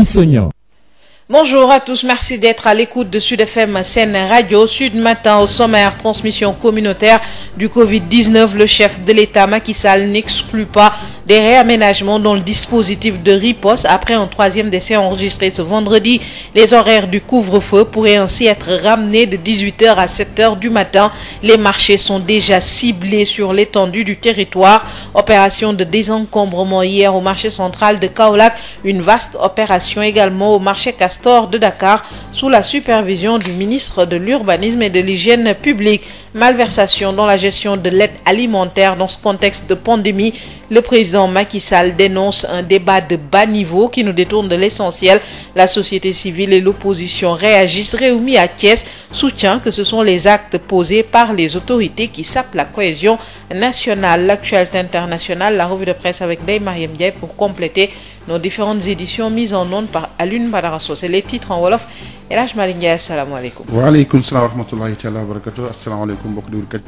Issegnan. Bonjour à de Sud FM Sen Radio. Sud Matin au sommaire, transmission communautaire du Covid-19. Le chef des réaménagements dans le dispositif de riposte après un troisième décès enregistré ce vendredi. Les horaires du couvre-feu pourraient ainsi être ramenés de 18h à 7h du matin. Les marchés sont déjà ciblés sur l'étendue du territoire. Opération de désencombrement hier au marché central de Kaolack, une vaste opération également au marché Castor de Dakar sous la supervision du ministre de l'Urbanisme et de l'Hygiène publique. Malversation dans la de l'aide alimentaire dans ce contexte de pandémie. président Macky Sall dénonce un débat de bas niveau qui nous détourne de l'essentiel. La société civile et l'opposition réagissent. Rewmi à Thiès soutient que ce sont les actes posés par les autorités qui sapent la cohésion nationale. L'actualité internationale, la revue de presse avec Ndeye Marième Ndiaye pour compléter noo différentes éditions mises en onde par Alioune Badara Socé les titres en wolof El Hadj Malick Ndiaye asalaamaaleykum waaleykum salaam wa rahmatullahi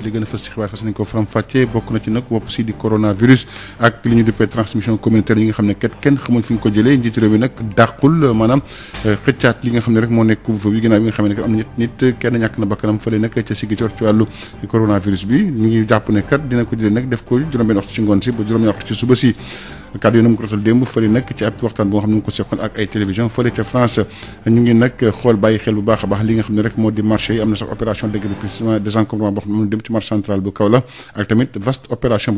li gën a fës ci xibaar fas nañ ko faram fàccee bokk na ci nag wopp si di coronavirus ak li ñu duppee transmission communautaire yi nga xam ne kat kenn xamul fi ñu ko jëlee njiitu réew bi nag dàqul maanaam eh, xëccaat li nga xam ne rek moo nekk couvre-feu bi nga xam ne kat am na nit kenn ñàkk na bakkanam fële nag ca ci si kàddu yi mu ko rotal démb fële nag ci ab waxtaan boo xam ne ko seqoon ak ay télévision fële ca France ñu ngi nag xool bàyyi xel bu baax a baax li nga xam ne rek moo di marché yi am na sax opération déguerpissement désencombrement bu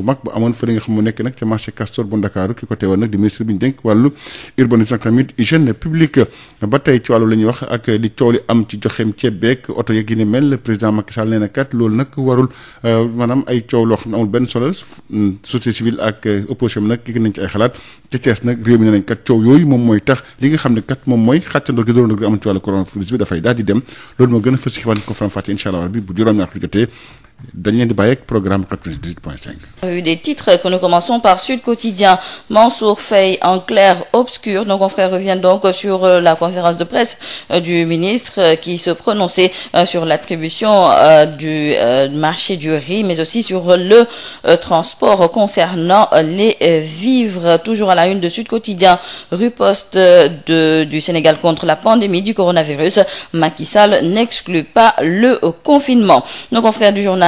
mag bu amoon fële nga xam mu nekk nag ca marché Castor bu Ndakaaru ki ko teewoon nag di ministre bi ñu dénk wàllu urbanisme ak tamit hygiène publique ba tey ci wàllu la wax ak li coow li am ci joxeem ceeb beeg oto yeeg euh, ne ay xalaat te Thiès nag réew mi ne kat coow yooyu moom mooy tax li nga xam ne kat moom mooy xàccandoor gi doon doon am ci wàllu bi dafay daal di dem loolu moo gën a fës ci xibaar ñu ko faram fàcce incha allah bi bu juróomi at lu jotee dañ leen di bàyyi ak programme 98.5. des titres que nous commençons par Sud Quotidien Mansour Faye en clair obscur nos confrères reviennent donc sur euh, la conférence de presse euh, du ministre euh, qui se prononçait sur l'attribution du marché du riz mais aussi sur le transport concernant les vivres toujours à la une de Sud Quotidien riposte de du Sénégal contre la pandémie du coronavirus Macky n'exclut pas le confinement nos confrères du journal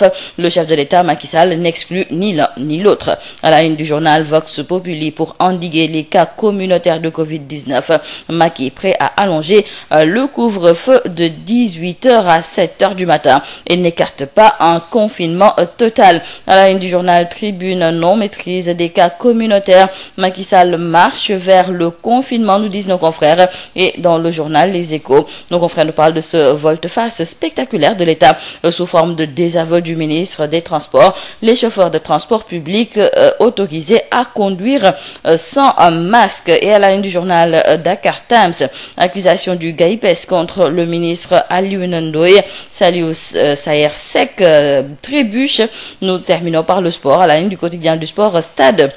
Pastef le chef de l'État Macky Sall n'exclut ni l'un ni l'autre à la une du journal Vox Populi pour endiguer les cas communautaires de Covid-19 Macky prêt à allonger euh, le couvre-feu de 18 heures à 7 heures du matin et n'écarte pas un confinement euh, total à la une du journal Tribune non maîtrise des cas communautaires Macky marche vers le confinement nous disent nos confrères et dans le journal Les Échos nos confrères nous parlent de ce volte-face spectaculaire du ministre des Transports, les chauffeurs de transport public euh, autorisés à conduire euh, sans un masque. Et à la une du journal euh, Dakar Times, accusation du GAIPES contre le ministre Alioune Ndoye, Saliou euh, trébuche. Nous terminons par le sport à la une du quotidien du sport Stade.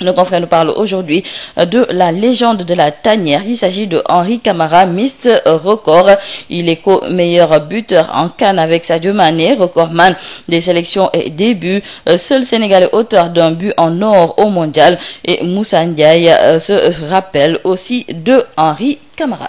Nos confrères nous parlent aujourd'hui euh, de la légende de la tanière. Il s'agit de Henri Camara, Mister Record. Il est co-meilleur buteur en Cannes avec Sadio Mané, recordman des sélections et des buts. Euh, seul Sénégalais auteur d'un but en or au mondial. Et Moussa euh, se rappelle aussi de Henri Camara.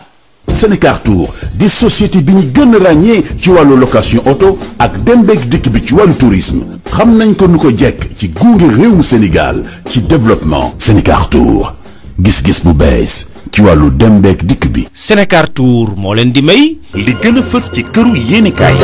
Sénécartour di société bi ñu gën a ràññee ci wàllu location oto ak dem beeg dikk bi ci wàllu tourisme xam nañ ko nu ko jekk ci gunge réewum Sénégal ci développement Sénécartour gis-gis bu bees ci wàllu dem beeg dikk bi. Sénécartour moo leen di may. li gën a fës ci këru yéenekaay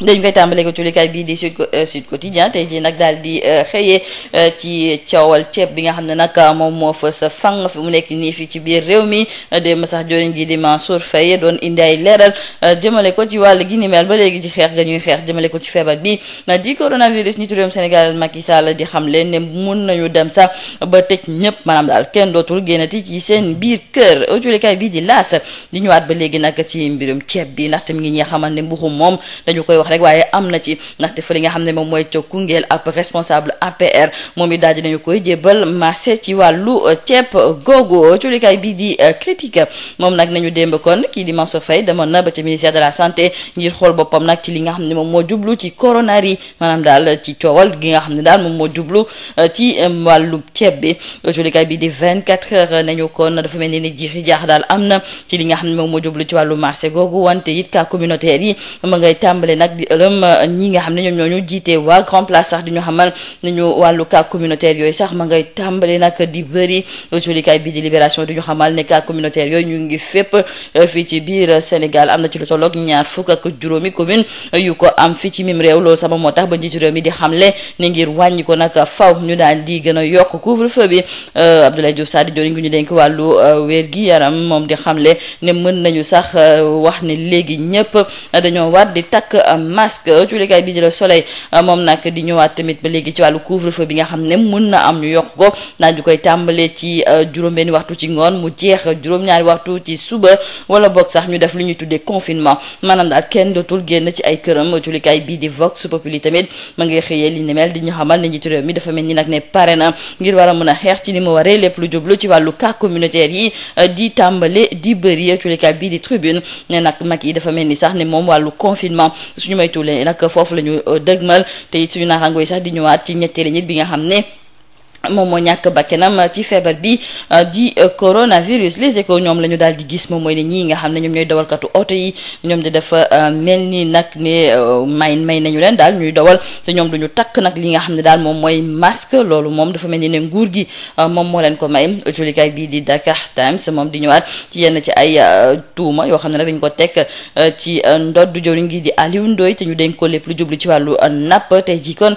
dañ koy tàmbalee ko tulikaay bii di sud euh, sud quotidien tey jii nag daal di euh, xëyee euh, ci coowal ceeb bi nga xam ne nag moom moo fa sa fang fi mu nekk nii fii ci biir réew mi démb sax joriñ gi di Mansour Faye doon indi ay leeral jëmale ko ci wàll gi ni mel ba léegi ci xeex ga ñuy xeex jëmale ko ci feebar bi di coronavirus nitu réewum Sénégal Macky Sall di xam leen ne mun nañu dem sax ba tëj ñëpp maanaam daal kenn dootul génnati ci seen biir kër tulikaay bii di laas di ñëwaat ba léegi nag ci mbirum ceeb bi ndaxte mi ngi ñi xamal wax rek waaye am na ci ndaxte fa li nga xam ne moom mooy ca Koungheul ab responsable APR moom it daal dinañu koy jébal marché ci wàllu euh, ceeb googu culikaay bi di euh, critique moom nag nañu démb kon kii di Mansour Faye demoon na ba ca ministère de la santé ngir xool boppam nag ci li nga xam ne moom moo jublu ci coronari maanaam daal ci gi nga xam ne daal moom moo jublu euh, ci wàllu ceeb bi culikaay bi di 24 heures nañu kon dafa mel ni jiixi jaax daal am na ci li nga xam ne moom moo jublu ci wàllu marché googu wante it ka communautaire yi ma ngay tàmbale nag daal di ëlëm euh, ñi nga xam ne ñoom ñoo ñu jiite waa grand place sax di ñu xamal ne ñu wàllu cas communautaire yooyu sax ma ngay tàmbali nag di bëri jullikaay bi di libération di ñu xamal ne cas communautaire yooyu ñu ngi fépp euh, fii ci biir Sénégal am na ci lu tolloog ñaar fukk ak juróomi commune euh, yu ko am fii ci mim réew loolu sama moo tax ba njiitu réew mi di xamle ne ngir wàññi ko nag faw ñu daal di gën a yokk couvre feu bi Abdoulaye Diouf Sarr di joriñ gi ñu gi yaram moom di xamle ne mën nañu sax wax ne léegi ñëpp dañoo masque cuulikaay bi di la soleil euh, moom nag di ñëwaat tamit ba léegi ci wàllu couvre feu bi nga xam ne mën na am ñu yokk ko naaj bi koy tàmbalee ci euh, juróom-benni waxtu ci ngoon mu jeex juróom-ñaari waxtu ci suba wala boog sax ñu def lu ñuy tuddee confinement maanaam daal kenn dootul génn ci ay këram cuulikaay bii di vox populi tamit ma ngi xëyee li ni mel di ñu xamal ne njiitu réew mi dafa mel ni nag ne pare na ngir war a mën a xeex ci ni mu waree lépp lu jublu ci wàllu cas yi euh, di tàmbale di bëri cuulikaay bii di tribune ne nag mag yi dafa mel ni sax ne moom wàllu confinement suñu moytuwulee nag foofu la ñu euh, dëgmal te it suñu naataangoo sax di ñëwaat ci ñetteelu nit bi nga xam ne moom moo ñàkk bakkanam ci feebar bi euh, di euh, coronavirus les échos ñoom la ñu daal di gis moom mooy ne ñii nga xam ne ñoom ñooy dawalkatu oto yi ñoom di dafa euh, mel ni nag ne may may nañu leen daal ñuy dawal te ñoom du ñu takk nag li nga xam ne daal moom mooy masque loolu moom dafa mel ni ne nguur gi moom moo leen ko may julikaay bii di Dakar Times moom di ñëwaat at yenn ci ay tuuma yoo xam ne nag dañ ko teg ci ndodd jëwriñ gi di Aliou Ndoye te ñu dénk ko lépp lu jublu ci wàllu napp tey jii kon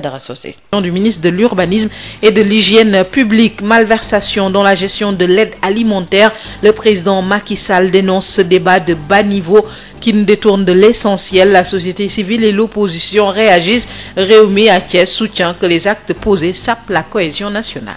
dara sosé du ministre de l'urbanisme et de l'hygiène publique malversation dans la gestion de l'aide alimentaire le président Macky Sall dénonce ce débat de bas niveau qui nous détourne de l'essentiel la société civile et l'opposition réagissent Rewmi à Thiès soutient que les actes posés sapent la cohésion nationale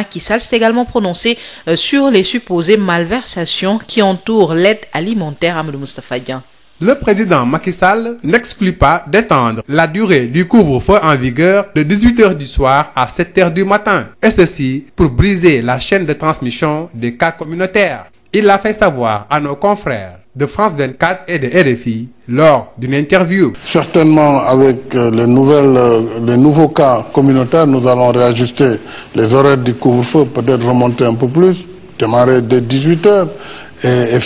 Macky Sall s'est également prononcé euh, sur les supposées malversations qui entourent l'aide alimentaire Amadou Moustapha Dieng. Le président Macky Sall n'exclut pas d'étendre la durée du couvre en vigueur de 18h du soir à 7h du matin, et ceci pour briser la chaîne de transmission des cas communautaires. Il l'a fait savoir à nos confrères de France 24 et de RFI lors d'une interview. Certainement, avec euh, les, nouvelles, euh, les nouveaux cas communautaires, nous allons réajuster les du couvre-feu, peut-être remonter un peu plus, démarrer dès 18h la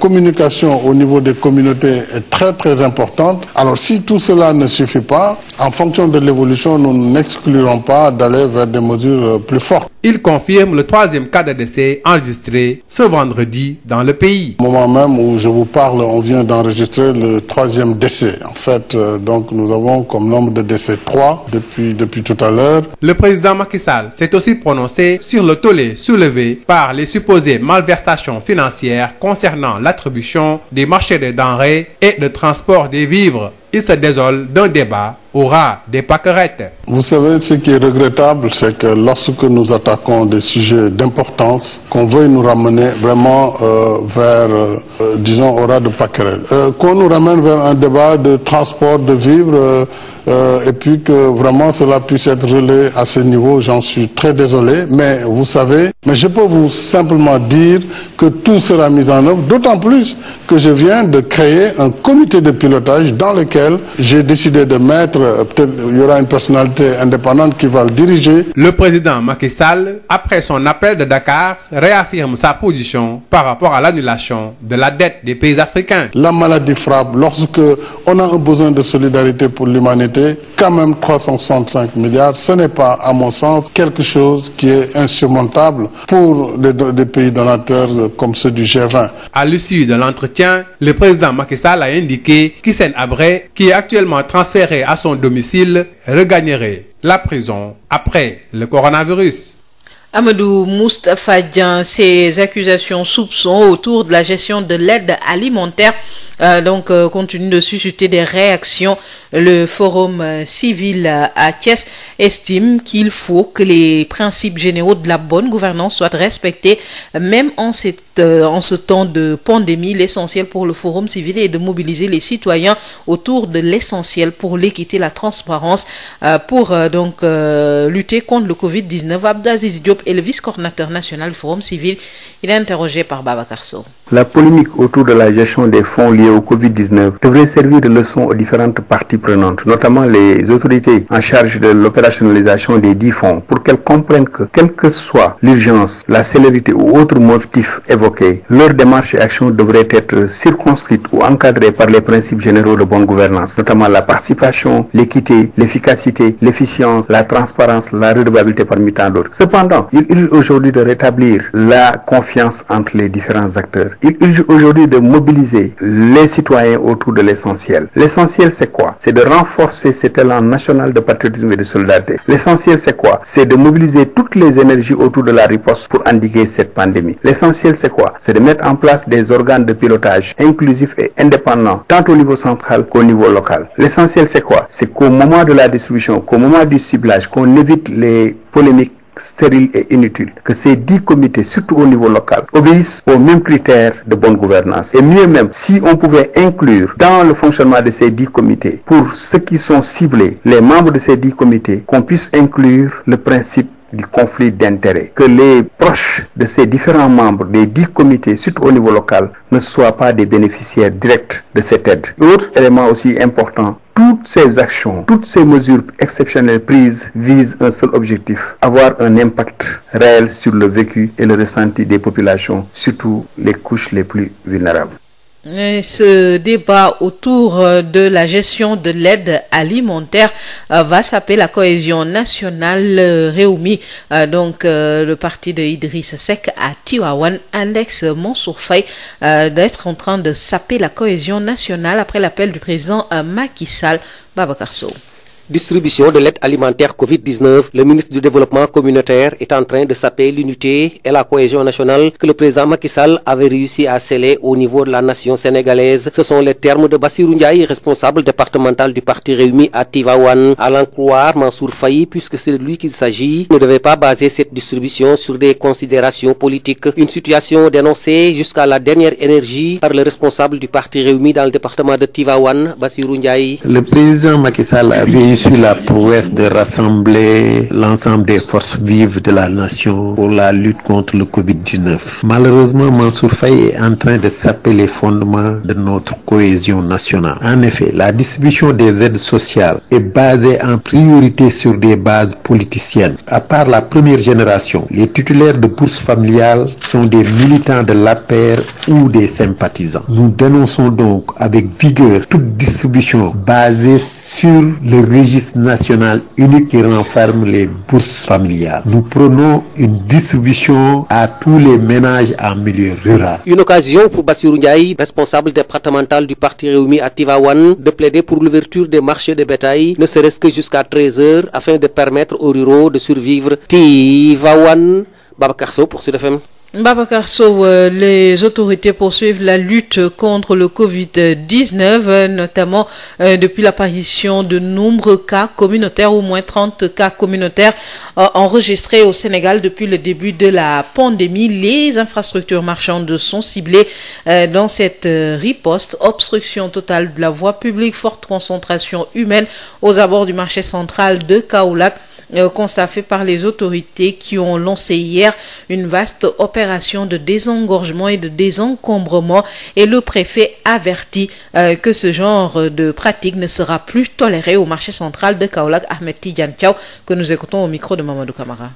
communication au niveau des communautés est très très importante. Alors si tout cela ne suffit de l'évolution, nous n'exclurons pas d'aller Il confirme le troisième cas de décès enregistré ce vendredi dans le pays. Au moment même où je vous parle, on vient d'enregistrer le troisième décès. En fait, euh, donc nous avons comme nombre de décès trois depuis, depuis tout à l'heure. Le président Macky Sall s'est aussi prononcé sur le tollé soulevé par les supposées malversations financières concernant l'attribution des marchés de denrées et de transport des vivres. Il se désole d'un débat aura des pâquerettes. Vous savez, ce qui est regrettable, c'est que lorsque nous attaquons des sujets d'importance, qu'on veuille nous ramener vraiment euh, vers, euh, disons, aura de pâquerettes. Euh, qu'on nous ramène vers un débat de transport, de vivres. Euh, Euh, et puis que vraiment cela puisse être relayé à ce niveau, j'en suis très désolé, mais vous savez, mais je peux vous simplement dire que tout sera mis en œuvre, d'autant plus que je viens de créer un comité de pilotage dans lequel j'ai décidé de mettre, euh, peut-être il y aura une personnalité indépendante qui va le diriger. Le président Macky après son appel de Dakar, réaffirme sa position par rapport à l'annulation de la dette des pays africains. La maladie frappe lorsque solidarité pour l'humanité réalité, quand même 365 milliards, ce n'est pas, à mon sens, quelque chose qui est insurmontable pour des, des pays donateurs comme ceux du g À l'issue de l'entretien, le président Macky Sall a indiqué qu'Hissène Habré, qui est actuellement transféré à son domicile, regagnerait la prison après le coronavirus. Amadou Moustapha Dian, ces accusations soupçons autour de la gestion de l'aide alimentaire Euh, donc euh, continue de susciter des réactions. Le forum euh, civil à Thiès estime qu'il faut que les principes généraux la bonne gouvernance soient respectés, même en cette en ce temps de pandémie. L'essentiel pour le forum civil de mobiliser les citoyens autour de l'essentiel pour l'équité, la transparence, pour donc lutter contre le Covid-19. Abdou Aziz Diop est le vice national du forum civil. par Babacar Sow. La polémique autour de la gestion des fonds liés au Covid-19 devrait servir de leçon aux différentes parties prenantes, notamment les autorités en pour qu'elles comprennent que, quelle que soit la célérité ou autre motif évoqué, leur démarche et action devraient être circonscrites ou encadrées par les principes généraux de bonne gouvernance, notamment la participation, l'équité, l'efficacité, l'efficience, la transparence, la redevabilité parmi tant d'autres. Cependant, il est aujourd'hui la confiance entre les différents acteurs Il urge aujourd'hui de mobiliser les citoyens autour de l'essentiel. L'essentiel, c'est quoi C'est de renforcer cet élan national de patriotisme et de solidarité. L'essentiel, c'est quoi C'est de mobiliser toutes les énergies autour de la riposte pour endiguer cette pandémie. L'essentiel, c'est quoi C'est de mettre en place des organes de pilotage inclusifs et indépendants, tant au niveau central qu'au niveau local. L'essentiel, c'est quoi C'est qu'au moment stérile et inutile que ces dix comités, surtout au niveau local, obéissent aux mêmes critères de bonne gouvernance. Et mieux même, si on pouvait inclure dans le fonctionnement de ces dix comités, pour ceux qui sont ciblés, les membres de ces dix comités, qu'on puisse inclure le principe du conflit d'intérêts, que les proches de ces différents membres des dix comités, surtout au niveau local, ne soient pas des bénéficiaires directs de cette aide. Autre élément aussi important, toutes ces actions, toutes ces mesures exceptionnelles prises visent un seul objectif, avoir un impact réel sur le vécu et le ressenti des populations, surtout les couches les plus vulnérables. Ce débat autour euh, de la gestion de l'aide alimentaire euh, va s'appeler la cohésion nationale euh, Rewmi donc le parti de Idriss Seck à Tivaouane indexe Mansour Faye d'être en train de saper la cohésion nationale après l'appel du président Macky Sall Distribution de l'aide alimentaire Covid-19, le ministre du Développement communautaire est en train de saper l'unité et la cohésion nationale que le président Macky avait réussi à sceller au niveau de la nation sénégalaise. Ce sont les termes de Bassirou Ndiaye, responsable départemental du parti Rewmi à Tivaouane. À l'en croire Mansour Faye, puisque c'est de lui qu'il s'agit, ne devait pas baser cette distribution sur des considérations politiques. Une situation la dernière énergie par le responsable du parti Rewmi dans le département de Tivaouane, Bassirou Ndiaye. Le président Macky Sall Je suis de rassembler l'ensemble des forces vives de la nation pour la lutte contre le Covid-19. Malheureusement, Mansour Faye est en train de saper les fondements de notre cohésion nationale. En effet, la distribution des aides sociales est basée en priorité sur des bases politiciennes. À part la première génération, les titulaires de bourses familiales sont des militants de l'APR ou des sympathisants. Nous dénonçons donc avec vigueur toute distribution basée sur registre national unique qui renferme les bourses familiales. Nous prenons une distribution à tous les ménages en milieu rural. Une occasion pour Bassirou responsable départemental du parti Rewmi à Tivaouane, de plaider pour l'ouverture des marchés de bétail, ne serait-ce que jusqu'à 13 heures, afin de permettre aux ruraux de survivre. Tivaouane, Babacar Babacar Sow, euh, les autorités poursuivent la contre le Covid-19, euh, notamment euh, depuis l'apparition de nombreux cas communautaires, au moins 30 cas communautaires euh, Sénégal depuis le début de la pandémie. Les infrastructures marchandes sont ciblées euh, dans cette riposte. Obstruction totale de la voie publique, forte concentration humaine aux abords du marché central de Kaolack. constat euh, fait par les autorités qui ont lancé hier une vaste opération de désengorgement et de désencombrement et le préfet avertit euh, que ce genre de pratique ne sera plus toléré au marché central de Kaolack Ahmed Tidiane Thiaw que nous écoutons au micro de Mamadou Camara.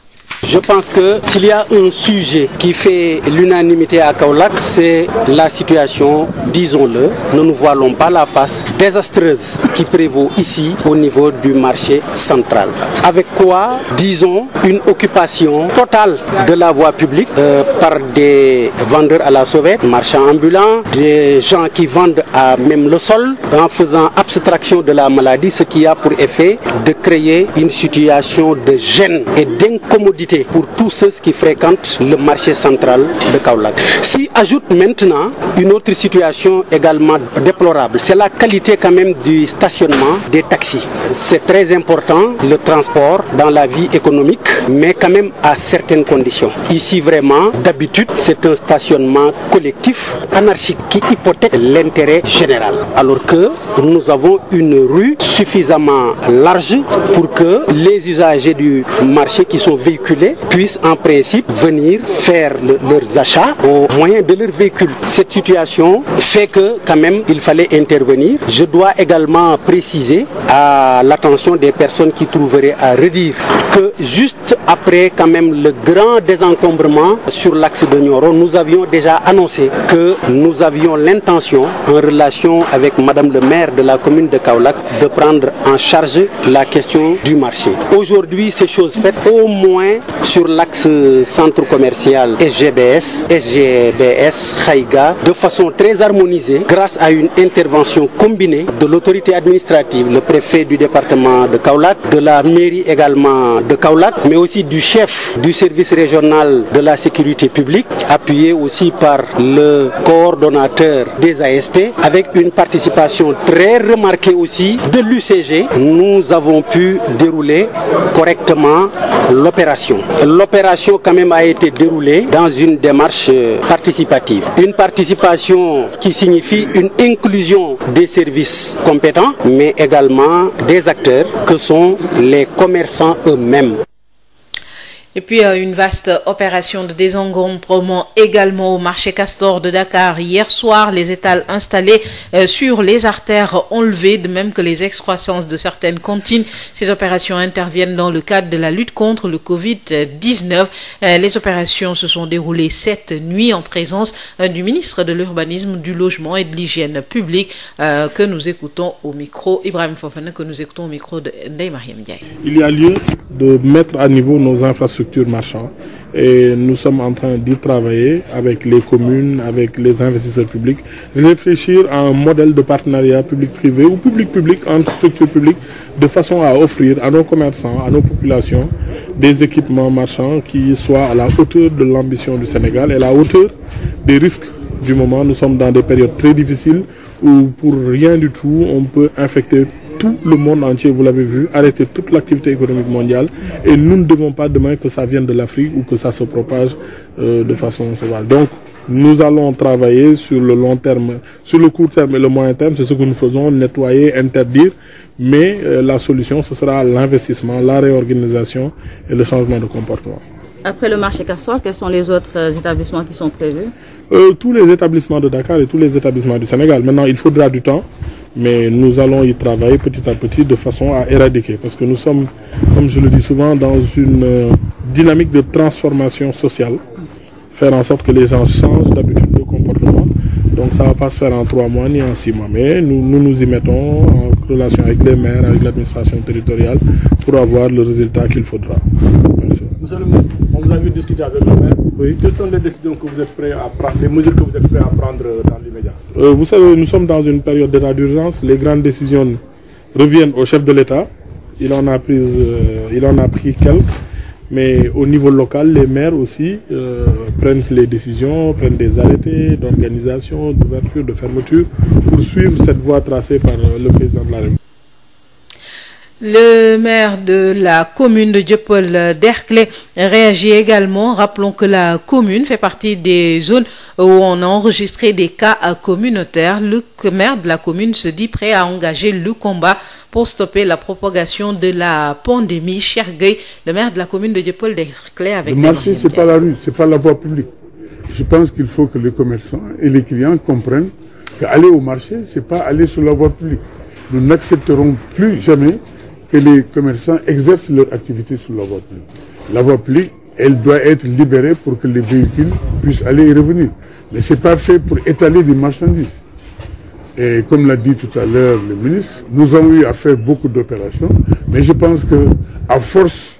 Je pense que s'il y a un sujet qui fait l'unanimité à Kaolack, c'est la situation, disons-le, ne nous voilons pas la face, désastreuse qui prévaut ici au niveau du marché central. Avec quoi, disons, une occupation totale de la voie publique euh, par des vendeurs à la sauvette, marchands ambulants, des gens qui vendent à même le sol en faisant abstraction de la maladie, ce qui a pour effet de créer une situation de gêne et d'incommodité commodité pour tous ceux qui fréquentent le marché central de Kaolack. S'y ajoute maintenant une autre situation également déplorable, c'est la qualité quand même du stationnement des taxis. C'est très important le transport dans la vie économique, mais quand même à certaines conditions. Ici vraiment, d'habitude, c'est un stationnement collectif anarchique qui hypothèque l'intérêt général, alors que nous avons une rue suffisamment large pour que les usagers du marché immatriculés puissent en principe venir faire le, leurs achats au moyen de leur véhicule. Cette situation fait que quand même il fallait intervenir. Je dois également préciser à l'attention des personnes qui trouveraient à redire que juste après quand même le grand désencombrement sur l'axe de Nioro, nous avions déjà annoncé que nous avions l'intention, en relation avec Madame le maire de la commune de Kaolack, de prendre en charge la question du marché. Aujourd'hui, ces choses faites, sur l'axe centre commercial SGBS, SGBS Khaïga de façon très harmonisée grâce à une intervention combinée de l'autorité administrative, le préfet du département de Kaolack, de la mairie également de Kaolack, mais aussi du chef du service régional de la sécurité publique, appuyé aussi par le coordonnateur des ASP, avec une participation très remarquée aussi de l'UCG. Nous avons pu dérouler correctement l'opération. l'opération. L'opération quand même a été déroulée dans une démarche euh, participative. Une participation qui signifie une inclusion des services compétents, mais également des acteurs que sont les commerçants eux-mêmes. Et puis euh, une de désencombrement également au marché Castor de Dakar. Hier soir, les euh, de même que les excroissances de certaines cantines. Ces opérations interviennent dans le de la lutte contre le Covid-19. Euh, les opérations se sont déroulées cette nuit en présence du ministre de l'Urbanisme, du Logement et de l'Hygiène de Ndeye Mariam Ndiaye. Il y a lieu de mettre à structures marchands et nous sommes en train d'y travailler avec les communes, avec les investisseurs publics, réfléchir à un modèle de partenariat public-privé ou public-public entre structures publiques de façon à offrir à nos commerçants, à nos populations des équipements marchands qui soient à la hauteur de l'ambition du Sénégal et à la hauteur des risques du moment. Nous sommes dans des périodes très difficiles où pour rien du tout on peut infecter tout le monde entier, vous l'avez vu, arrêter toute l'activité économique mondiale. Et nous ne devons pas demain que ça vienne de l'Afrique ou que ça se propage euh, de façon sauvage. Donc, nous allons travailler sur le long terme, sur le court terme et le moyen terme, c'est ce que nous faisons, nettoyer, interdire, mais euh, la solution, ce sera l'investissement, la réorganisation et le changement de comportement. Après le marché Castor, quels sont les autres euh, établissements qui sont prévus euh, Tous les établissements de Dakar et tous les établissements du Sénégal. Maintenant, il faudra du temps. mais nous allons y travailler petit à petit de façon à éradiquer parce que nous sommes comme je le dis souvent dans une euh, dynamique de transformation sociale faire en sorte que les gens changent d'habitude de comportement donc ça va pas se faire en trois mois ni en six mois mais nous nous, nous y mettons en relation avec les maires avec l'administration territoriale pour avoir le résultat qu'il faudra Oui, quelles sont les décisions que vous êtes prêts à prendre, les mesures que vous êtes prêts à prendre dans euh, nous sommes dans une période d'état d'urgence. Les grandes décisions reviennent au chef de l'État. Il en a pris, euh, il quelques. Mais au niveau local, les maires aussi euh, prennent les décisions, prennent des arrêtés d'organisation, d'ouverture, de fermeture pour suivre cette voie tracée par euh, le président de la République. Le maire de la commune de Dieuppeul-Derklé réagit également. Rappelons que la commune fait partie des zones où on a enregistré des cas communautaires. Le maire de la commune se dit prêt à engager le combat pour stopper la propagation de la pandémie. Cher Gueye, le maire de la commune de Dieuppeul-Derklé avec Le marché, c'est pas la rue, c'est pas la voie publique. Je pense qu'il faut que les commerçants et les clients comprennent qu'aller Nous que les commerçants exercent leur activité sur la voie publique. La voie publique, elle doit être libérée pour que les véhicules puissent aller et revenir. Mais ce n'est pas fait pour étaler des marchandises. Et comme l'a dit tout à l'heure le ministre, nous avons eu à faire beaucoup d'opérations, mais je pense que à force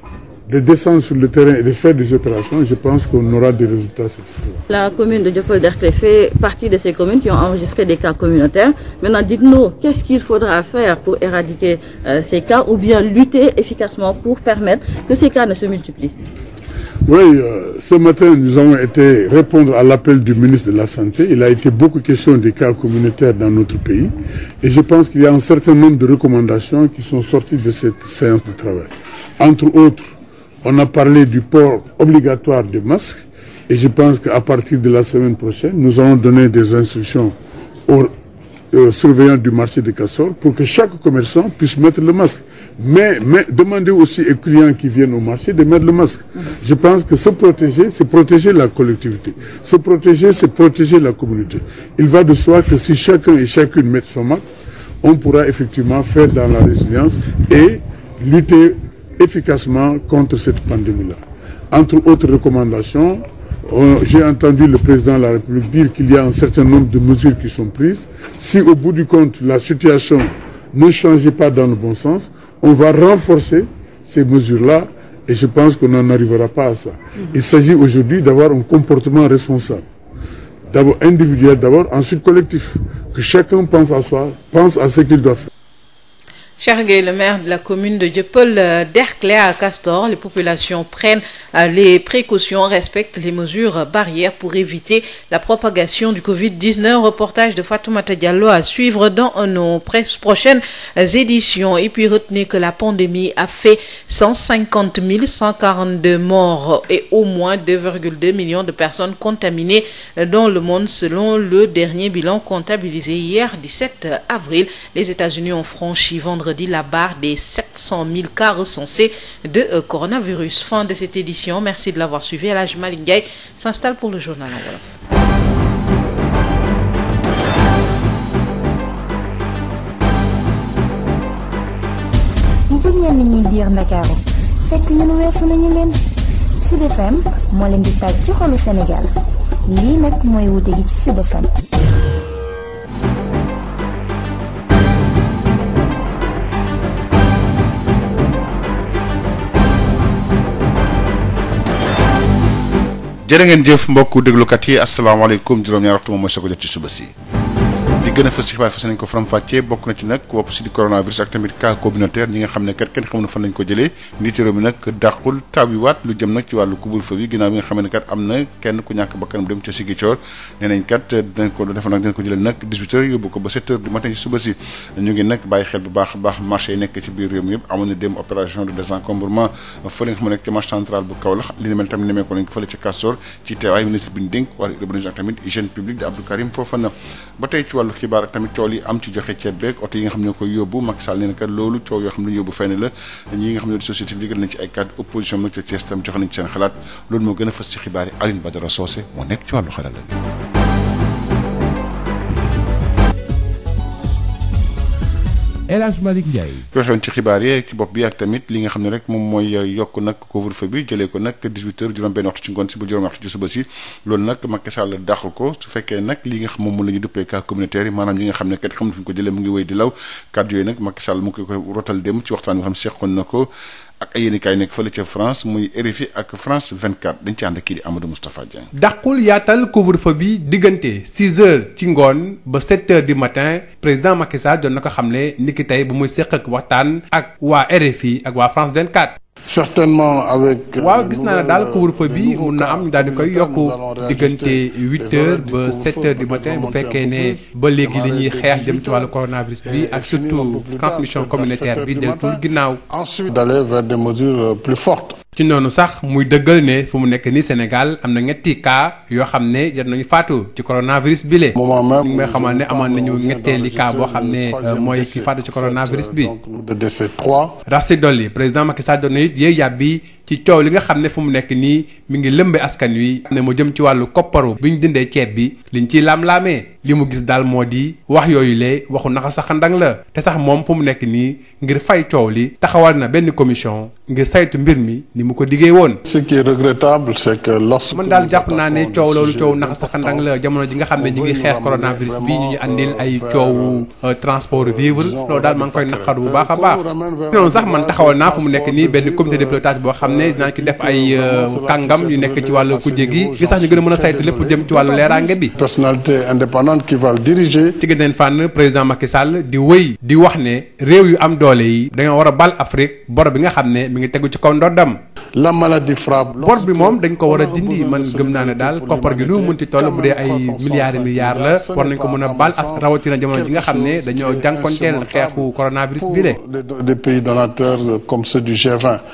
de descendre sur le terrain et de faire des opérations, je pense qu'on aura des résultats satisfaisants. La commune de Dieuppeul-Derklé fait partie de ces communes qui ont enregistré des cas communautaires. Maintenant, dites-nous, qu'est-ce qu'il faudra faire pour éradiquer euh, ces cas ou bien lutter efficacement pour permettre que ces cas euh, à l'appel ministre la Santé. Il a été beaucoup question des cas communautaires dans notre pays et je pense qu'il y a un certain nombre de recommandations qui sont sorties de cette séance de On a parlé du port obligatoire du masque et je pense qu'à partir de la semaine prochaine, nous allons donner des instructions aux euh, surveillants du marché de Castors pour que chaque commerçant puisse mettre le masque. Mais, mais demandez aussi aux clients qui viennent au marché de mettre le masque. Je pense que se protéger, c'est protéger la collectivité. Se protéger, c'est protéger la communauté. Il va de soi que si chacun et chacune met son masque, on pourra effectivement faire dans la résilience et lutter efficacement contre cette pandémie-là. Entre autres recommandations, j'ai entendu le président de la République dire qu'il y a un certain nombre de mesures qui sont prises. Si au bout du compte, la situation ne changeait pas dans le bon sens, on va renforcer ces mesures-là et je pense qu'on n'en arrivera pas à ça. Il s'agit aujourd'hui d'avoir un comportement responsable. D'abord individuel, d'abord, ensuite collectif. Que chacun pense à soi, pense à ce qu'il doit faire. Cher Gueye, le maire la commune de Dieuppeul euh, Derklé à Castor, les populations prennent euh, les précautions, respectent les mesures barrières pour éviter la propagation du Covid-19. Reportage de Fatoumata Diallo à suivre dans nos prochaines éditions. Et puis retenez que la pandémie a fait 150 142 morts et au moins 2,2 millions de personnes contaminées dans le monde selon le dernier bilan comptabilisé hier 17 avril. Les États-Unis ont franchi vendredi vendredi la barre des 700 000 cas recensés de euh, coronavirus. Fin de cette édition. Merci de l'avoir suivi. Elhadji Malick Ndiaye s'installe pour le journal en jërë ngeen jëf mbokku déglukat yi asalaamaaleykum juróom-ñaar waxtu moom mooy soog a jot ci suba si. li gën a fës ci xibaar fas nañ ko faram-fàccee bokk na ci nag wopp si di coronavirus ak tamit cas ci wàllu couvre-feu bi a baax ak tamit hygiène publique de Abdou Karim Fofana ba tey ci wàllu xibaar ak tamit coow yi am ci joxe ceeb beeg oto yi nga xam ne koy yóbbu Macky Sall nee na loolu coow yoo xam ne yóbbu fenn la ñi nga xam ne société civile nañ ci ay opposition nag ca Thiès tam joxe nañ seen xalaat loolu moo gën a fës ci xibaar yi Aline Badara Socé moo nekk ci wàllu xelal El Hadj Malick Ndiaye ki waxoon ci xibaar yi ci bopp bi ak tamit li nga xam ne rek moom mooy euh, yokk nag couvre-feu bi jëlee ko nag 18 heures juróom benn waxtu ci ngoon si ba juróom waxtu ci suba si loolu nag Macky Sall ko su fekkee nag li nga xam moom la ñu duppee cas communautaire yi maanaam ñi nga xam ne kat xam ne fi ñu ko jëlee mu ngi wéy di law kàddu yooyu nag Macky mu ngi koy rotal dem ci waxtaan bi xam seqoon na ko ak ay yéenekaay nekk fële ca France muy RFI ak France 24 dañ ci ànd kii di Amadou Moustapha Dieng. dàqul yaatal couvre-feu bi diggante 6 heures ci ngoon ba 7 heures du matin président Macky Sall doon na ko xam ne niki tey bu muy séq ak waxtaan ak waa RFI ak waa France 24. certainement avec. Euh, waaw gis naa ne daal couvre-feu euh, bi mun na am daal di koy yokk diggante huit heures ba sept heures du matin bu fekkee ne ba léegi li ñuy xeex jëm ci wàllu coronavirus bi ak surtout transmission communautaire bi deltul ginnaaw. ensuite d'aller vers des mesures euh, plus fortes. ci noonu sax muy dëggal ne fu mu nekk nii Sénégal am na ñetti kaa yoo xam ne jot nañu faatu ci coronavirus bi le moment ñu ngi may xamal ne amoon nañu ñetteeli cas boo xam ne euh, mooy ki faatu ci coronavirus bi. rax si dolli président Macky Sall doon na it yéeg yàbbi ci coow li nga xam ne fu mu nekk nii mi ngi lëmbe askan wi. ne mu jëm ci wàllu kopparu bi ñu dindee ceeb bi liñ ciy laam-laamee. li mu gis daal moo di wax yooyu le waxu naxa sa xandang la te sax moom fu mu nekk nii ngir fay coow li taxawal na benn commission ngir saytu mbir mi ni mu ko diggee woon. ce qui est regrettable c'est que lorsque man daal jàpp naa ne coow loolu coow naxa sa xandang la jamono ji nga xam ne ñi ngi xeex coronavirus bi ñu ñu àndil euh, ay coowu euh, euh, transport vivre loolu daal maa ngi koy naqar bu baax a baax noonu sax man taxawal naa fu mu nekk nii benn comité de boo xam ne dinaa ci def ay nekk ci wàllu kujje gi ngir sax ñu gën a mën a saytu lépp jëm ci wàllu leeraange bi personnalité indépendante permanente qui va le diriger. geneen fànn président Macky Sall di wëy di wax ne réew yu am doole yi dañoo war a bal Afrique bor bi nga xam ne mi ngi tegu ci kaw ndoddam la maladie frappe. bor bi moom dañ ko war a dindi man gëm naa ne daal koppar gi nu mu mënti bu dee ay milliards et milliards la ko mën a baal as rawatina jamono ji nga xam ne dañoo jànkonteel xeexu coronavirus bii de. des pays donateurs comme ceux du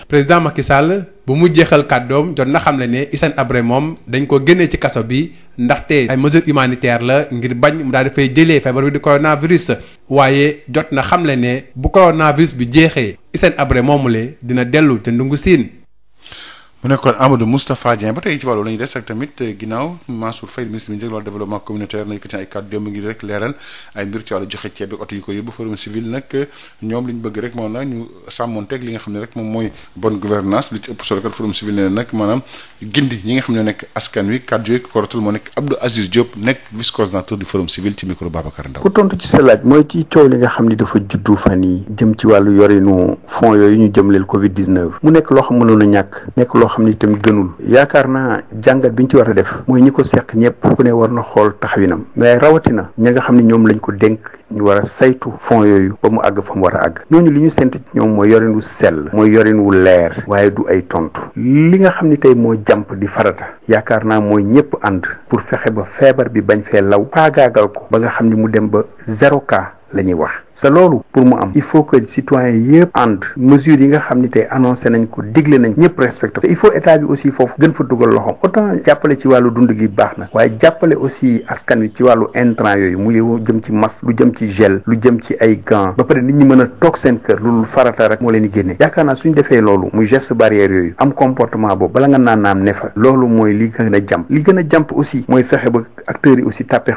président Macky Sall bu mu jeexal kàddoom jot na xam le ne Hissène Habré moom dañ ko génnee ci kaso bi ndaxte ay mesures humanitaires la ngir bañ mu daal dafay jëlee feebar bi di coronavirus waaye jot na xam le ne bu coronavirus bi jeexee Hissène Habré moomu le dina dellu te ndungu siin. mu nekkoon Amadou Moustapha Dieng ba tey ci wàllu la ñuy des ak tamit eh, ginnaaw Mansour Faye ministre bi ñu eh, bëgg rek moom na ñu sàmmonteeg nga xam ne rek moom mooy bonne gouvernance li ci ëpp nag maanaam gindi ñi nga xam ne nekk askan wi kàddu yooyu ko ratul moo nekk Abdou Aziz Diop nekk vice coordinateur du forum civil ci micro Babacar Ndaw wàllu yorinu fonds yooyu ñu jëmleel covid 19 mu nekk loo xam mënoon a xam ne itam gënul yaakaar naa jàngat bi ñu ci war a def mooy ñi ko seq ñëpp ku ne war na xool taxawinam mais rawatina ñi nga xam ne ñoom lañ ko dénk ñu war a saytu fonds yooyu ba mu àgg fa mu war a àgg ñooñu li ñu sént ci ñoom mooy yorin wu sell mooy yorin wu leer waaye du ay tontu li nga xam ne tey moo jàmp di farata yaakaar naa mooy ñëpp ànd pour fexe ba feebar bi bañ fee law paagaagal ko ba nga xam ne mu dem ba zéro cas la ñuy wax sa loolu pour mu am il faut que citoyen yëpp ànd mesures yi nga xam ni tey annoncé nañ ko digle nañ ñëpp respecté il faut état bi aussi foofu gën fa dugal loxoom autant jàppale ci wàllu dund gi baax na waaye jàppale aussi askan wi ci wàllu intrant yooyu muy jëm ci masque lu jëm ci gel lu jëm ci ay gants ba pare nit ñi mën a toog seen kër loolu farata rek moo leen di génne yaakaar naa suñ defee loolu muy geste barrière yooyu am comportement boobu bala nga naan naam ne fa loolu mooy li a jàmp li mooy fexe ba a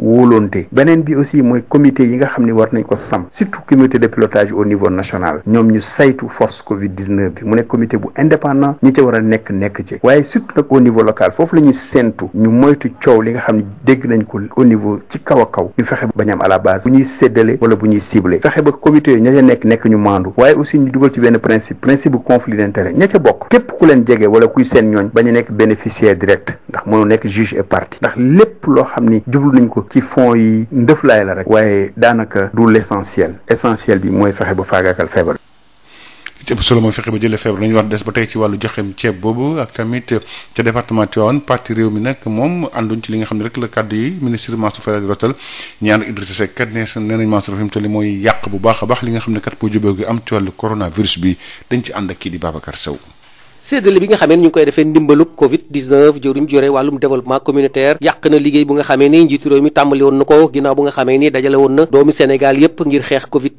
wóoloonte beneen bi aussi mooy comité yi nga war nañ ko sam surtout comité de pilotage au niveau national ñoom ñu saytu force Covid 19 bi mu nekk comité bu indépendant ñi ci war a nekk nekk ci waaye surtout nag au niveau local foofu la ñu séentu ñu moytu coow li nga xam ne dégg nañ ko au niveau ci kaw a kaw ñu fexe ba am à la base bu ñuy séddale wala bu ñuy ciblé fexe ba comité yooyu ña ca nekk nekk ñu maandu waaye aussi ñu dugal ci benn principe principe bu conflit d'intérêt ña ca bokk képp ku leen jege wala seen ñooñ bañ nekk bénéficiaire direct ndax mënoo nekk juge et partie ndax lépp loo xam ni jublu nañ ko ci fonds yi ndëf laay la rek waaye daanaka du l'essentiel essentiel bi mooy fexe ba faagaagal feebar jëpp solo mooy fexe ba jëlee feebar nañu wax des ba tey ci wàllu joxeem ceeb boobu ak tamit ca département Tivaouane parti réew mi nag moom ànduñ ci li nga xam ne rek la kàddu yi ministre Mansour Faye rotal ñi ànd Idrissa Seck kat ne nee nañ Mansour fi mooy yàq bu baax a baax li nga xam ne kat boo jubee gi am ci wàllu coronavirus bi dañ ci ànd ak kii di Babacar Sow séddale bi nga xamee ni ñu ngi koy defee ndimbalub covid 19 jëwriñ jore wàllum développement communautaire yàq na liggéey bu nga xamee ni njiitu réew mi tàmbali woon na ko ginnaaw bu nga xamee ni dajale woon na doomi Sénégal yépp ngir xeex covid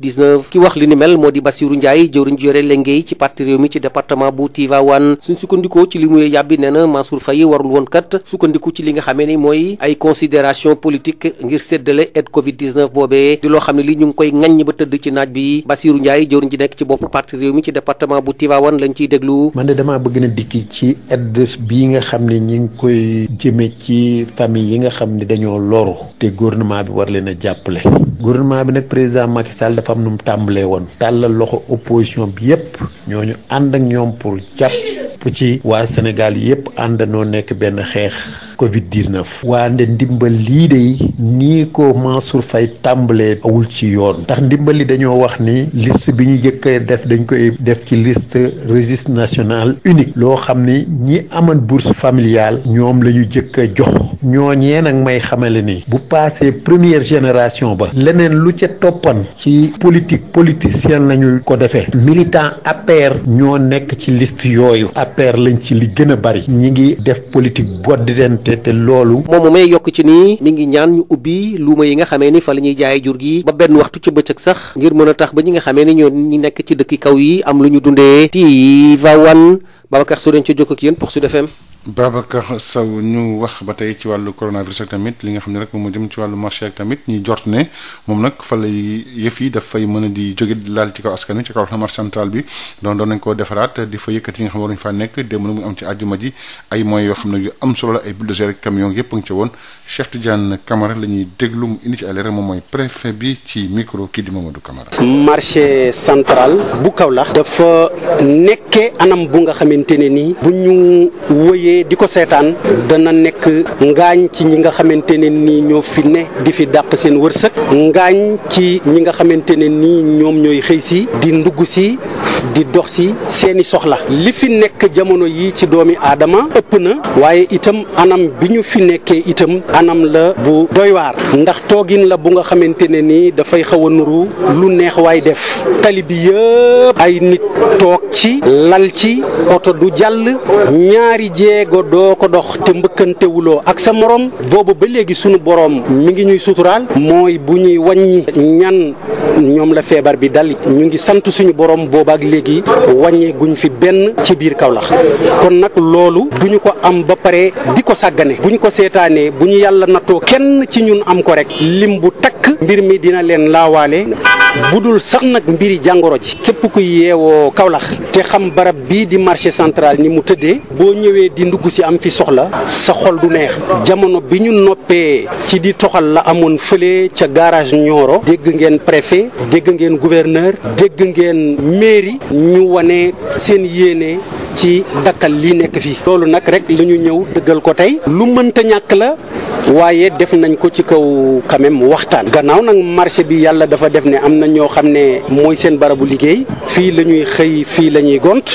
moo di Bassirou Ndiaye jëwriñ jore lengéey ci parti réew mi ci département bu Tivaouane suñ sukkandikoo ci li muy yàbbi nee na Mansour Faye warul woon kat sukkandiku ci li nga xamee ni mooy ay considération politique ngir séddale aide covid 19 boobee di loo xam ne li ñu ngi koy ŋaññ ba tëdd ci naaj bi Bassirou Ndiaye jëwriñ ji nekk ci bopp parti réew mi ci département bu Tivaouane lañ ciy déglu vraiment bëgg na dikki ci aide bii nga xam ne ñi ngi koy jëme ci famille yi nga xam ne dañoo loru te gouvernement bi war leen a jàppale gouvernement bi nag président Macky Sall dafa am nu mu tàmbalee woon tàllal loxo opposition bi yépp ñooñu ànd ak ñoom pour jàpp ñëpp ci waa Sénégal yëpp àndanoo nekk benn xeex Covid 19 waa nde ndimbal lii dey nii ko Mansour fay tàmbalee awul ci yoon ndax ndimbal dañoo wax ni liste bi ñu jëkkee def dañ koy def ci list registre national unique loo xam ni ñi aman bourse familiale ñoom la ñu jëkk a jox ñooñee nag may xamale ni bu passé première génération ba leneen lu ca toppan ci politique politicien lañu ko defee militant APR ñoo nekk ci list yooyu APR lañ ci li gën a bari ñi ngi def politique boddidente te loolu moom may yokk ci nii mi ngi ñaan ñu ubbi luuma yi nga xamee ni fa la ñuy jaaye jur gi ba benn waxtu ci bëccëg sax ngir mën a tax ba ñi nga xamee ni ñoo ñi nekk ci dëkki kaw yi am lu ñu dundee Tivaouane Babacar Sow dañ ci jokk ak yéen pour Sud FM Babacar Sow ñu wax ba tey ci wàllu coronavirus ak tamit li nga xam ne rek moom moo jëm ci wàllu marché ak tamit ñuy jort ne moom nag fa lay yëf yi daf mën a di jóge laal ci kaw askan wi ci bi donc doon nañ koo defaraat di fa yëkkati yi nga xam ne waruñu faa nekk démb na mu am ci àjjuma ji ay moyens yoo xam ne yu am solo la ay bulldozer ak camion yëpp a ngi woon Cheikh Tidiane Camara la déglu mu indi ci ay moom mooy préfet bi ci micro kii bëggee di ko seetaan dana nekk ngaañ ci ñi nga xamante ne nii ñoo fi ne di fi dàq seen wërsëg ngaañ ci ñi nga xamante ne nii ñoom ñooy xëy si di ndugg si di dox ci seeni soxla li fi nekk jamono yi ci doomi aadama ëpp na waaye itam anam bi ñu fi nekkee itam anam la bu doywaar ndax toogin la bu nga xamante ne ni dafay xaw a nuru lu neex waay def tali bi yëpp ay nit toog ci lal ci oto du jàll ñaari jéego doo ko dox te mbëkkantewuloo ak sa morom boobu ba léegi sunu borom mu ngi ñuy suturaal mooy bu ñuy wàññi ñan ñoom la feebar bi dal ñu ngi sant suñu borom ak léegi wàññee guñ fi benn ci biir kawlax kon nag loolu duñu ko am ba pare bi ko sàggane buñ ko seetaanee bu ñu yàlla nattoo kenn ci ñun am ko rek lim bu takk mbir mi dina leen laawaale bu dul sax nag mbiri jàngoro ji képp ku yeewoo kawlax te xam barab bii di marché centrale ni mu tëddee boo ñëwee di ndugg si am fi soxla sa xol du neex jamono bi ñu noppee ci di toxal la amoon fële ca garage Nioro dégg ngeen préfet dégg ngeen gouverneur dégg ngeen mairie ñu wane seen yéene ci dakkal lii nekk fii loolu nag rek lu ñu ñëw dëggal ko tey lu mënta ñàkk la waaye def nañ ko ci kaw quand même waxtaan gannaaw nag marché bi yàlla dafa def ne am nañ ñoo xam ne mooy seen barabu liggéey fii la ñuy xëy fii la ñuy gont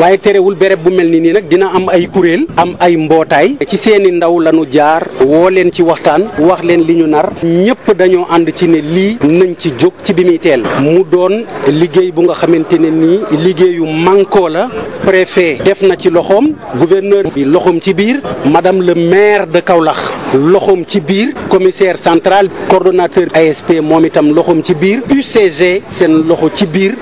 waaye terewul béréb bu mel ni nii nag dina am ay kuréel am ay mbootaay ci seeni ndaw lañu jaar woo leen ci waxtaan wax leen li ñu nar ñëpp dañoo ànd ci ne lii nañ ci jóg ci bi muy teel mu doon liggéey bu nga xamante ne nii liggéeyu mànkoo la préfet def na ci loxoom gouverneur bi loxoom ci biir madame le maire de Kaolack loxoom ci biir commissaire central coordonnateur ASP moom itam loxoom ci biir UCG seen loxo ci biir.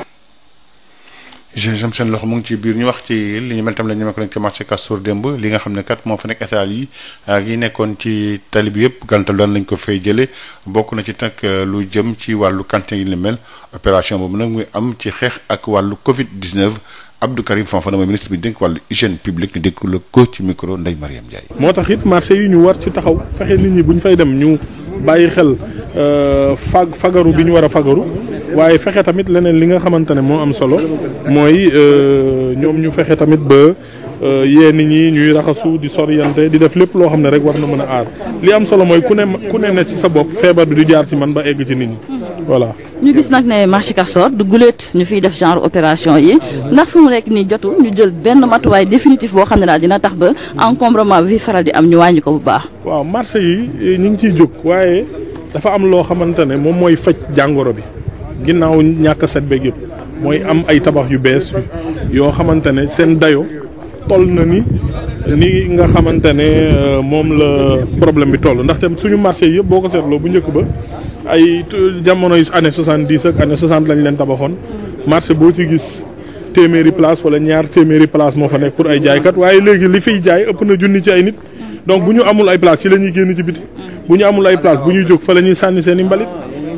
UCG seen loxo mu ngi ci biir ñu wax ci li ñu mel tam la ñu mel ko nekk ci marché Castor démb li nga xam ne kat moo fa nekk étal yi ak ah, yi nekkoon ci tali bi yëpp gantal doon lañ ko fay jëlee bokk na ci nag ah, lu jëm ci wàllu cantine yi ni mel opération boobu nag muy am ci xeex ak wàllu Covid 19. Abdou Karim Fofana mooy ministre bi dénk wàllu hygiène publique ñu dékk la ko ci micro Ndeye Mariam Ndiaye. moo tax it marché yi ñu war ci taxaw fexe nit ñi bu ñu fay dem ñu bàyyi xel euh, fag fagaru bi ñu war a fagaru waaye fexe tamit leneen li nga xamante ne moo am solo mooy euh, ñoom ñu fexe tamit ba. Euh, yee nit ñi ñuy raxasu di soriyante di def lépp loo xam ne rek war na mën a aar li am solo mooy ku ne ku ne ne ci sa bopp feebar bi du jaar ci man ba egg ci nit ñi voilà. ñu gis nag ne marché Castor du guleet ñu fi def genre opération yi ndax fi mu nekk nii jotul ñu jël benn matuwaay définitif boo xam ne daal dina tax ba encombrement bi faral di am ñu wàññi ko bu baax. waaw marché yi eh, ñu ngi ciy jóg waaye dafa am loo xamante ne moom mooy faj jàngoro bi ginnaaw ñàkk set beeg mooy am ay tabax yu bees yoo xamante ne seen dayo toll na ni ni nga xamante ne euh, moom la problème bi toll ndaxte suñu marché yëpp boo ko seetloo bu njëkk ba ay jamono yu année soixante dix ak année soixante lañ leen tabaxoon marché boo ci gis téeméeri place wala ñaar téeméeri place moo fa nekk pour ay jaaykat waaye léegi li fiy jaay ëpp na junni ci ay nit donc bu ñu amul ay place ci la ñuy génn ci biti bu ñu amul ay place bu ñuy jóg fa la ñuy sànni seen i mbalit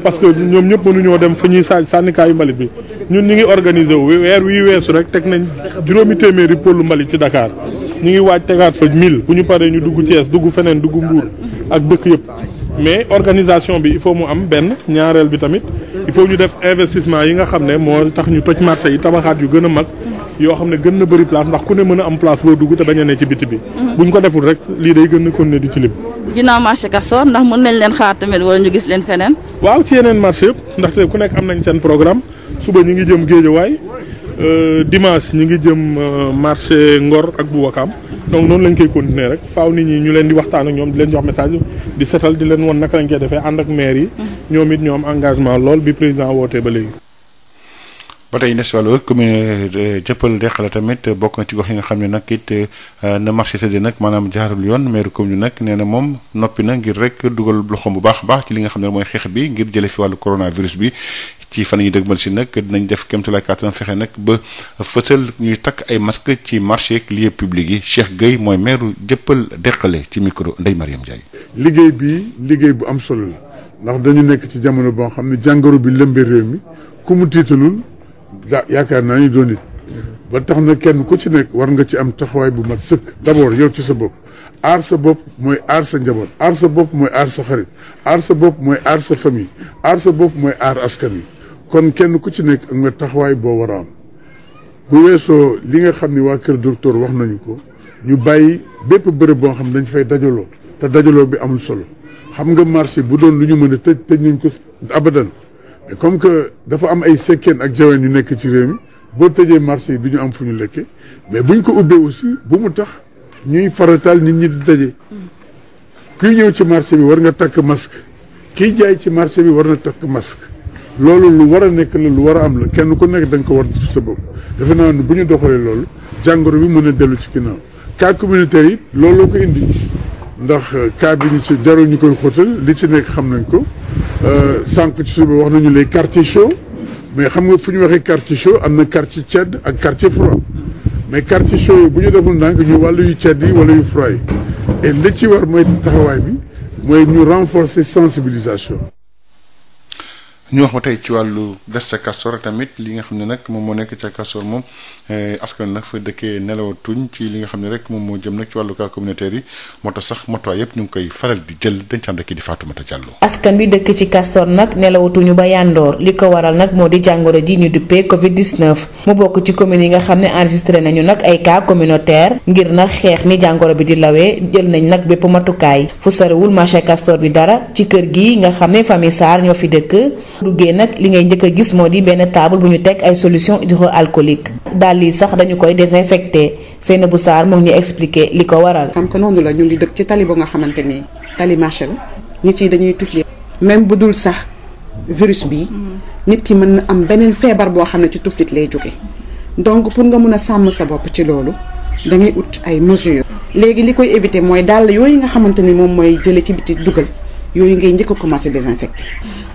parce que ñoom ñëpp mënuñoo dem fa ñuy saa sànnikaayu mbalit bi ñun ñu ngi organiser wu weer wii weesu rek teg nañ juróomi téeméeri pôlu mbalit ci dakaar ñu ngi waaj tegaat faj 1000 bu ñu paree ñu dugg Thiès dugg feneen dugg Mbour ak dëkk yëpp mais organisation bi il faut mu am benn ñaareel bi tamit il faut ñu def investissement yi nga xam ne moo tax ñu toj marché yi tabaxaat yu gën a mag yoo xam ne gën na bëri place ndax ku ne mën a am place boo dugg te bañ a ne ci biti bi. Mm-hmm. buñ ko deful rek lii day gën a continuer di ci lim. ginnaaw marché Castor ndax mën nañ leen xaar tamit a ñu gis leen feneen. waaw ci yeneen marché yëpp ndaxte ku nekk am nañ seen programme suba ñu ngi jëm Géejawaay euh, dimanche ñu ngi jëm euh, marché Ngor ak bu Wakaam donc noonu lañ koy continuer rek faaw nit ñi ñu leen di waxtaan ak ñoom di leen jox message di setal di leen won lañ koy defee ànd ak maire yi. Mm-hmm. ñoom it ñoom engagement lool bi président wootee ba léegi. ba tey des wàllu commune Dieuppeul Derklé tamit euh, bokk na ci gox yi nga xam ne nag it euh, euh, na marché nag maanaam jaarul yoon maire commune nag nee na moom noppi na rek dugal loxoom bu baax baax ci li nga xam ne mooy xeex bi ngir jële fi wàllu coronavirus bi ci fan yi dëgmal si nag dinañ def kéemtulaay kàttan fexe nag ba ñuy takk ay masque ci marché ak lieu public yi Cheikh Gueye mooy maire Dieuppeul Derklé ci micro Ndeye Mariam Ndiaye. liggéey bi liggéey bu am solo la ndax dañu nekk ci jamono boo xam ne jàngoro bi lëmbee réew mi ku mu tiitalul. yaakaar naa ñu doon it ba tax na kenn ku ci nekk war nga ci am taxawaay bu mat sëkk d'abord yow ci sa bopp aar sa bopp mooy aar sa njaboot aar sa bopp mooy aar sa xarit aar sa bopp mooy aar sa famille aar sa bopp mooy aar askan wi kon kenn ku ci nekk am nga taxawaay boo war a am bu weesoo li nga xam ni waa kër docteur wax nañu ko ñu bàyyi bépp bërëb boo xam dañ fay dajaloo te dajaloo bi amul solo xam nga marché bu doon lu ñu mën a tëj tëj nañ ko abadan comme que dafa am ay sekkeen ak jaween yu nekk ci réew mi boo tëjee marché yi du ñu am fu ñu lekkee mais buñ ko ubbee aussi bu mu tax ñuy farataal nit ñi di daje. kuy ñëw ci marché bi war nga takk masque kiy jaay ci marché bi war na takk masque loolu lu war a nekk la lu war a am la kenn ku nekk da ko war ci sa bopp defe naa ne bu ñu doxalee loolu jàngoro bi mën na dellu ci ginnaaw cas communautaire yi looloo ko indi. ndox euh, cas bi ni ci jaruñu ñu koy xóotal li ci nekk xam nañ ko euh, sànq ci suba wax nañu les quartiers chauds mais xam nga fu ñu waxee quartier chaud am na quartier tiède ak quartier froid mais quartier chaud bu ñu deful ndànk ñu wàllu yu tiède yi wala yu froid yi et li ci war mooy taxawaay bi mooy ñu renforce sensibilisation ñu wax ba tey ci wàllu des ca Castor tamit li nga xam ne nag moom moo nekk ca Castor moom eh, askan nag fa dëkkee nelawatuñ ci li nga xam ne rek moom moo jëm nag ci wàllu cas communautaire yi moo tax sax matuwaay yëpp ñu ngi koy faral di jël dañ caan dëkk di Fatoumata Diallo askan bi dëkk ci Castor nag nelawatuñu ba yàndoor li ko waral nag moo di jàngoro ji ñu duppee Covid 19 mu bokk ci communes yi nga xam ne enregistré nañu nag ay kaa communautaire ngir nag xeex ni jàngoro bi di lawee jël nañ nag bépp matukaay fu soriwul marché bi dara ci kër gi nga xam ne famille Sarr ñoo fi dëkk duggee nag li ngay njëkk a gis moo di benn table bu ñu teg ay solution hydroalcoolique dàll yi sax dañu koy désinfecté bu saar moom ñu expliqué li ko waral. xam te noonu la ñu ngi dëkk ci tali ba nga xamante ni tali la nit yi dañuy tifli même bu dul sax virus bi nit ki mën na am beneen feebar boo xam ne ci tuflit lay jóge donc pour nga mën a sàmm sa bopp ci loolu da ut ay mesures. léegi li koy éviter mooy dàll yooyu nga xamante ni moom mooy jële ci biti dugal yooyu ngay njëkk a commencé désinfecté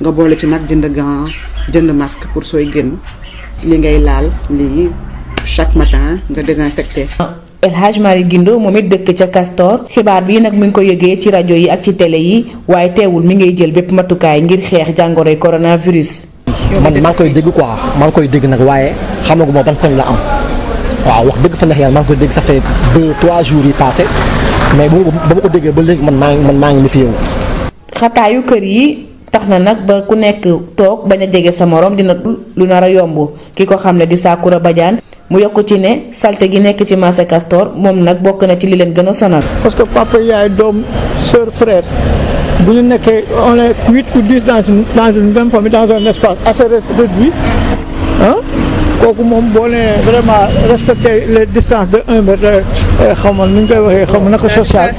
nga boole ci nag jënd gant jënd masque pour sooy génn li ngay laal lii chaque matin nga désinfecté. El Hadj Malick Guindo moom it dëkk ca Castor xibaar bi nag mi ngi ko yëgee ci rajo yi ak ci télé yi waaye teewul mi ngay jël bépp matukaay ngir xeex jàngoroy coronavirus. man maa ngi koy dégg ko maa ngi koy dégg nag waaye xamaguma ban koñ la am waaw wax dëgg fa neex yàlla maa ngi koy dégg ça fait deux trois jours yi passé mais bu ba ma ko déggee ba léegi man maa ngi man maa ngi ni fi yow. tax na nag ba ku nekk toog bañ a jege sa morom dina lu nar a yomb ki ko xam ne di Sakoura Badiane mu yokk ci ne salte gi nekk ci marché Castor moom nag bokk na ci li leen gën a sonal. parce que papa yaay doom sœur frère bu ñu nekkee on est huit ou dix dans une dans une même famille dans un espace assez réduit kooku moom boo nee vraiment respecter les distances de un mètre eh, xaw ma nu ñu koy waxee xaw ma naka sociale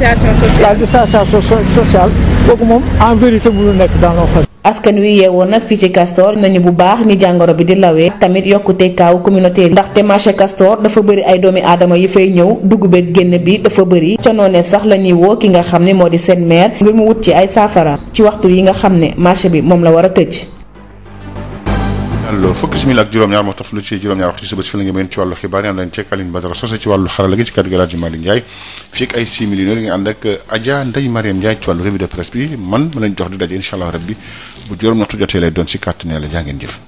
la distanciation sociale kooku moom en vérité mënul nekk dans nos askan wi yeewoon nag fii ci Castor nañu bu baax ni jàngoro bi di lawee tamit yokkute kaaw communauté yi ndaxte marché Castor dafa bëri ay doomi aadama yi fay ñëw dugg beeg génn bi dafa bëri ca noonee sax la ñuy woo ki nga xam ne moo di seen maire ngir mu wut ci ay saafara ci waxtu yi nga xam ne marché bi moom la war a tëj al fukki simili ak juróom-ñaar moo taf ci juróom-ñaar wax ci suba si fi la ngeen mën ci wàllu xibaar yi ànd leen ceeg Aline Badara Sosé ci wàllu xarala gi ci kàddu gi Alaaji Malick Ndiaye fii ak ay simili noonu ngeen ànd ak Adja Ndeye Mariam Ndiaye ci wàllu revue de presse bi man ma leen jox di daje incha allah rabbi bu juróom-ñaar tu lay doon si kàttan Yàlla jaa ngeen jëf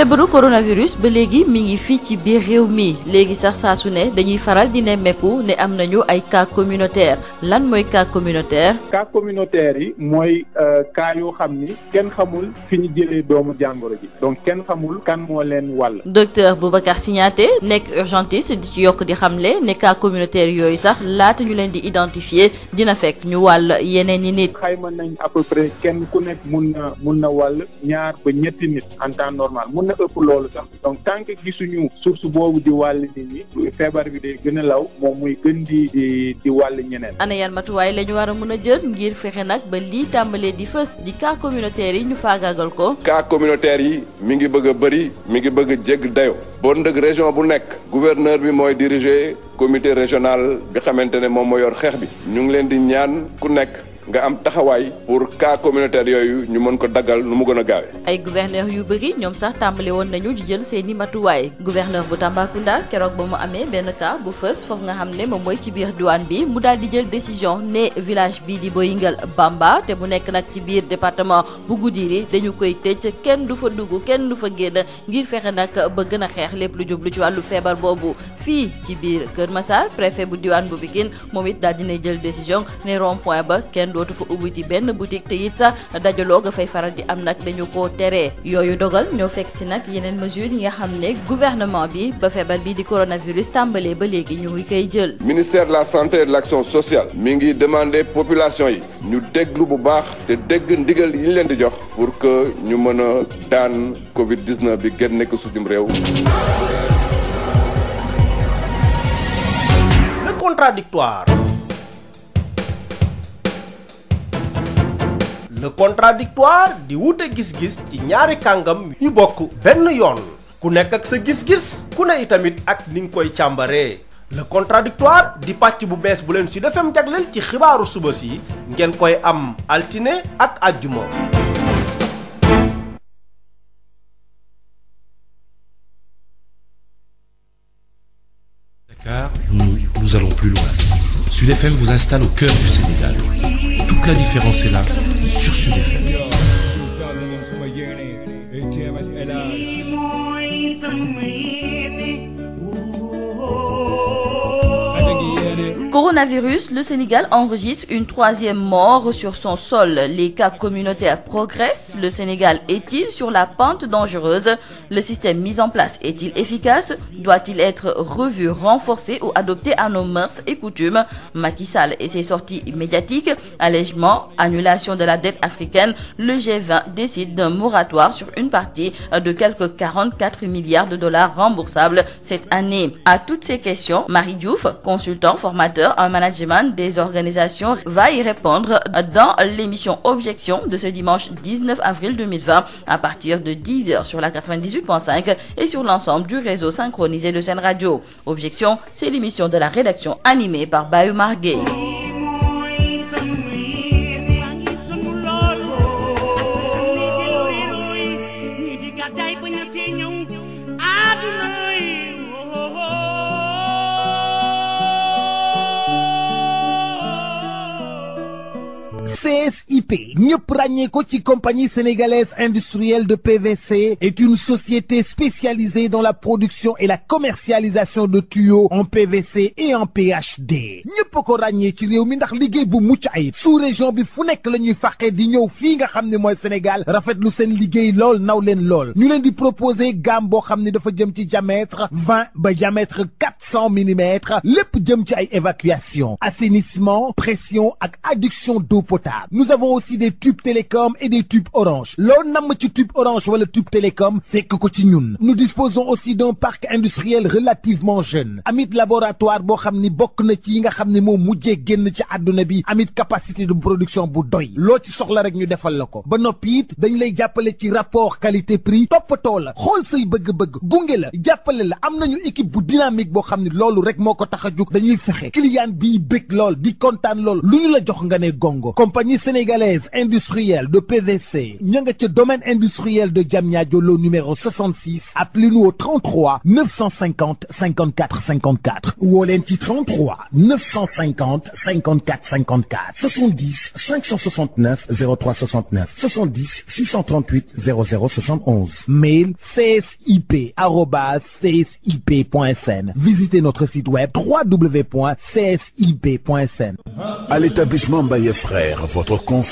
feebaru coronavirus ba léegi mi ngi fii ci biir réew mi léegi sax saa su ne dañuy faral di nemmeeku ne am nañu ay cas communautaire lan mooy cas communautaire. cas communautaire yi mooy euh, cas yoo xam ni kenn xamul fi ñu jëlee doomu jàngoro ji donc kenn xamul kan moo leen wàll. docteur Boubacar Signaté nekk urgentiste di ci yokk di xamle ne cas communautaire yooyu sax laata ñu leen di identifier dina fekk ñu wàll yeneen yi nit. xayma nañ à près kenn ku nekk mun mun na wàll ñaar na loolu sax donc tant que gisuñu source boobu di wàll nit feebar bi day gën a law moom muy gën di di wàll ñeneen. ana yan matuwaay la ñu war a mën a jël ngir fexe nag ba lii tàmbalee di fës di cas communautaire yi ñu faagaagal ko. cas communautaire yi mi ngi bëgg a bëri mi ngi bëgg a jégg dayo bon dëgg région bu nekk gouverneur bi mooy diriger comité régional bi xamante ne moom moo yor xeex bi ñu ngi leen di ñaan ku nekk. nga am taxawaay pour cas communautaire yooyu ñu mën ko daggal nu mu gën a gaawee. ay gouverneur yu bëri ñoom sax tàmbali woon nañu di jël seeni matuwaay gouverneur bu Tambacounda keroog ba mu amee benn cas bu fës foofu nga xam ne moom mooy ci biir diwaan bi mu daal di jël décision ne village bi di Boyingal Bamba te mu nekk nag ci biir département bu Goudiri dañu koy tëj kenn du fa dugg kenn du fa génn ngir fexe nag ba gën a xeex lépp lu jublu ci wàllu feebar boobu fii ci biir Kër Massar bu diwaan bu Pikine moom it daal dinay jël décision dootu fa ubbi ci benn boutique te it sax dajaloo ga fay faral di am nag dañu koo teree yooyu dogal ñoo fekk ci nag yeneen mesures yi nga xam ne gouvernement bi ba feebar bi di coronavirus tàmbalee ba léegi ñu ngi koy jël. ministère la santé et de l'action sociale mi ngi demandé population yi ñu déglu bu baax te dëgg ndigal yi ñu leen di jox pour que ñu mën a daan Covid 19 bi gën nekk suñu réew. contradictoire le contradictoire di wuute gis-gis ci ñaari kàngam yu bokk benn yoon ku nekk ak sa gis-gis ku ne itamit ak ni koy càmbaree la contradictoire di pàcc bu bees bu leen Sud FM jagleel ci xibaaru suba si ngeen koy am altine ak àjjuma Toute la différence est là, sur Sud FM. lii Coronavirus, le Sénégal enregistre une troisième mort sur son sol. Les cas communautaires progressent. Le Sénégal est-il sur la pente dangereuse Le système mis en place et coutumes Macky Sall et ses sorties médiatiques, de la dette africaine, le G20 décide d'un moratoire sur de quelques 44 milliards À toutes ces questions, coordinateur en management des organisations, va y répondre dans l'émission Objection de ce dimanche avril à partir de 10h sur la 98.5 et sur l'ensemble du réseau synchronisé de Sen Radio. Objection, c'est l'émission de la rédaction animée par Bayou Marguet. CIP ñëpp ràññee ko ci compagnie sénégalaise industrielle de PVC est une société spécialisée dans la production et la commercialisation de tuyaux en PVC et en PHD ñëpp ko ràññee ci réew mi ndax liggéey bu mucc ayib sous-région bi fu nekk la ñuy fàqee di ñëw fii nga xam ne mooy Sénégal rafetlu seen liggéey lool naw leen lool ñu leen di proposer gamme boo xam ne dafa jëm ci diamètre vingt ba diamètre quatre cent millimètres lépp jëm ci ay évacuation assainissement pression ak adduction d'eau potable aussi des tubes télécom et des tubes orange loo namm ci tube orange wala tube télécom fekk ko ci ñun nous disposons aussi d'un parc industriel relativement jeune amit laboratoire boo xam ni bokk na ci yi nga xam ne moom mujjee génn ci àdduna bi amit capacité de production bu doy loo ci soxla rek ñu defal la ko ba noppi it dañ lay jàppale ci rapport qualité prix toppatoo la xool say bëgg-bëgg gunge la jàppale la am nañu équipe bu dynamique boo xam ne loolu rek moo ko tax a jug dañuy fexe client bi bëgg lool di kontaan lool lu ñu la jox nga ne gongo compagnie sénégalaise 15 industriels de PVC ña nga ca domaine industriel de Diamniadio lo numéro 66 appelez-nous au 33 950 54 54 woo leen ci 33 950 54 54 70 569 03 69 70 638 00 71 mail csip arobase csip.sn visitez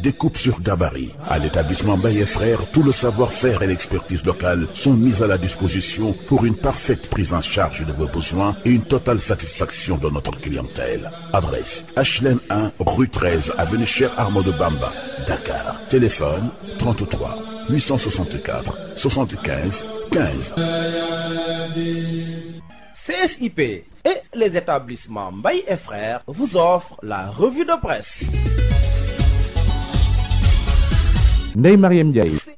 découpe sur gabarit. À l'établissement Baye Frères, tout le savoir-faire et l'expertise locale sont mis à la disposition pour une parfaite prise en charge de vos besoins et une totale satisfaction de notre clientèle. Adresse HLM 1, rue 13, avenue Cheikh Amadou Bamba, Dakar. Téléphone CSIP et les établissements Baye et Frères vous offrent la revue de presse. Ndeye Marieme Ndiaye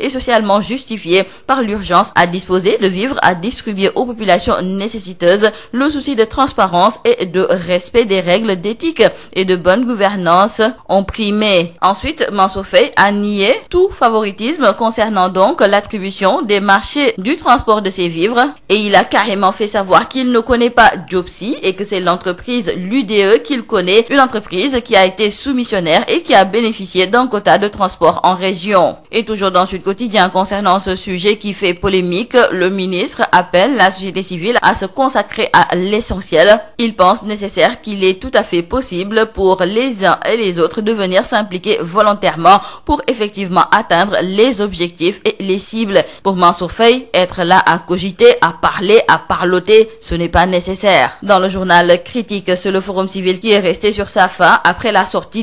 et socialement justifiée par l'urgence à disposer de vivres à distribuer aux populations nécessiteuses, le souci de transparence et de respect des règles d'éthique et de bonne gouvernance ont primé. Ensuite, Mansour Faye a nié tout favoritisme concernant donc l'attribution des marchés du transport de ces vivres et il a carrément fait savoir qu'il ne connaît pas Diopsi et que c'est l'entreprise l'UDE qu'il connaît, une entreprise qui a été soumissionnaire et qui a bénéficié quotidien concernant ce sujet qui fait polémique, le ministre appelle la société civile à se consacrer à l'essentiel. Il pense nécessaire qu'il est tout à fait possible pour les uns et les autres de venir s'impliquer volontairement pour effectivement atteindre les objectifs et les cibles. Pour Mansour Faye, être là à cogiter, à parler, à parloter, ce n'est pas nécessaire. Dans le journal Critique, c'est le Forum civil qui est resté sur sa faim après la sortie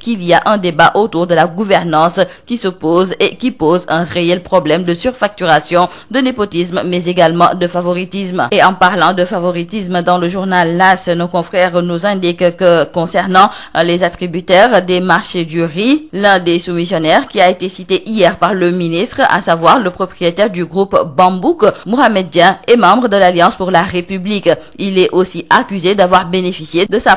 qu'il y a un débat autour de la gouvernance qui se pose et qui pose un réel problème de surfacturation, de népotisme, mais également de favoritisme. Et en parlant de favoritisme dans le journal LAS, nos confrères nous indiquent que concernant les attributaires des marchés du riz, l'un des soumissionnaires qui a été cité hier par le ministre, à savoir le propriétaire du groupe Bambouk, Mohamed Dien, est membre de l'Alliance pour la République. Il est aussi de sa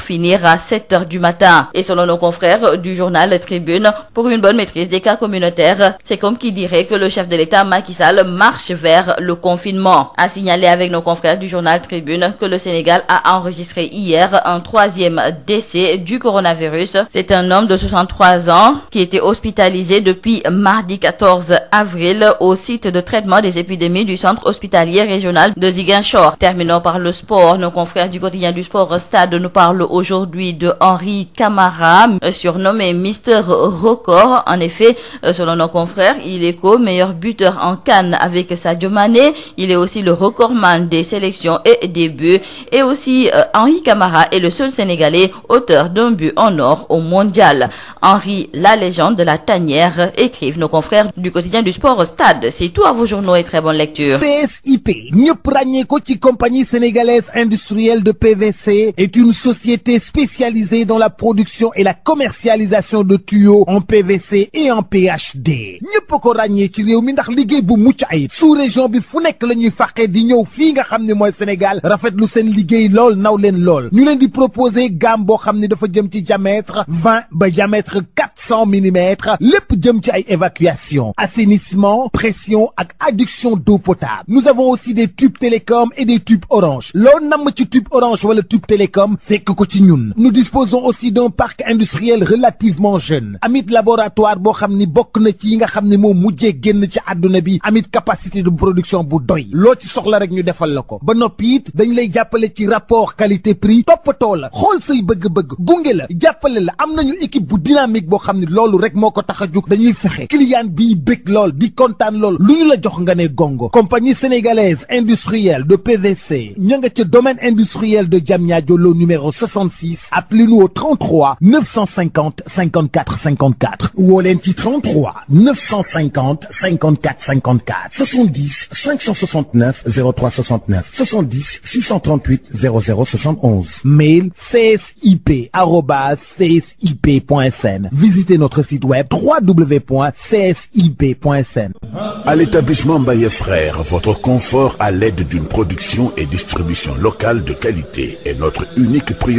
pour finir à 7 heures du matin. Et selon nos confrères du journal Tribune, pour une bonne maîtrise des cas communautaires, c'est comme qui dirait que le chef de l'État Macky marche vers le confinement. À signaler avec nos confrères du journal Tribune que le Sénégal a enregistré hier un troisième décès du coronavirus. C'est un homme de 63 ans qui était hospitalisé depuis mardi avril au site de traitement des épidémies du centre hospitalier régional de Ziguinchor. aujourd'hui de Henri Camara, euh, surnommé Mister Record. En effet, euh, selon nos confrères, il est meilleur buteur en Cannes avec Sadio Mané. Il est aussi le recordman des sélections et des buts. Et aussi, euh, Henri Camara est le seul Sénégalais auteur d'un but en or au mondial. Henri, la de la tanière, écrivent nos confrères du quotidien du sport Stade. C'est tout à vos journaux et très bonne lecture. CSIP, ñëpp ràññee ko compagnie sénégalaise industrielle société spécialisée dans la production et la commercialisation de tuyaux en PVC et en PHD ñëpp ko ràññee ci réew mi ndax liggéey bu mucc ayib sous-région bi fu nekk la ñuy fàqee di ñëw fii nga xam ne mooy Sénégal rafetlu seen liggéey lool naw leen lool ñu leen di proposer gamme boo xam ne dafa jëm ci diamètre vingt ba diamètre quatre cent millimètres lépp jëm ci ay évacuation assainissement pression ak adduction d'eau potable nous avons aussi des tubes télécom et des tubes orange loo namm ci tube orange wala tube télécom ko ci ñun nous disposons aussi d'un parc industriel relativement jeune amit laboratoire boo xam ni bokk na ci yi nga xam ne moom mujjee génn ci àdduna bi amit capacité de production bu doy loo ci soxla rek ñu defal la ko ba noppi dañu lay jàppale ci rapport qualité prix toppatoo la xool say bëgg-bëgg gunge la jàppale la am nañu équipe bu dynamique boo xam ne loolu rek moo ko tax a jug dañuy fexe client bi bëgg lool di kontaan lool lu ñu la jox nga ne gongo compagnie sénégalaise industrielle de PVC ña ca domaine industriel de Diamniadio 66 appelez-nous au 33 950 54 54 woo leen ci 33 950 54 54 70 569 03 69 70 638 00 71 mail csip arobas csip point sn visitez notre site web www.csip.sn à l'établissement Baye Frères votre confort à l'aide d'une production et distribution locale de qualité est notre unique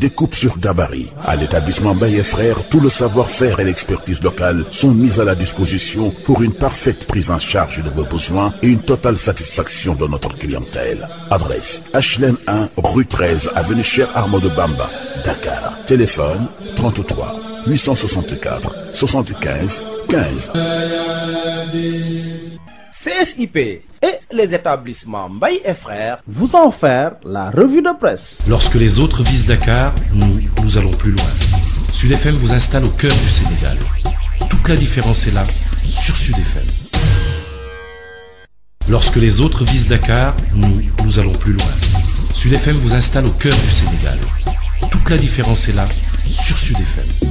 découpe sur gabarit. À l'établissement Baye Frères, tout le savoir-faire et l'expertise locale sont mis à la disposition pour une parfaite prise en charge de vos besoins et une totale satisfaction de notre clientèle. Adresse HLM 1, rue 13, avenue Cheikh de Bamba, Dakar. Téléphone 33 864 75 15. CSIP et les établissements Mbaye et Frères vous ont offert la revue de presse. Lorsque les autres visent Dakar, nous, nous allons plus loin. Sud FM vous installe au cœur du Sénégal. Toute la différence est là, sur Sud FM. Lorsque les autres visent Dakar, nous allons plus loin. Sud FM vous installe au cœur du Sénégal. Toute la différence est là, sur Sud FM.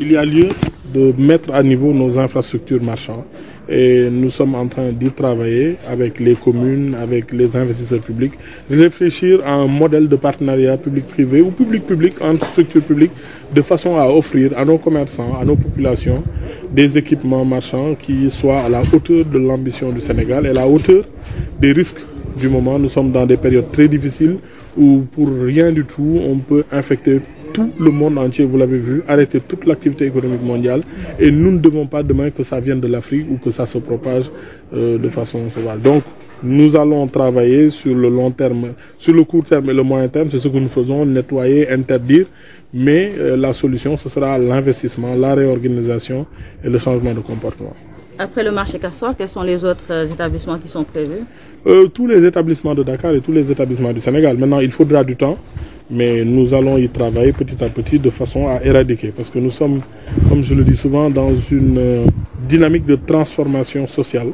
il y a lieu de mettre à niveau nos infrastructures marchandes et nous sommes en train d'y travailler avec les communes, avec les investisseurs publics, réfléchir à un modèle de partenariat public-privé ou public-public entre structures publiques de façon à offrir à nos commerçants, à nos populations des équipements marchands qui soient à la hauteur de l'ambition du Sénégal et à la hauteur des risques du moment. Nous sommes dans des périodes très difficiles où pour rien du tout on peut tout le monde entier, vous l'avez vu, arrêter toute l'activité économique mondiale. Et nous ne devons pas demain que ça vienne de l'Afrique ou que ça se propage euh, de façon sauvage. Donc, nous allons travailler sur le long terme, sur le court terme et le moyen terme. C'est ce que nous faisons, nettoyer, interdire. Mais euh, la solution, ce sera l'investissement, la réorganisation et le changement de comportement. Après le marché Castor, quels sont les autres euh, établissements qui sont prévus euh, Tous les établissements de Dakar et tous les établissements du Sénégal. Maintenant, il faudra du temps. mais nous allons y travailler petit à petit de façon à éradiquer parce que nous sommes comme je le dis souvent dans une euh, dynamique de transformation sociale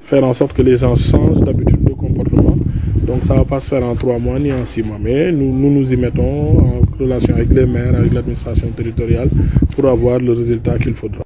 faire en sorte que les gens changent d'habitude de comportement donc ça va pas se faire en trois mois ni en six mois mais nous nous, nous y mettons en relation avec les maires avec l'administration territoriale pour avoir le résultat qu'il faudra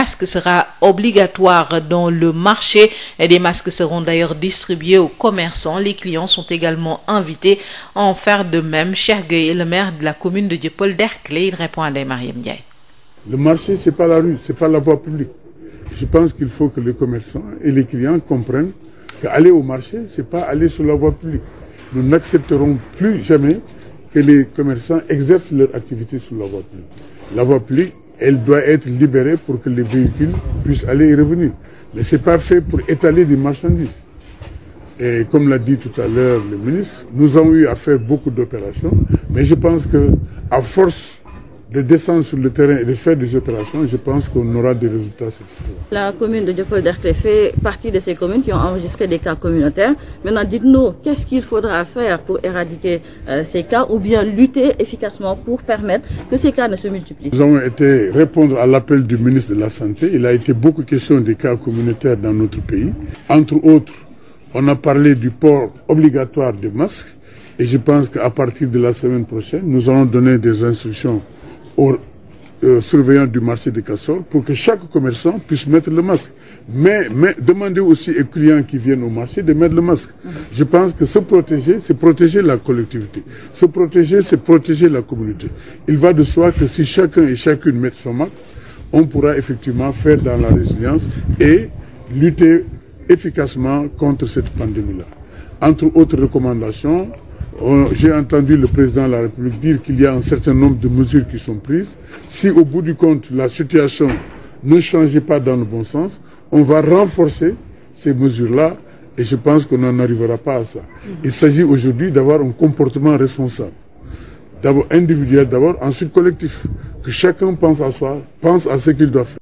masque sera obligatoire dans le marché et des masques seront d'ailleurs distribués aux commerçants. Les clients sont également invités à en faire de même. Cheikh Gueye, le maire de la commune de Dieuppeul-Derklé, il répond à Ndeye Marième Ndiaye. Le marché, c'est pas la rue, c'est la voie publique. Je pense qu'il faut que les commerçants et les clients comprennent qu'aller au marché, c'est pas aller sur la voie publique. Nous n'accepterons plus jamais que elle doit être libérée pour que les véhicules puissent aller et revenir. Mais ce n'est pas fait pour étaler des marchandises. Et comme l'a dit tout à l'heure le ministre, nous avons eu à faire beaucoup d'opérations, mais je pense que à force de descendre sur le terrain et de faire des opérations, je pense qu'on aura des résultats satisfaisants. commune de Dieuppeul-Derklé fait partie de ces communes qui ont enregistré des cas communautaires. Maintenant, dites-nous, qu'est-ce qu'il faudra faire pour éradiquer euh, ces cas ou bien lutter efficacement pour permettre que ces cas à l'appel la Santé. Il a été notre pays. Entre autres, on a parlé du port obligatoire de masques et je pense qu'à partir de la semaine prochaine, nous allons donner des aux euh, surveillants du marché de Castor pour que chaque commerçant puisse mettre le masque. Mais, mais demander aussi aux clients qui viennent au marché de mettre le masque. Mhm. Je pense que se protéger, c'est protéger la collectivité. Se protéger, c'est protéger la communauté. Il va de soi que si chacun et chacune met son masque, on pourra effectivement faire dans la résilience et lutter efficacement contre cette pandémie-là. Entre autres recommandations, j'ai entendu le président de la République dire qu'il y a un certain nombre de mesures qui sont prises. Si au bout du compte, la situation ne changeait pas dans le bon sens, on va renforcer ces mesures-là et je pense qu'on n'en arrivera pas à ça. Il s'agit aujourd'hui d'avoir un comportement responsable. D'abord individuel, d'abord, ensuite collectif. Que chacun pense à soi, pense à ce qu'il doit faire.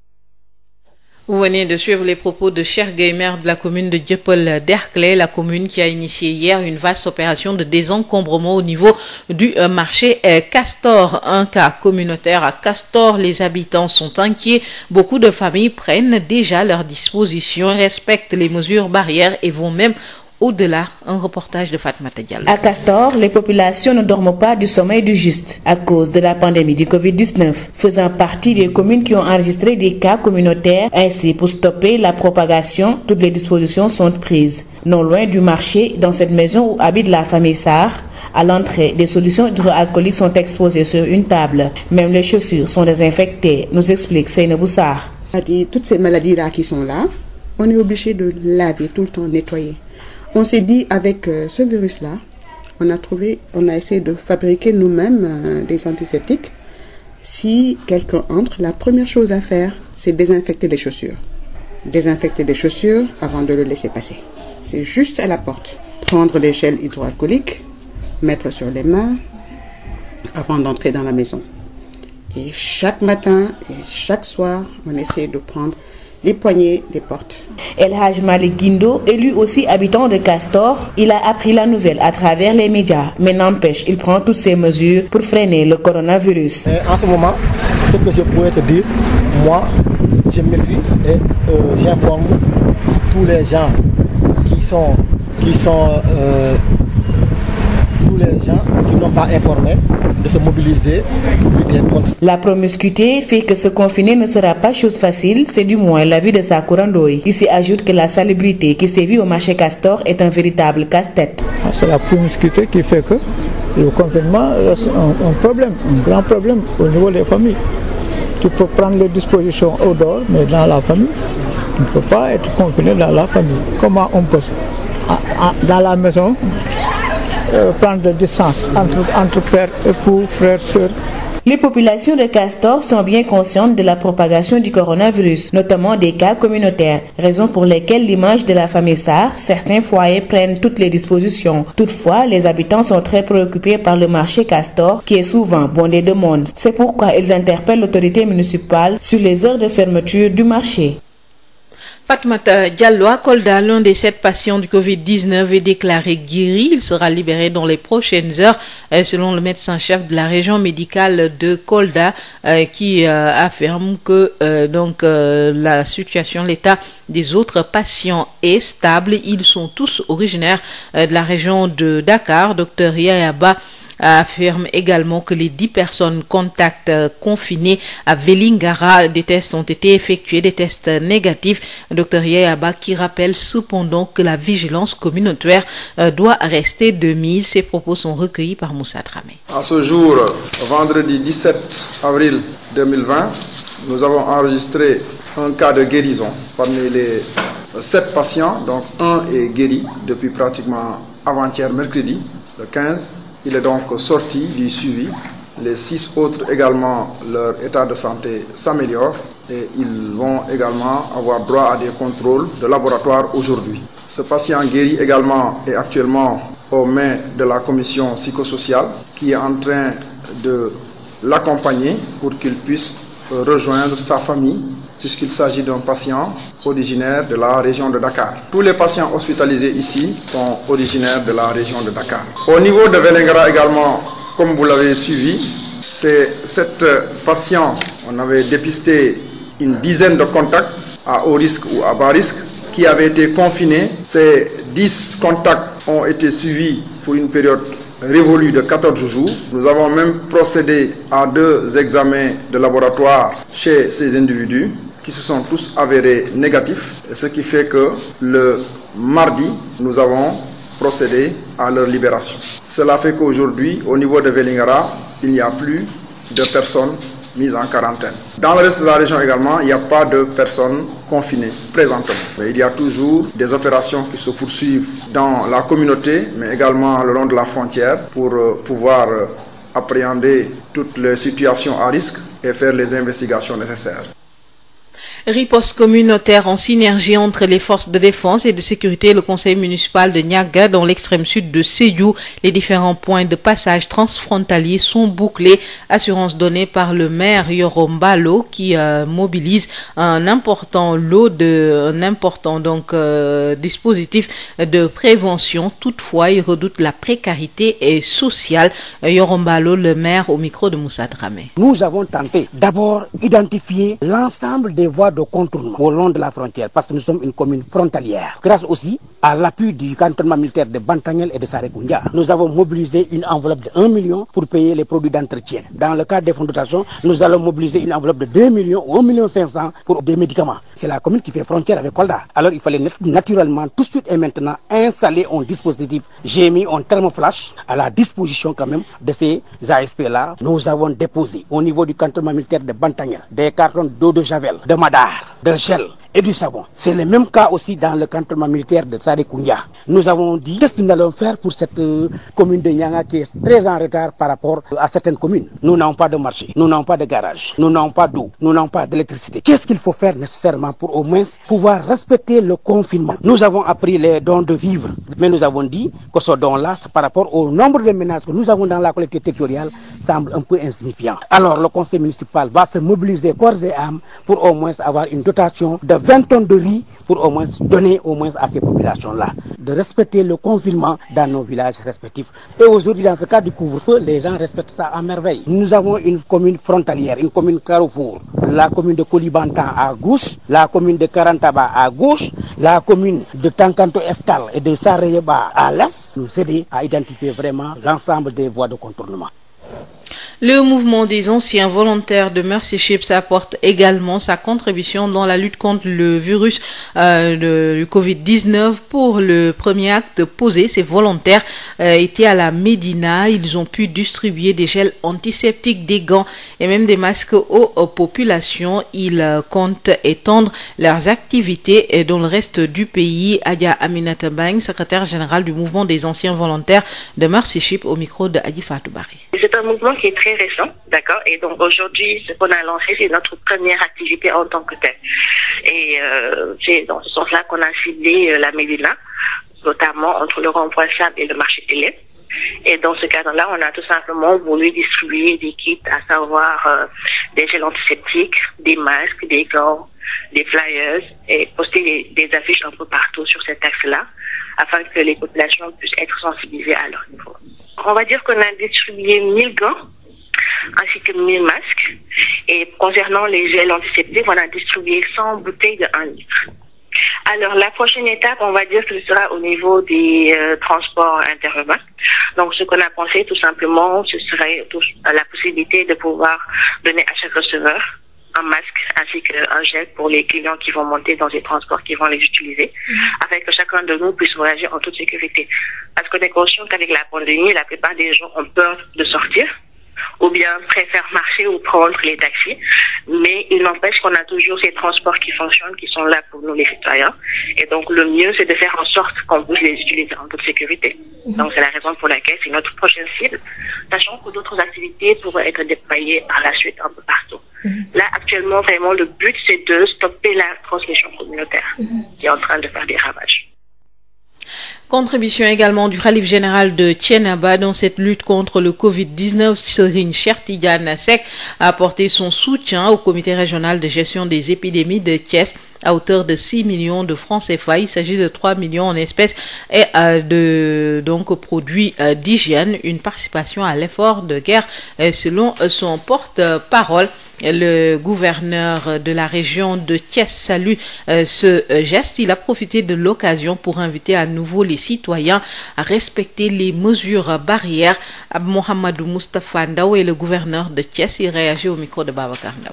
Vous venez de suivre les propos de Cheikh de la commune de Dieuppeul-Derklé, euh, la commune qui a initié hier une vaste opération de désencombrement au niveau du euh, marché euh, Castor. Un cas communautaire à Castor, les habitants sont inquiets. Beaucoup de familles prennent déjà leurs dispositions, respectent les mesures barrières et vont même Au-delà, un reportage de Fatmata Diallo. À Castor, les populations ne dorment pas du sommeil du juste à cause de la pandémie du Covid-19, faisant partie des communes qui ont enregistré des cas communautaires. Ainsi, pour stopper la propagation, toutes les dispositions sont prises. Non loin du marché, dans cette maison où habite la famille Sarr, à l'entrée, des solutions hydroalcooliques sont exposées sur une table. Même les chaussures sont désinfectées, nous explique Seynabou Sarr. Toutes ces maladies-là tout le temps, On s'est dit, avec euh, ce virus-là, on a trouvé, on a essayé de fabriquer nous-mêmes euh, des antiseptiques. Si quelqu'un entre, la première chose à faire, c'est désinfecter les chaussures. Désinfecter les chaussures avant de le laisser passer. C'est juste à la porte. Prendre les gels hydroalcooliques, mettre sur les mains avant d'entrer dans la maison. Et chaque matin et chaque soir, on essayait de prendre les poignées des portes. El Hadj Malick Guindo est aussi habitant de Castor. Il a appris la nouvelle à travers les médias, mais n'empêche, il prend toutes ses mesures pour freiner le coronavirus. Et en ce moment, ce que je pourrais te dire, moi, je me et euh, j'informe tous les gens qui sont qui sont euh, les gens qui n'ont pas informé de se mobiliser pour lutter contre. La promiscuité fait que se confiner ne sera pas chose facile, c'est du moins l'avis de Sakura Ndoye. Il s'y ajoute que la salubrité qui sévit au marché Castor est un véritable casse-tête. Ah, c'est la promiscuité qui fait que le confinement est un, problème, au niveau des familles. Tu prendre les dispositions au dehors, mais dans la famille, tu ne peux pas être confiné dans la famille. on Euh, prendre de distance entre, entre père, époux, frère, sœur. Les populations de Castor sont bien conscientes de la propagation du coronavirus, notamment des cas communautaires, raison pour laquelle l'image de la famille Sarr, certains foyers prennent toutes les dispositions. Toutefois, les habitants sont très préoccupés par le marché Castor qui est souvent bondé de monde. C'est pourquoi ils interpellent l'autorité municipale sur les heures de fermeture du marché. Fatmata Diallo à Kolda, l'un des sept patients du Covid-19 est déclaré guéri. Il sera libéré dans les prochaines heures, euh, selon le médecin-chef de la région médicale de Kolda, euh, qui euh, affirme que donc la situation, l'état des autres patients est stable. Ils sont tous originaires de la région de Dakar. Docteur Yaya Ba affirme également que les dix personnes contacts euh, confinées à Vélingara, des tests ont été effectués, des tests négatifs. Docteur Yayaba qui rappelle cependant que la vigilance communautaire euh, doit rester de mise. Ses propos sont recueillis par Moussa Dramé. À ce jour, vendredi 17 avril 2020, nous avons enregistré un cas de guérison Il est donc sorti du suivi. Les six autres également, leur état de santé s'améliore et ils vont également avoir droit à des contrôles de laboratoire aujourd'hui. Ce patient guéri également est actuellement aux mains de la commission psychosociale qui est en train de l'accompagner pour qu'il puisse rejoindre sa famille puisqu'il s'agit d'un patient originaire de la région de Dakar. Tous les patients hospitalisés ici sont originaires de la région de Dakar. Au niveau de Vélingara également, comme vous l'avez suivi, c'est cette patient, on avait dépisté une dizaine de contacts à haut risque ou à bas risque qui avaient été confinés. Ces 10 contacts ont été suivis pour une période révolue de 14 jours. Nous avons même procédé à deux examens de laboratoire chez ces individus qui se sont tous avérés négatifs, ce qui fait que le mardi, nous avons procédé à leur libération. Cela fait qu'aujourd'hui, au niveau de Velingara, il n'y a plus de personnes mises en quarantaine. Dans le reste de la région également, il n'y a pas de personnes confinées présentement. Mais il y a toujours des opérations qui se poursuivent dans la communauté, mais également le long de la frontière pour euh, pouvoir euh, appréhender toutes les situations à risque et faire les investigations nécessaires. Riposte communautaire en synergie entre les forces de défense et de sécurité et le conseil municipal de Niaga dans l'extrême sud de Sédhiou. Les différents points de passage transfrontaliers sont bouclés. Assurance donnée par le maire Yoro qui euh, mobilise un important lot de un important donc euh, dispositif de prévention. Toutefois, il redoute la précarité et sociale. Euh, Yoro Mbalo, le maire au micro de Moussa Dramé. de contournement au long de la frontière parce que nous sommes une commune frontalière. Grâce aussi à l'appui du cantonnement militaire de Bantangel et de Sarekunda, nous avons mobilisé une enveloppe de million pour payer les produits d'entretien. Dans le cadre des fonds nous allons mobiliser une enveloppe de 2 ou pour des médicaments. C'est la commune qui fait frontière avec Kolda. Alors il fallait naturellement tout suite et maintenant milliards de gel et du C'est le même cas dans le cantonnement militaire de Sarekounia. Nous avons dit qu'est-ce que nous faire pour cette euh, commune de Nianga qui est très en retard par rapport à certaines communes. Nous n'avons pas de marché, nous n'avons pas d'eau, nous n'avons pas d'électricité. Qu'est-ce qu'il faut nécessairement pour au moins pouvoir respecter le confinement? Nous avons appris les dons de vivres, mais nous avons dit que ce don-là, par rapport 20 tonnes de riz pour au moins donner au moins à ces populations-là. De respecter le confinement dans nos villages respectifs. Et aujourd'hui, dans ce cas du couvre les gens respectent ça à merveille. Nous avons une commune frontalière, une commune carrefour, la commune de Kolibantan à gauche, la commune de Karantaba à gauche, la commune de Tankanto Escale et de Sareyeba à l'est, nous aider à identifier vraiment l'ensemble des voies de contournement. Le mouvement des anciens volontaires de Mercy Ships apporte également sa contribution dans la lutte contre virus euh, de, du Covid-19 pour le premier acte posé. Ces euh, la Médina. Ils ont pu distribuer des gels antiseptiques, des gants et même des masques aux, aux populations. Ils euh, comptent étendre leurs activités euh, dans le reste du pays. Adia Aminata Bang, secrétaire générale du mouvement des anciens volontaires de Mercy Ships, au micro de Adi Fatou Barry. qui est très récent, d'accord Et donc aujourd'hui, ce qu'on c'est notre première activité en tant que telle. Et euh, c'est dans ce sens-là qu'on a ciblé euh, la Médina, notamment entre le rond et le marché télé. Et dans ce cadre-là, on a tout simplement voulu distribuer des kits, à savoir euh, des gels antiseptiques, des masques, des gants, des flyers, et poster des, affiches un peu partout sur cet axe-là, afin que les populations puissent être sensibilisées à leur niveau. on va dire qu'on a distribué 1000 gants ainsi que 1000 masques. Et concernant les gels antiseptiques, on a distribué 100 bouteilles de litre. Alors, la prochaine étape, on va dire que ce sera au niveau des euh, transports Donc, ce qu'on a pensé, tout simplement, ce serait tout, la possibilité de pouvoir donner à chaque receveur un masque ainsi qu'un gel pour les clients qui vont monter dans les transports, qui vont les utiliser, mmh. que chacun de nous puisse voyager en toute sécurité. Parce qu'on est conscient qu'avec la pandémie, la plupart des gens ont peur de sortir ou bien préfèrent marcher ou prendre les taxis. Mais il n'empêche qu'on a toujours ces transports qui fonctionnent, qui sont là pour nous les citoyens. Et donc le mieux, c'est de faire en sorte qu'on puisse les Là, actuellement, vraiment, le but, c'est de stopper la transmission communautaire mhm. qui est en train de faire des ravages. Contribution également du Khalif général de Thiénaba dans cette lutte contre le Covid-19, Serigne Cheikh Tidiane Seck a apporté son soutien au comité régional de gestion des épidémies de Thiès à hauteur de 6 millions de francs CFA. Il s'agit de 3 millions en espèces et euh, de donc produits euh, d'hygiène, une participation à l'effort de guerre euh, selon son porte-parole. Le gouverneur de la région de Thiès salue euh, ce geste. Il a profité de l'occasion pour inviter à nouveau les citoyens à respecter les mesures barrières. Mohamedou Moustapha Ndaw est le gouverneur de Thiès. Il réagit au micro de Babacar Ndaw.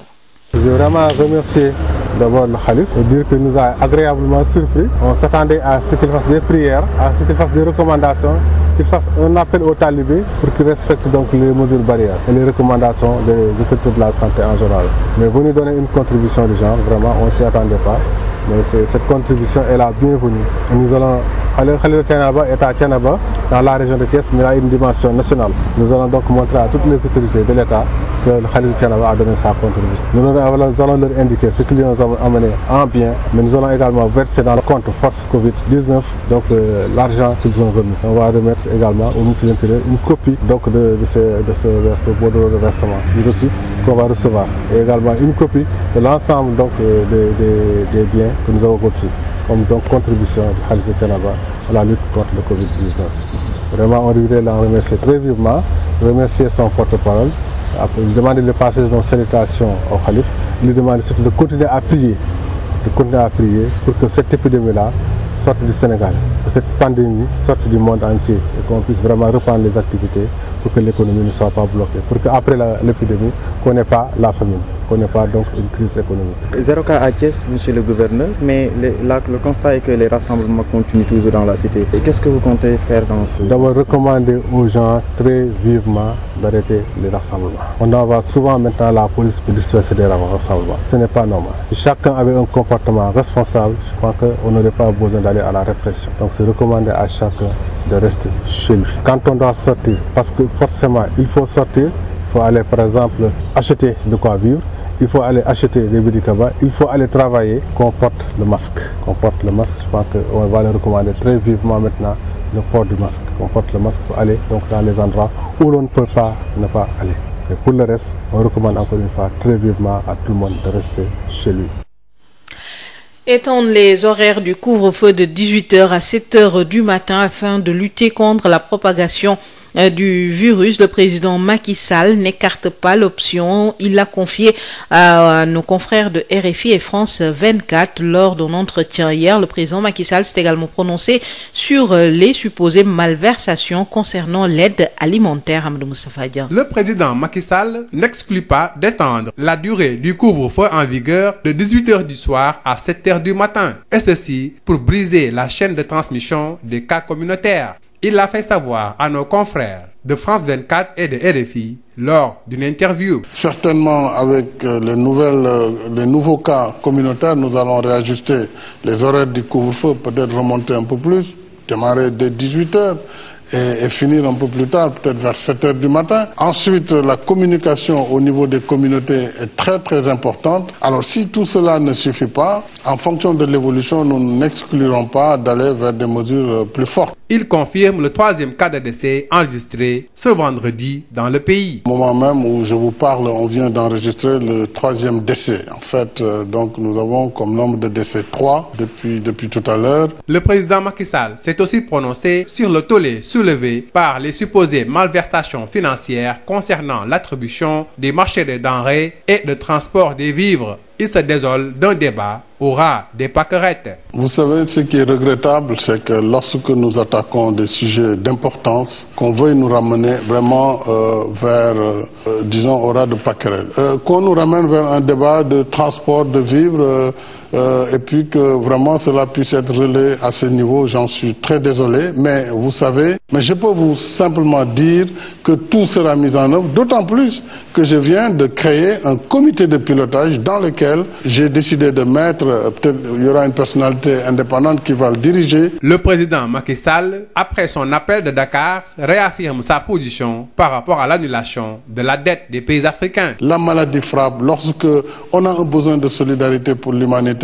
Je vraiment remercier d'abord le calife et dire qu'il nous a agréablement surpris. On s'attendait à ce qu'il fasse des prières, à ce qu'il fasse des recommandations, qu'il fasse un appel aux talibés pour qu'ils respectent donc les mesures barrières et les recommandations des autorités de la santé en général. Mais vous nous donnez une contribution des gens, vraiment on s'y attendait pas. Mais cette contribution est la bienvenue. Nous allons aller Khalil Tianaba est à Tianaba, dans la région de Thiès, mais a une dimension nationale. Nous allons donc montrer à toutes les autorités de l'État que Khalil Tianaba a donné sa contribution. Nous leur indiquer ce qu'ils nous ont en bien, mais nous allons également verser dans le compte force covid donc euh, l'argent qu'ils ont remis. On va remettre également au ministre de l'Intérieur une copie donc, de, de, ce, de ce, ce bordereau de euh, des, des, que nous avons conçu contribution du Khalif de Thiénaba à la lutte contre le Covid-19. Vraiment, on voudrait l'en remercier très vivement, remercier son porte-parole, lui demander de passer nos salutations au Khalif, lui demander surtout de continuer à prier, de continuer pour que cette épidémie-là sorte du Sénégal, cette pandémie sorte du monde entier et qu'on puisse vraiment reprendre les activités pour que l'économie ne soit pas bloquée, pour qu'après l'épidémie, qu'on pas la famine, qu'on pas donc une crise économique. monsieur le gouverneur, le constat est que les rassemblements continuent toujours dans la cité. Qu'est-ce que vous comptez faire dans ce... recommander aux gens très vivement d'arrêter les rassemblements. On envoie souvent maintenant aller à la répression. Donc c'est recommandé à chacun de rester chez lui. Quand on doit sortir, parce que forcément il faut sortir, il faut aller par exemple acheter de quoi vivre, il faut aller acheter des médicaments, il faut aller travailler, qu'on le masque. comporte porte le masque, je pense qu'on va le recommander très vivement maintenant le port du masque. On le masque pour aller dans les endroits où l'on ne peut pas ne pas aller. Et pour le reste, on recommande encore une fois Étendre les horaires du couvre-feu de 18h à 7h du matin afin de lutter contre la Euh, du virus, le président Macky Sall n'écarte pas l'option. Il l'a confié à nos confrères de RFI et France 24 lors d'un entretien hier. Le président Macky Sall s'est également prononcé sur euh, les supposées malversations concernant l'aide alimentaire. Amadou Moustapha Dia. Le président Macky Sall n'exclut pas d'étendre la durée du couvre-feu en vigueur de 18h du soir à 7h du matin. Et ceci pour briser la chaîne de transmission des cas communautaires. Il l'a fait savoir à nos confrères de France 24 et de RFI lors d'une interview. Certainement, avec euh, les, nouvelles, euh, les nouveaux cas communautaires, nous allons réajuster les horaires du couvre-feu, peut-être remonter un peu plus, démarrer dès 18h communication au niveau des communautés est très Alors si tout cela ne suffit pas, de l'évolution, nous n'exclurons pas d'aller vers des euh, Il confirme le troisième cas de décès enregistré ce vendredi dans le pays. Au moment même où je vous parle, on vient d'enregistrer le troisième décès. En fait, euh, donc nous avons comme nombre de décès trois depuis, depuis tout à l'heure. Le président Macky Sall s'est aussi prononcé sur le tollé soulevé par les supposées malversations financières concernant l'attribution des marchés des denrées et de transport des vivres il se désole d'un débat au ras des pâquerettes. Vous savez, ce qui est regrettable, c'est que lorsque nous attaquons des sujets d'importance, qu'on veuille nous ramener vraiment euh, vers, euh, de pâquerettes. Euh, qu'on nous ramène vers un débat de transport de vivres euh, euh, et puis que vraiment cela puisse être relayé à ce niveau, j'en suis très désolé, mais vous savez, mais je peux vous simplement dire que tout sera mis en œuvre, d'autant plus que je viens de créer un comité de pilotage dans lequel j'ai décidé de mettre, euh, peut-être il y aura une personnalité indépendante qui va le diriger. Le président Macky après son appel de Dakar, réaffirme sa position par rapport à l'annulation de la dette des pays africains. La maladie frappe lorsque pour l'humanité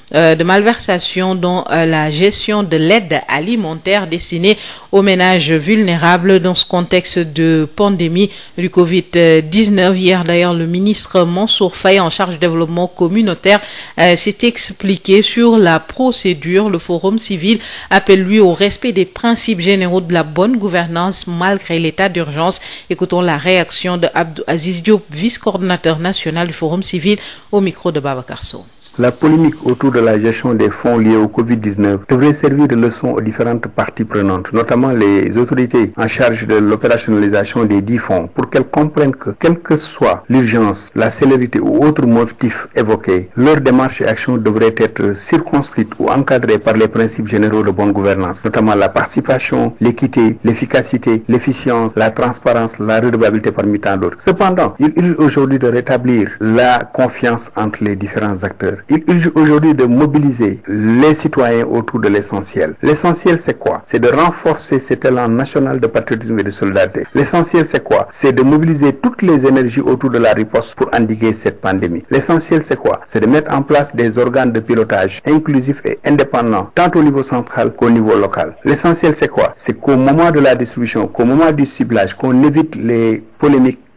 Euh, de malversation dans euh, la gestion de l'aide alimentaire destinée aux ménages vulnérables dans ce contexte de pandémie du Covid-19. Hier d'ailleurs, le ministre Mansour Faye en charge développement communautaire euh, s'est expliqué sur la procédure. Le forum civil appelle lui au respect des principes généraux de bonne gouvernance malgré l'état d'urgence. la réaction de Abdou Aziz Diop, vice-coordonnateur national du forum au micro Babacar Sow. La polémique autour de la gestion des fonds liés au Covid-19 devrait servir de en charge de l'opérationnalisation des dix fonds, pour qu'elles comprennent que, quelle que soit la célérité ou autre motif évoqué, leur action devraient être circonscrites ou encadrées par les principes généraux de bonne gouvernance, notamment la participation, l'équité, l'efficacité, l'efficience, la transparence, la redevabilité parmi tant d'autres. Cependant, il est la confiance entre les différents Il urge aujourd'hui de mobiliser les citoyens autour de l'essentiel. L'essentiel, c'est quoi C'est de renforcer cet élan national de patriotisme et de solidarité. L'essentiel, c'est quoi C'est de mobiliser toutes les énergies autour de la riposte pour endiguer cette pandémie. L'essentiel, c'est quoi C'est de mettre en place des organes de pilotage inclusifs et indépendants, tant au niveau central qu'au niveau local. L'essentiel, c'est quoi C'est qu'au moment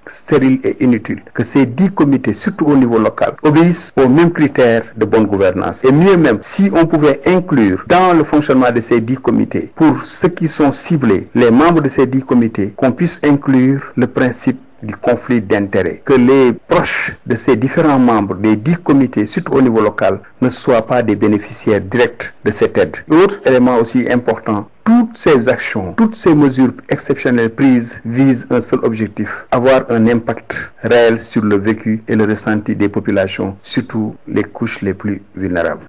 stérile et inutile que ces dix comités, surtout au niveau local, obéissent aux mêmes critères de bonne gouvernance. Et mieux même, si on pouvait inclure dans le fonctionnement de ces dix comités, pour ceux qui sont ciblés, les membres de ces dix comités, qu'on puisse inclure le principe du conflit d'intérêts, que les proches de ces différents membres des dix comités, surtout au niveau local, ne soient pas des bénéficiaires directs de cette aide. Autre élément aussi important, toutes ces actions, toutes ces mesures exceptionnelles prises visent un seul objectif, avoir un impact réel sur le vécu et le ressenti des populations, surtout les couches les plus vulnérables.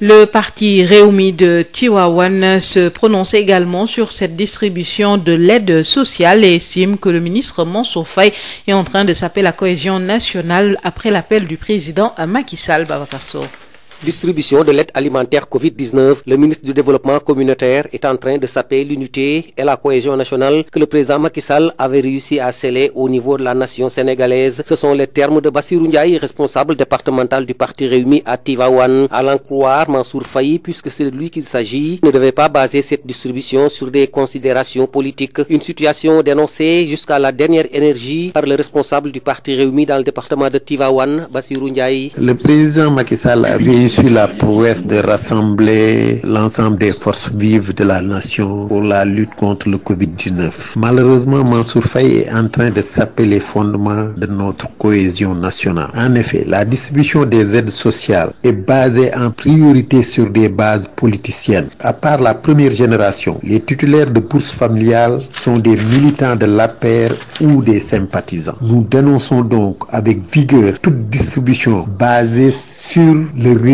Le parti Rewmi de Tivaouane se prononce également sur cette distribution de l'aide sociale et estime que le ministre Mansour Faye est en train de saper la cohésion nationale après l'appel du président Macky Sall. Babacar distribution de l'aide alimentaire Covid-19, le ministre du Développement communautaire est en train de saper l'unité et la cohésion nationale que le président Macky avait réussi à sceller au niveau de la nation sénégalaise. Ce sont les termes de Bassirou Ndiaye, responsable départemental du parti Rewmi à Tivaouane. À l'en croire Mansour Faye, puisque c'est de lui qu'il s'agit, ne devait pas baser cette distribution sur des considérations politiques. Une situation dénoncée jusqu'à la dernière énergie par le responsable du parti Rewmi dans le département de Tivaouane, Bassirou Ndiaye. Sall suis la prouesse de rassembler l'ensemble des forces vives de la nation pour la lutte contre le Covid-19. Malheureusement, Mansour Faye est en train de saper les fondements de notre cohésion nationale. En effet, la distribution des aides sociales est basée en priorité sur des bases politiciennes. À part la première génération, les titulaires de bourses familiales sont des militants de l'APR ou des sympathisants. Nous dénonçons donc avec vigueur toute distribution basée sur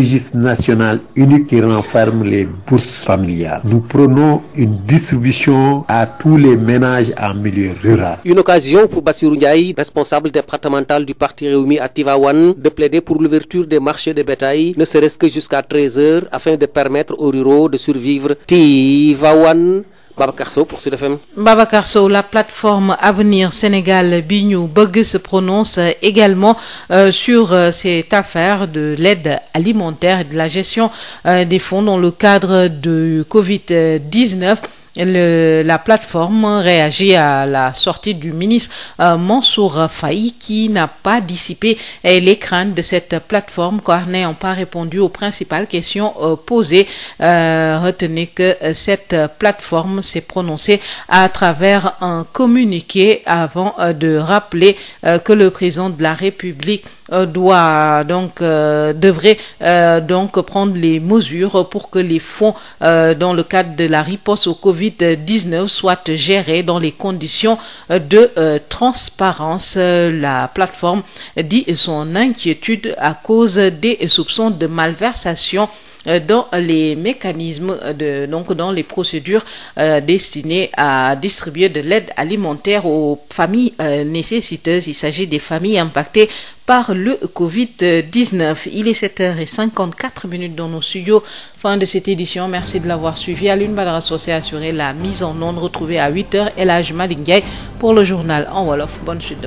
registre national unique qui renferme les bourses familiales. Nous prenons une distribution à tous les ménages en milieu rural. Une occasion pour Bassirou responsable départemental du parti Rewmi à Tivaouane, de plaider pour l'ouverture des marchés de bétail, ne serait-ce que jusqu'à 13 heures, afin de permettre aux ruraux de survivre. Tivaouane Babacar Sow pour la plateforme Avenir Sénégal bi ñu bëgg se prononce également euh, sur euh, cette affaire de alimentaire de la gestion euh, des le cadre de Covid-19. Le, la plateforme réagit à la sortie du ministre euh, Mansour Faï qui n'a pas dissipé les craintes de cette plateforme car n'ayant pas répondu aux principales questions euh, posées. Euh, retenez que euh, cette plateforme s'est prononcée à travers un communiqué avant euh, de rappeler euh, que le président de la République Euh, doit donc euh, devrait euh, donc prendre les mesures pour que les fonds dans le cadre de la riposte au Covid-19 soient gérés dans les conditions de transparence. La plateforme dit son inquiétude à cause des soupçons de malversation Euh, dans les mécanismes de donc dans les procédures euh, destinées à distribuer de l'aide alimentaire aux familles euh, nécessiteuses. Il s'agit des familles impactées par le Covid-19. Il est 7h54 minutes dans nos studios. Fin de cette de l'avoir suivi. Alioune Badara Socé a assuré la mise en onde. Retrouvée à 8h, El Hadj Malick Ndiaye pour en wolof. Bonne suite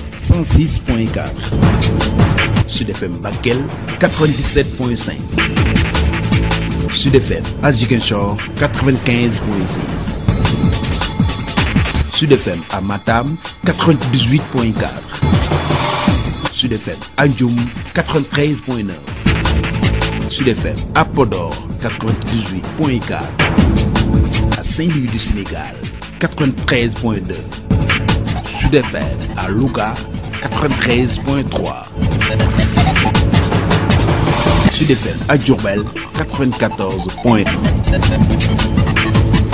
106 point 4 Sud FM Bakel 97 point 5 Sud FM à Ziguinchor Sud FM à Matam Sud FM à Ndioum Sud FM à Podor 98 Saint-Louis du Sénégal Sud FM à Louga 93.3 Sud FM à Diourbel 94.1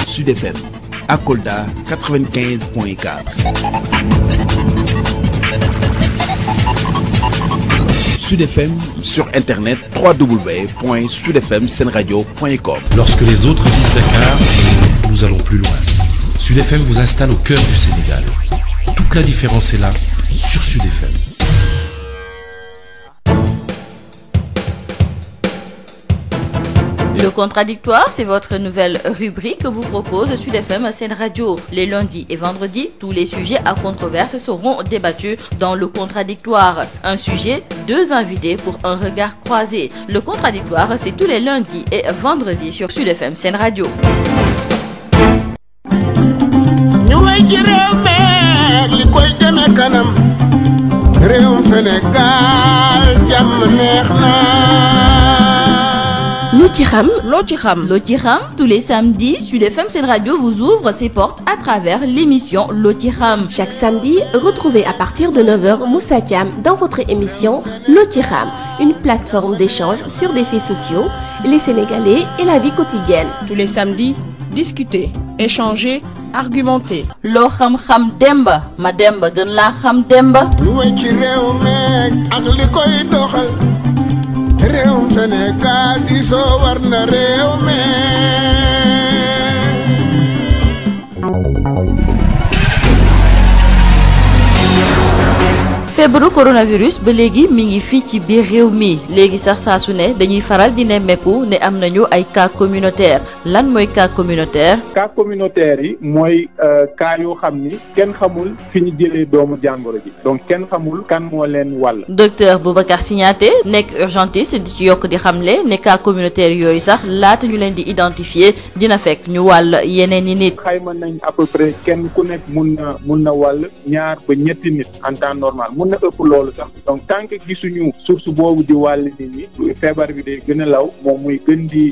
Sud FM à Kolda Sud FM sur internet www.sudfmsenradio.com Lorsque les autres disent Dakar, nous allons plus loin. Sud FM vous installe au cœur du Sénégal. Toute la différence est là sur Sud Le contradictoire, c'est votre nouvelle rubrique que vous propose Sud FM Sen Radio. Les lundis et vendredis, tous les sujets à controverse seront débattus dans le contradictoire. Un sujet, deux invités pour un regard croisé. Le contradictoire, c'est tous les lundis et vendredis sur Sud FM Radio. ak li ci xam. loo ci xam. loo ci xam tous les samedis Sud FM Sen Radio vous ouvre ses portes à travers l'émission loo ci xam. chaque samedi retrouvez à partir de 9h Moussa Thiam dans votre émission loo ci xam une plateforme d'échange sur des faits sociaux les Sénégalais et la vie quotidienne. tous les samedis. discuter échange argumenter. loo xam-xam demba ma demba gën laa xam demba. lu wéy ci réew meek ak li koy doxal réewum Sénégal di soo na réew meek. feebaru coronavirus ba léegi mi ngi fii ci biir réew mi léegi sax saa su ne dañuy faral di nemmeeku ne am nañu ay cas communautaire lan mooy cas communautaire. cas communautaire yi mooy euh, cas yoo xam ni kenn xamul fi ñu jëlee doomu jàngoro ji donc kenn xamul kan moo leen wàll. docteur Boubacar Signaté nekk urgentiste di ci yokk di xamle ne cas communautaire yooyu sax laata ñu leen di identifier dina fekk ñu wàll yeneen yi nit. xayma nañ à près kenn ku nekk mun mun na wàll ñaar mun na ëpp loolu sax donc tant que gisuñu source boobu di wàll nit ñi feebar bi day gën a law moom muy gën di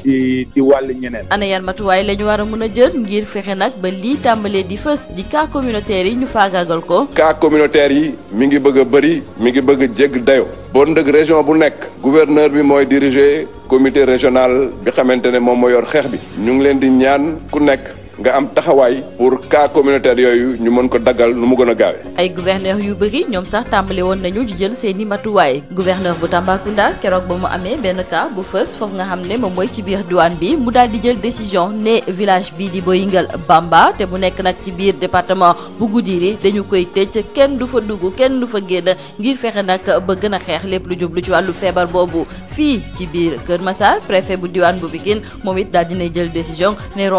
di wàll ñeneen. ana yan matuwaay la ñu war a mën a jël ngir fexe nag ba lii tàmbalee di fës di cas communautaire yi ñu faagaagal ko. kaa communautaire yi mi ngi bëgg a bëri mi ngi bëgg a jégg dayo bon ndëg région bu nekk gouverneur bi mooy diriger comité régional bi xamante ne moom moo yor xeex bi ñu ngi leen di ñaan ku nekk. nga am taxawaay pour cas communautaire yooyu ñu mën ko daggal nu mu gën a gaawee. ay gouverneur yu bëri ñoom sax tàmbali woon nañu di jël seeni matuwaay gouverneur bu Tambacounda keroog ba mu amee benn cas bu fës foofu nga xam ne moom mooy ci biir diwaan bi mu daal di jël décision ne village bii di Boyingal Bamba te mu nekk nag ci biir département bu Goudiri dañu koy tëj kenn du fa dugg kenn du fa génn ngir fexe nag ba gën a xeex lépp lu jublu ci wàllu feebar boobu fii ci biir Kër Massar préfet bu diwaan bu Pikine moom it daal dinay jël décision ne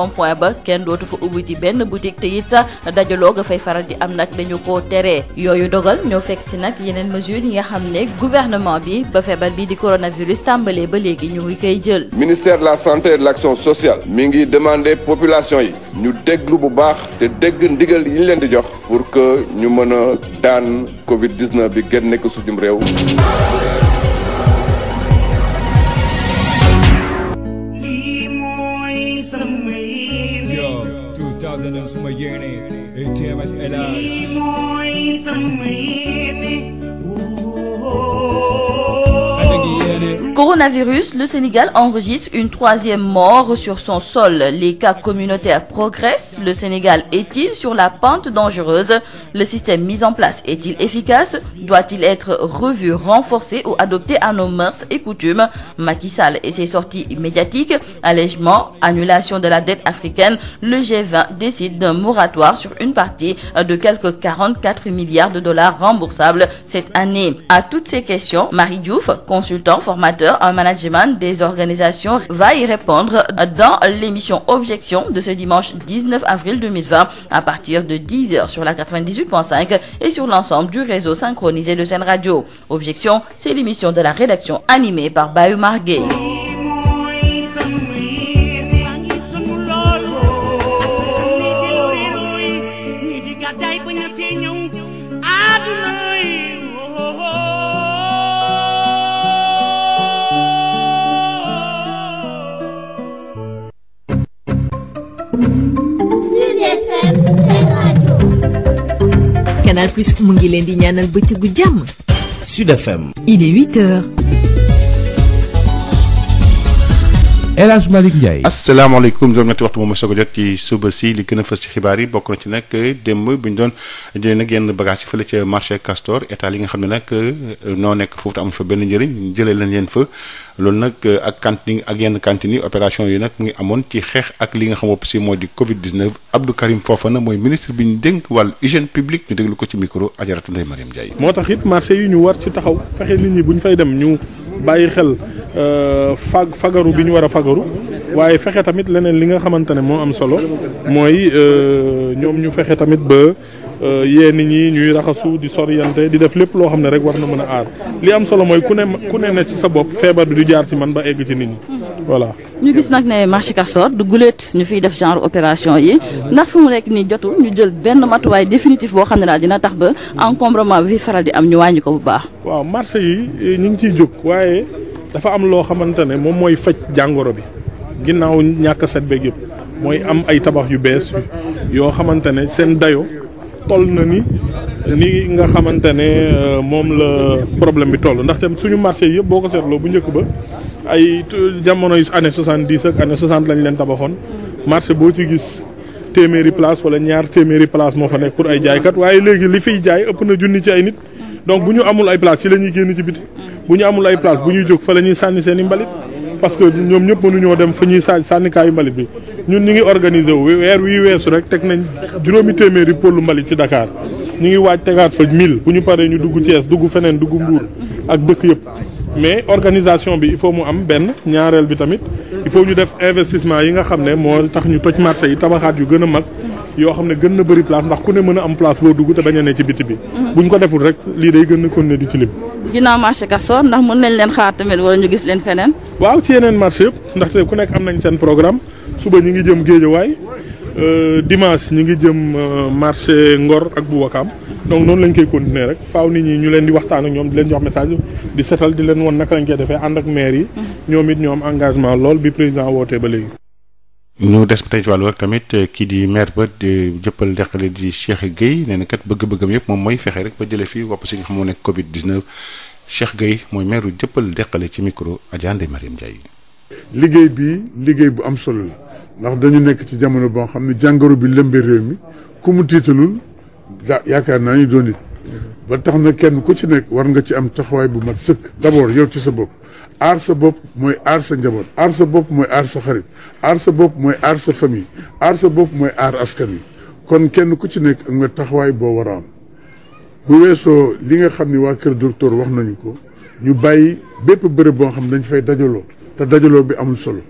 ba lootu fa ubbi ci benn boutique te it sax dajaloo nga fay faral di am nag dañu koo teree yooyu dogal ñoo fekk si nag yeneen mesures yi nga xam ne gouvernement bi ba feebar bi di coronavirus tàmbalee ba léegi ñu ngi koy jël. ministère la santé et de l'action sociale mi ngi demander population yi ñu déglu bu baax te dégg ndigal yi ñu leen di jox pour que ñu mën a daan Covid 19 bi génne ko suñu réew. coronavirus, le Sénégal enregistre une troisième mort sur son sol. Les cas communautaires progressent. Le Sénégal est-il sur la pente dangereuse? Le système mis en place est-il efficace? Doit-il être revu, renforcé ou adopté à nos mœurs et coutumes? Macky Sall et ses sorties médiatiques, allègement, annulation de la dette africaine, le G20 décide d'un moratoire sur une partie de quelque milliards de dollars remboursables cette année. À toutes ces questions, Marie master en management des organisations va y répondre dans l'émission Objection de ce dimanche 19 avril 2020 à partir de 10h sur la 98.5 et sur l'ensemble de la rédaction Canal Plus mu ngi leen di ñaanal bëccëgu jàmm. Sud FM. Il est 8 heures. El Hadj Malick Ndiaye. asalaamaaleykum juróom ñetti waxtu moom mooy soog ci suba si li gën a fës ci xibaar yi bokk na ci nag euh, démb bi ñu doon jëlee nag yenn bagages yi fële ca marché Castor état li nga xam ne nag euh, noo nekk foofu te amuñ fa benn njëriñ jëlee leen leen fa loolu nag euh, ak cantine ak yenn cantine yi opération yi nag mu ngi amoon ci xeex ak li nga xam bopp si moo di Covid 19 Abdou Karim na mooy ministre bi ñu dénk wal hygiène publique ñu déglu ko ci micro Ajaratu Ndeye Mariam Ndiaye. moo tax it marché yi ñu war ci taxaw bu ñu fay dem ñu bàyyi xel euh, fag fagaru bi ñu war a fagaru waaye fexe tamit leneen li nga xamante ne moo am solo mooy euh, ñoom ñu fexe tamit ba. Euh, yee nit ñi ñuy raxasu di soriyante di def lépp loo xam ne rek war na mën a aar li am solo mooy ku ne ku ne ne ci sa bopp feebar bi du jaar ci man ba egg ci nit ñi voilà. ñu gis nag ne marché Castor du guleet ñu fiy def genre opération yi ndax fi mu nekk nii jotul ñu jël benn matuwaay définitif boo xam ne daal dina tax ba encombrement bi fi faral di am ñu wàññi ko bu baax. waaw marché yi eh, ñu ngi ciy jóg waaye dafa am loo xamante ne moom mooy faj jàngoro bi ginnaaw ñàkk set beeg mooy am ay tabax yu bees yoo xamante ne seen dayo toll na ni ni nga xamante ne euh, moom la problème bi toll ndax tamit suñu marché yëpp boo ko seetloo bu njëkk ba ay jamono yu année soixante dix ak année soixante lañ leen tabaxoon marché boo ci gis téeméeri place wala ñaar téeméeri place moo fa nekk pour ay jaaykat waaye léegi li fiy jaay ëpp na junni ci ay nit donc bu ñu amul ay place ci la ñuy génn ci biti bu ñu amul ay place bu ñuy jóg fa la ñuy sànni seen i mbalit parce que ñoom ñëpp mënuñoo dem fa ñuy sànni sànnikaayu mbalit bi ñun ñu ngi organiser wu weer wii weesu rek teg nañ juróomi téeméeri pôlu mbalit ci Dakar ñu ngi waaj tegaat fa 1000 bu ñu paree ñu dugg Thiès dugg feneen dugg Mbour ak dëkk yëpp. mais organisation bi il faut mu am benn ñaareel bi tamit il faut ñu def investissement yi nga xam ne moo tax ñu toj marché yi tabaxaat yu gën a mag yoo xam ne gën na bëri place ndax ku ne mën a am place boo dugg te bañ a ne ci biti bi. buñ ko deful rek lii day gën a continuer di ci lim. ginnaaw marché Castor leen xaar tamit wala ñu gis leen feneen. waaw ci yëpp ndaxte ku nekk am nañ seen programme. suba ñi ngi jëm Géejawaay euh, dimanche ñi ngi jëm euh, marché Ngor ak bu Wakaam donc noonu lañ koy continuer rek faaw nit ñi ñu leen di waxtaan ak ñoom di leen jox message di setal di leen won naka lañ koy defee ànd ak maire yi. Mm-hmm. ñoom it ñoo am engagement lool bi président wootee ba léegi. ñu des ba tey ci wàllu rek tamit euh, kii di maire ba di jëppal deqale di Cheikh Gueye nee bëgg-bëggam yëpp moom mooy fexe rek ba jëlee fi wopp si nga xam moo nekk Covid 19 Cheikh Gueye mooy maire bu jëppal deqale ci micro Adja Ndeye Mariam Ndiaye. liggéey bi liggéey bu am solo la. ndax dañu nekk ci jamono boo xam ne jàngoro bi lëmbe réew mi ku mu tiitalul yaakaar naa ni doon it ba tax na kenn ku ci nekk war nga ci am taxawaay bu mat sëkk d'abord yow ci sa bopp aar sa bopp mooy aar sa njaboot aar sa bopp mooy aar sa xarit aar sa bopp mooy aar sa famille aar sa bopp mooy aar askan wi kon kenn ku ci nekk am nga taxawaay boo war a am bu weesoo li nga xam ni waa kër docteur wax nañu ko ñu bàyyi bépp bërëb boo xam ne dañ fay dajaloo te dajaloo bi amul solo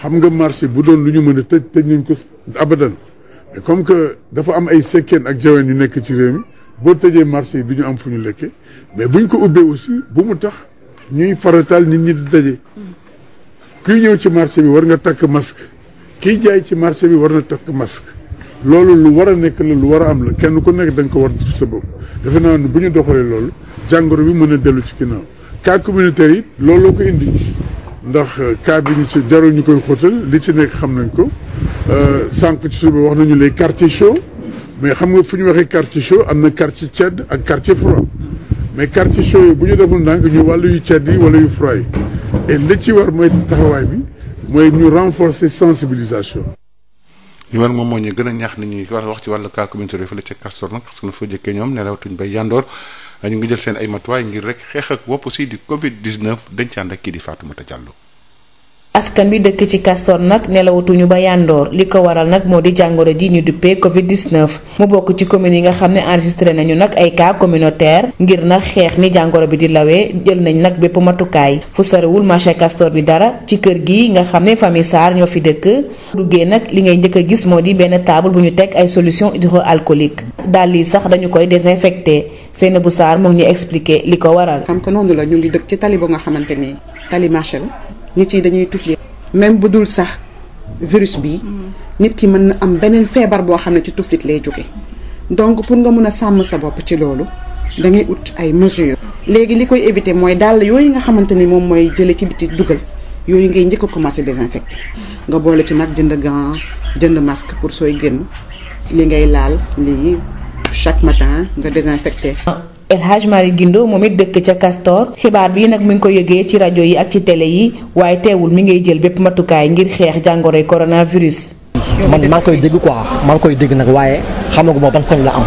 xam nga marché bu doon lu ñu mën a tëj tëj nañ ko abadan mais comme que dafa am ay sekkeen ak jaween yu nekk ci réew mi boo tëjee marché bi du ñu am fu ñu lekke mais ñu ko ubbee aussi bu mu tax ñuy faratal nit ñi di daje kuy ñëw ci marché bi war nga takk masque kiy jaay ci marché bi war na takk masque loolu lu war a nekk la lu war a am la kenn ku nekk da ko war ci sa bopp defe naa ni bu ñu doxalee loolu jàngoro bi mën a dellu ci ginnaaw cas communautaire yi indi ndax cas bi ni ci jaruñu koy xóotal li ci nekk xam nañ ko euh, sànq ci suba wax nañu les quartiers chauds mais xam nga fu ñu waxee quartier chaud am na quartier tiède ak quartier froid mais quartier chaud yooyu bu ñu deful ndànk ñu wàllu yu tiède yi wala yu froid yi et li ci war mooy taxawaay bi mooy ñu renforcer sensibilisation. li war moom moo ñu gën a ñaax nit ñi wax ci wàllu cas communautaire yi fële ca Castor nag parce que na jëkkee ñoom nelawatuñ bay yandoor ñu ngi jël seen ay matuwaay ngir rek xeex ak wopp si di Covid 19 dañ ci di Fatoumata Diallo. askan wi dëkk ci Castor nag nelawatuñu ba yandoor li ko waral nag moo di jàngoro ji ñu duppee Covid 19 mu bokk ci communes yi nga xam ne enregistré nañu nag ay cas communautaire ngir nag xeex ni jàngoro bi di lawee jël nañ nag bépp matukaay fu soriwul marché Castor bi dara ci kër gi nga xam ne famille Sarr ñoo fi dëkk duggee nag li ngay jëkk a gis moo di benn taabal bu ñu teg ay solution hydroalcoolique dàll yi sax dañu koy désinfecté Seynabou Sarr moom ñu expliqué li ko waral. xam que noonu la ñu ngi dëkk ci tali ba nga xamante ni tali marché nit yi dañuy tufli même bu dul sax virus bi nit ki mën na am beneen feebar boo xam ne ci tuflit lay jóge donc pour nga mën a sàmm sa bopp ci loolu da ngay ut ay mesures. léegi li koy éviter mooy dàll yooyu nga xamante ni moom mooy jële ci biti dugal yooyu ngay njëkk a commencé désinfecté nga boole ci nag jënd gant jënd masque pour sooy génn li ngay laal lii chaque matin nga désinfecté. El Hadj Malick Guindo moom it dëkk ca Castor xibaar bi nag mi ngi ko yëgee ci rajo yi ak ci tele yi waaye teewul mi ngay jël bépp matukaay ngir xeex jàngoroy coronavirus. man maa ngi koy dégg ko maa ngi koy dégg nag waaye xamaguma ban koñ la am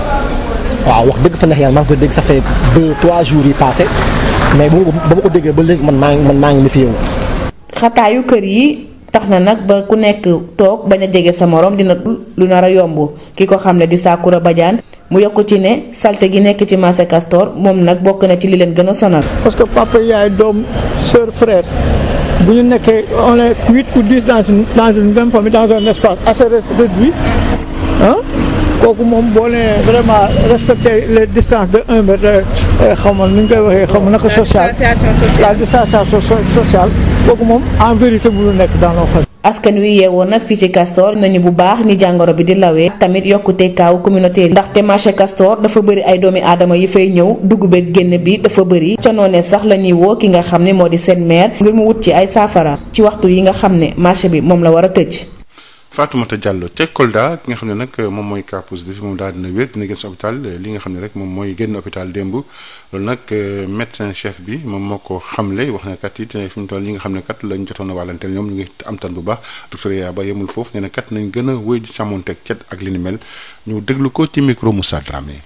waaw wax dëgg fa neex yàlla maa ngi koy dégg ça fait deux trois jours yi passé mais bu ba ma ko déggee ba léegi man maa ngi man maa ngi fi yow. xataayu kër yi. tax na nag ba ku nekk toog bañ a jege sa morom dina lu nar yomb ki ko xam ne di Sakoura Badiane mu yokk ci ne salte gi nekk ci marché Castor moom nag bokk na ci li leen gën a sonal. parce que papa yaay doom sœur frère bu ñu nekkee on est huit ou dix dans une dans une même famille dans un espace assez réduit ah. kooku moom boo nee vraiment respecter les distances de un mètre eh, xaw ma nu ñu koy waxee xaw ma naka social la distanciation sociale kooku moom en vérité mënu nekk dans nos familles askan wi yeewoo nag fii ci Castor nañu bu baax ni jàngoro bi di lawee tamit yokkute kaaw communauté yi ndaxte marché Castor dafa bëri ay doomi aadama yi fay ñëw dugg beeg génn bi dafa bëri ca noonee sax la ñuy woo ki nga xam ne moo di seen maire ngir mu wut ci ay saafara ci waxtu yi nga xam ne marché bi moom la war a tëj Fatoumata Diallo te Kolda ki nga xam ne nag moom mooy cas positif moom daal dina wér dina génn sa hôpital li nga xam ne rek moom mooy génn hôpital démb loolu nag euh, médecin chef bi moom moo ko xamle wax na kat it fi mu toll ñi nga xam ne kat lañ jotoon a ñoom ñu ngi am tan bu baax docteur Yaya Ba yemul foofu nee na kat nañ gën a wéy di sàmmonteeg cet ak li ni mel ñu déglu ko ci micro Moussa Dramé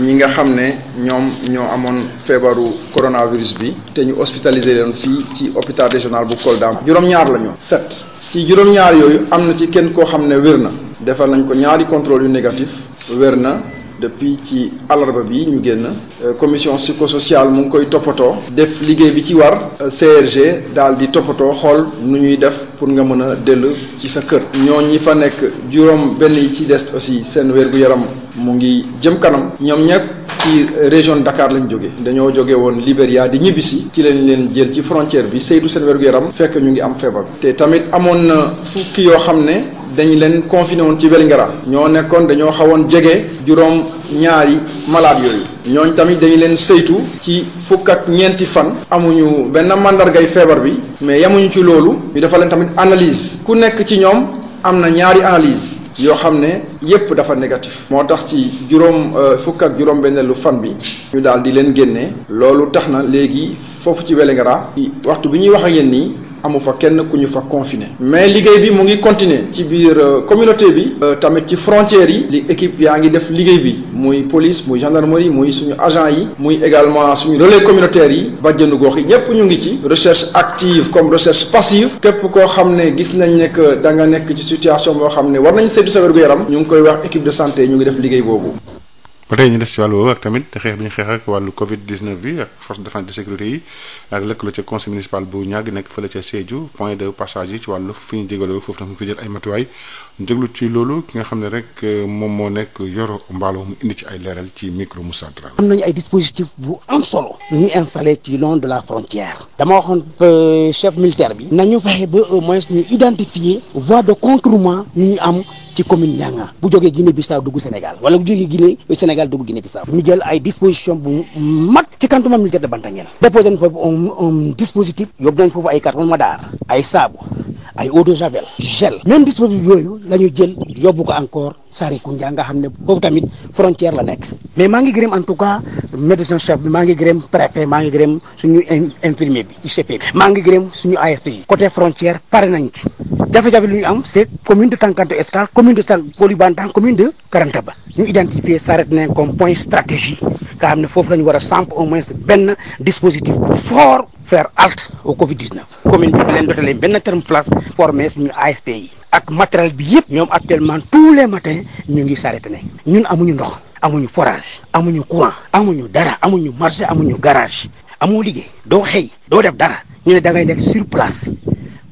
ñi nga xam ne ñoom ñoo amoon feebaru coronavirus bi te ñu hospitalisé leen fii ci hôpital régional bu Kolda. juróom-ñaar la ñu. sept ci juróom-ñaar yooyu am na ci kenn koo xam ne wér na defal nañ ko ñaari contrôle yu négatif wér na. depuis ci alarba bi ñu génn euh, commission psychosociale mu ngi koy toppatoo def liggéey bi ci war euh, CRG daal di toppatoo xool nu ñuy def pour nga mën a dellu ci sa kër ñoo ñi fa nekk juróom benn yi ci des aussi seen wér yaram mu ngi jëm kanam ñoom ñett ci région Dakar lañ jóge dañoo jóge woon Libéria di ñibbisi ci lañ leen jël ci frontière bi saytu seen wergu gu yaram fekk ñu ngi am feebar te tamit amoon na fukki yoo xam ne dañ leen confiné woon ci Vélingara ñoo nekkoon dañoo xawoon jege juróom ñaari malade yooyu ñooñ tamit dañ leen saytu ci fukk ak ñeenti fan amuñu benn màndargay feebar bi mais yemuñu ci loolu ñu defal leen tamit analyse ku nekk ci ñoom am na ñaari analyse yoo xam ne yépp dafa négatif moo tax ci juróom euh, fukk ak juróom benneelu fan bi ñu daal di leen génne loolu tax na léegi foofu ci Vélingara waxtu bi ñuy wax ak nii amu fa kenn ku ñu fa confiné mais liggéey bi mu ngi continuer ci biir euh, communauté bi euh, tamit ci frontières yi li équipe yaa ngi def liggéey bi muy police muy gendarmerie muy suñu agent yi muy également suñu relais communautaire yi bàjjenu gox yi ñëpp ñu ngi ci recherche active comme recherche passive képp ko xam ne gis nañ ne que da nga nekk ci situation boo xam ne war nañ saytu sa wér-gu-yaram ñu ngi koy wax équipe de santé ñu ngi def liggéey boobu ba tey ñu des ci wàllu woowu ak tamit xeex bi ñu xeex ak Covid bi ak force de sécurité yi ak lëkkaloo ca conseil municipal bu ñàgg nekk fële ca Sédhiou point de passage yi ci wàllu fi ñu jégaloo foofu nag mu fi jël ay matuwaay ñu jéglu ci loolu ki nga xam ne rek euh, moom moo nekk yoro mbaalo mu indi ci ay leeral ci micro Moussa Dra. na nañu ay dispositif bu am solo. ñu installé ci long de la frontière. dama waxoon euh, chef militaire bi. na fexe ba au moins ñu identifier. voie de contournement ñu am ci commune Nianga. bu jógee Guinée Bissau dugg Sénégal wala Sénégal dugg Guinée Bissau ñu jël ay disposition bu mat ci cantonnement militaire de Bantangel déposé nañ foofu un dispositif yóbbu nañ foofu ay carton madaar ay saabu ay eau de javel gel même dispositif yooyu la ñu jël yóbbu ko encore Sarekunda nga xam ne foofu tamit frontière la nekk mais maa ngi gërëm en tout cas médecin chef maa ngi gërëm préfet maa ngi gërëm suñu infirmier bi ICP bi maa ngi gërëm suñu AFP yi frontière pare nañ jafe-jafe lu am c'est commune de Tankanto commune de San Koli commune de Karantaba ñu point comme point stratégie nga xam ne foofu la ñu war a samp au moins benn dispositif bu fort faire halte au Covid 19. commune bi leen dotalee benn terme place formé suñu ASP yi. ak matériel bi yëpp. ñoom actuellement tous les matins ñu ngi charrette ne ñun amuñu ndox. amuñu forage. amuñu courant. amuñu dara amuñu marché amuñu garage. amoo liggéey doo xëy doo def dara ñu ne dangay nekk sur place.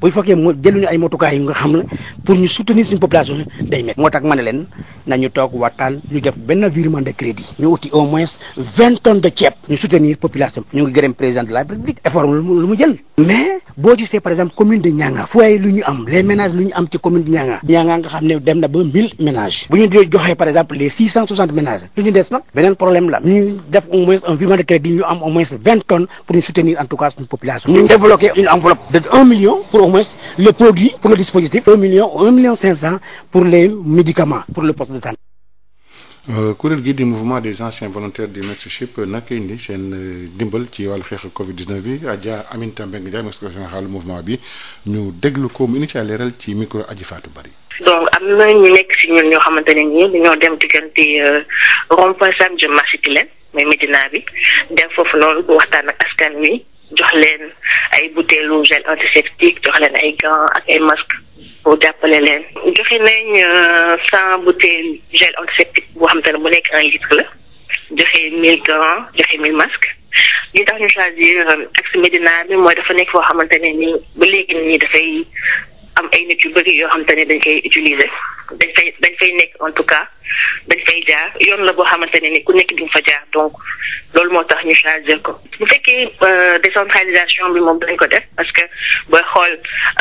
bu fekkee moo jëluñu ay motukaay yu nga xam ne pour ñu soutenir suñu population day met moo tax ma ne leen nañu toog waxtaan ñu def benn virement de crédit ñu uti au moins vingt tonnes de ceeb ñu soutenir population ñu ngi gërëm président de la république effort lu mu jël mais boo gisee par exemple commune de Nianga foyer lu ñu am les ménages lu ñu am ci commune de Nianga Nianga nga xam ne dem na ba mille ménages bu ñu dee joxee par exemple les six lu ñu des nag beneen problème la ñu def au moins un virement de crédit ñu am au moins vingt pour ñu soutenir en tout cas suñu population ñu développé une enveloppe de un million pour au moins les produits pour le dispositif un million un million cinq cent pour les médicaments pour le poste de Euh, kuréel gi di mouvement des anciens volontaires du maîtreship nag indi seen euh, dimbal ci wàllu xeex Covid 19 bi Adja Aminata Mbengue Ndiaye mooy secrétaire mouvement bi ñu déglu ko mu initial ci micro Aji Fatou Bari. donc am na ñu nekk si ñun ñoo xamante ne nii dañoo dem diggante euh, rond-point Sam Diop marché Tilène mooy Médina bi dem foofu noonu waxtaan ak askan wi jox leen ay butéelu gel antiseptique jox leen ay gants ak ay masques. pour jàppale leen. joxe nañ euh, cent bouteilles gel antiseptique boo xam te ne bu nekk un litre la joxe mille gants joxe mille masques li tax ñu choisir euh, ak si Médina mooy dafa nekk foo xamante ne nii ba léegi nii dafay. am ay nit yu bëri yoo xam te ne dañ koy utiliser dañ fay dañ fay nekk en tout cas dañ fay jaar yoon la boo xamante ne ni ku nekk duñ fa jaar donc loolu moo tax ñu changer ko bu fekkee euh, décentralisation bi moom dañ ko def parce que booy xool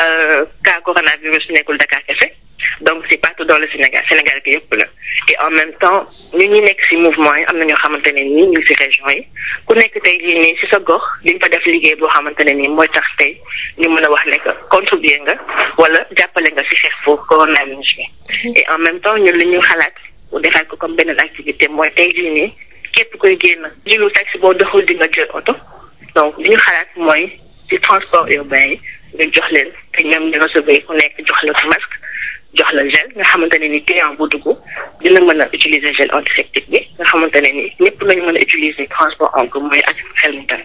euh, cas coronavirus nekkul Dakar kese donc c'est partout dans le Sénégal Sénégal bi yëpp la et en même temps ñu ñi nekk ci mouvement yi am na ñoo xamante ne nii ñu ci région yi ku nekk tey jii nii ci sa gox di nga fa def liggéey boo xamante ne nii mooy tax tey ñu mën a wax ne que contribuer nga wala jàppale nga ci xeex foofu coronavirus bi mhm. et en même temps ñun li ñu xalaat defaat ko comme beneen activité mooy tey jii nii képp koy génn jëlu si boo doxul di nga jël oto donc li ñu xalaat mooy ci transport urbain yi nga jox leen te ñoom ñu recevoir nekk jox la masque jox la gel nga xamante ne ni client bu dugg dina mën a utiliser gel antiseptique bi nga xamante ne ni ñëpp lañu mën a utiliser transport en commun mooy ak xel mu dal.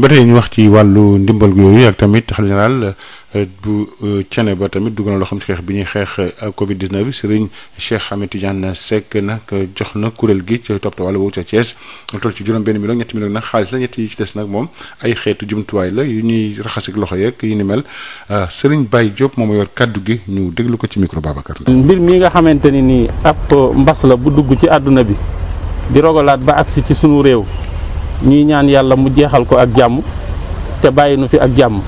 ba tey ñu wax ci wàllu ndimbal yooyu ak tamit xel général Euh, bu cene euh, ba tamit dugg na loo xam ci xeex bi ñuy xeex euh, Covid 19 Serigne Cheikh Ahmed Tidiane Seck na jox na kuréel gi ci topp wàllu woowu ca Thiès lu toll ci juróom-benn million ñetti million nag xaalis la ñetti yi ci des nag moom ay xeetu jumtuwaay la yu ñuy raxas loxo yeeg yu ni mel Serigne Baye Diop moom yor kaddu gi ñu déglu ko ci micro Babacar. mbir mi nga xamante ni nii ab mbas la bu dugg ci àdduna bi di rogalaat ba agsi ci sunu réew ñuy ñaan yàlla mu jeexal ko ak jàmm te bàyyi nu fi ak jàmm.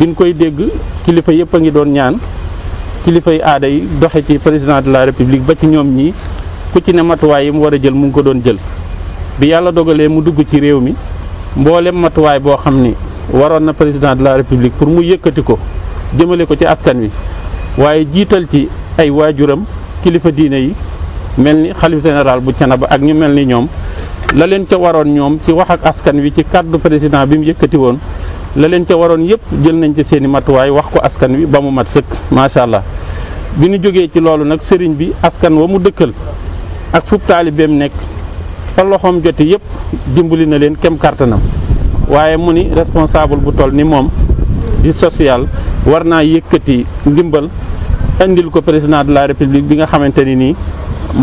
biñ koy dégg kilifa yëpp a ngi doon ñaan kilifay aada yi doxe ci président de la république ba ci ñoom ñii ku ci ne matuwaay yi mu war a jël mu ngi ko doon jël bi yàlla dogalee mu dugg ci réew mi mboolem matuwaay boo xam ni waroon na président de la république pour mu yëkkati ko jëmale ko ci askan wi waaye jiital ci ay waajuram kilifa diine yi mel ni xalif général bu Thiénaba ak ñu mel ni ñoom la leen ca waroon ñoom ci wax ak askan wi ci kàddu président bi mu yëkkati woon la leen ca waroon yëpp jël nañ ci seeni matuwaay wax ko askan wi ba mu mat sëkk macha allah bi ñu jógee ci loolu nag sëriñ bi askan wa mu dëkkal ak fub taalibeem nekk fa loxoom joti yëpp dimbali na leen kem kàttanam waaye mu ni responsable bu toll ni moom di social war naa yëkkati ndimbal indil ko président de la république bi nga xamante ni nii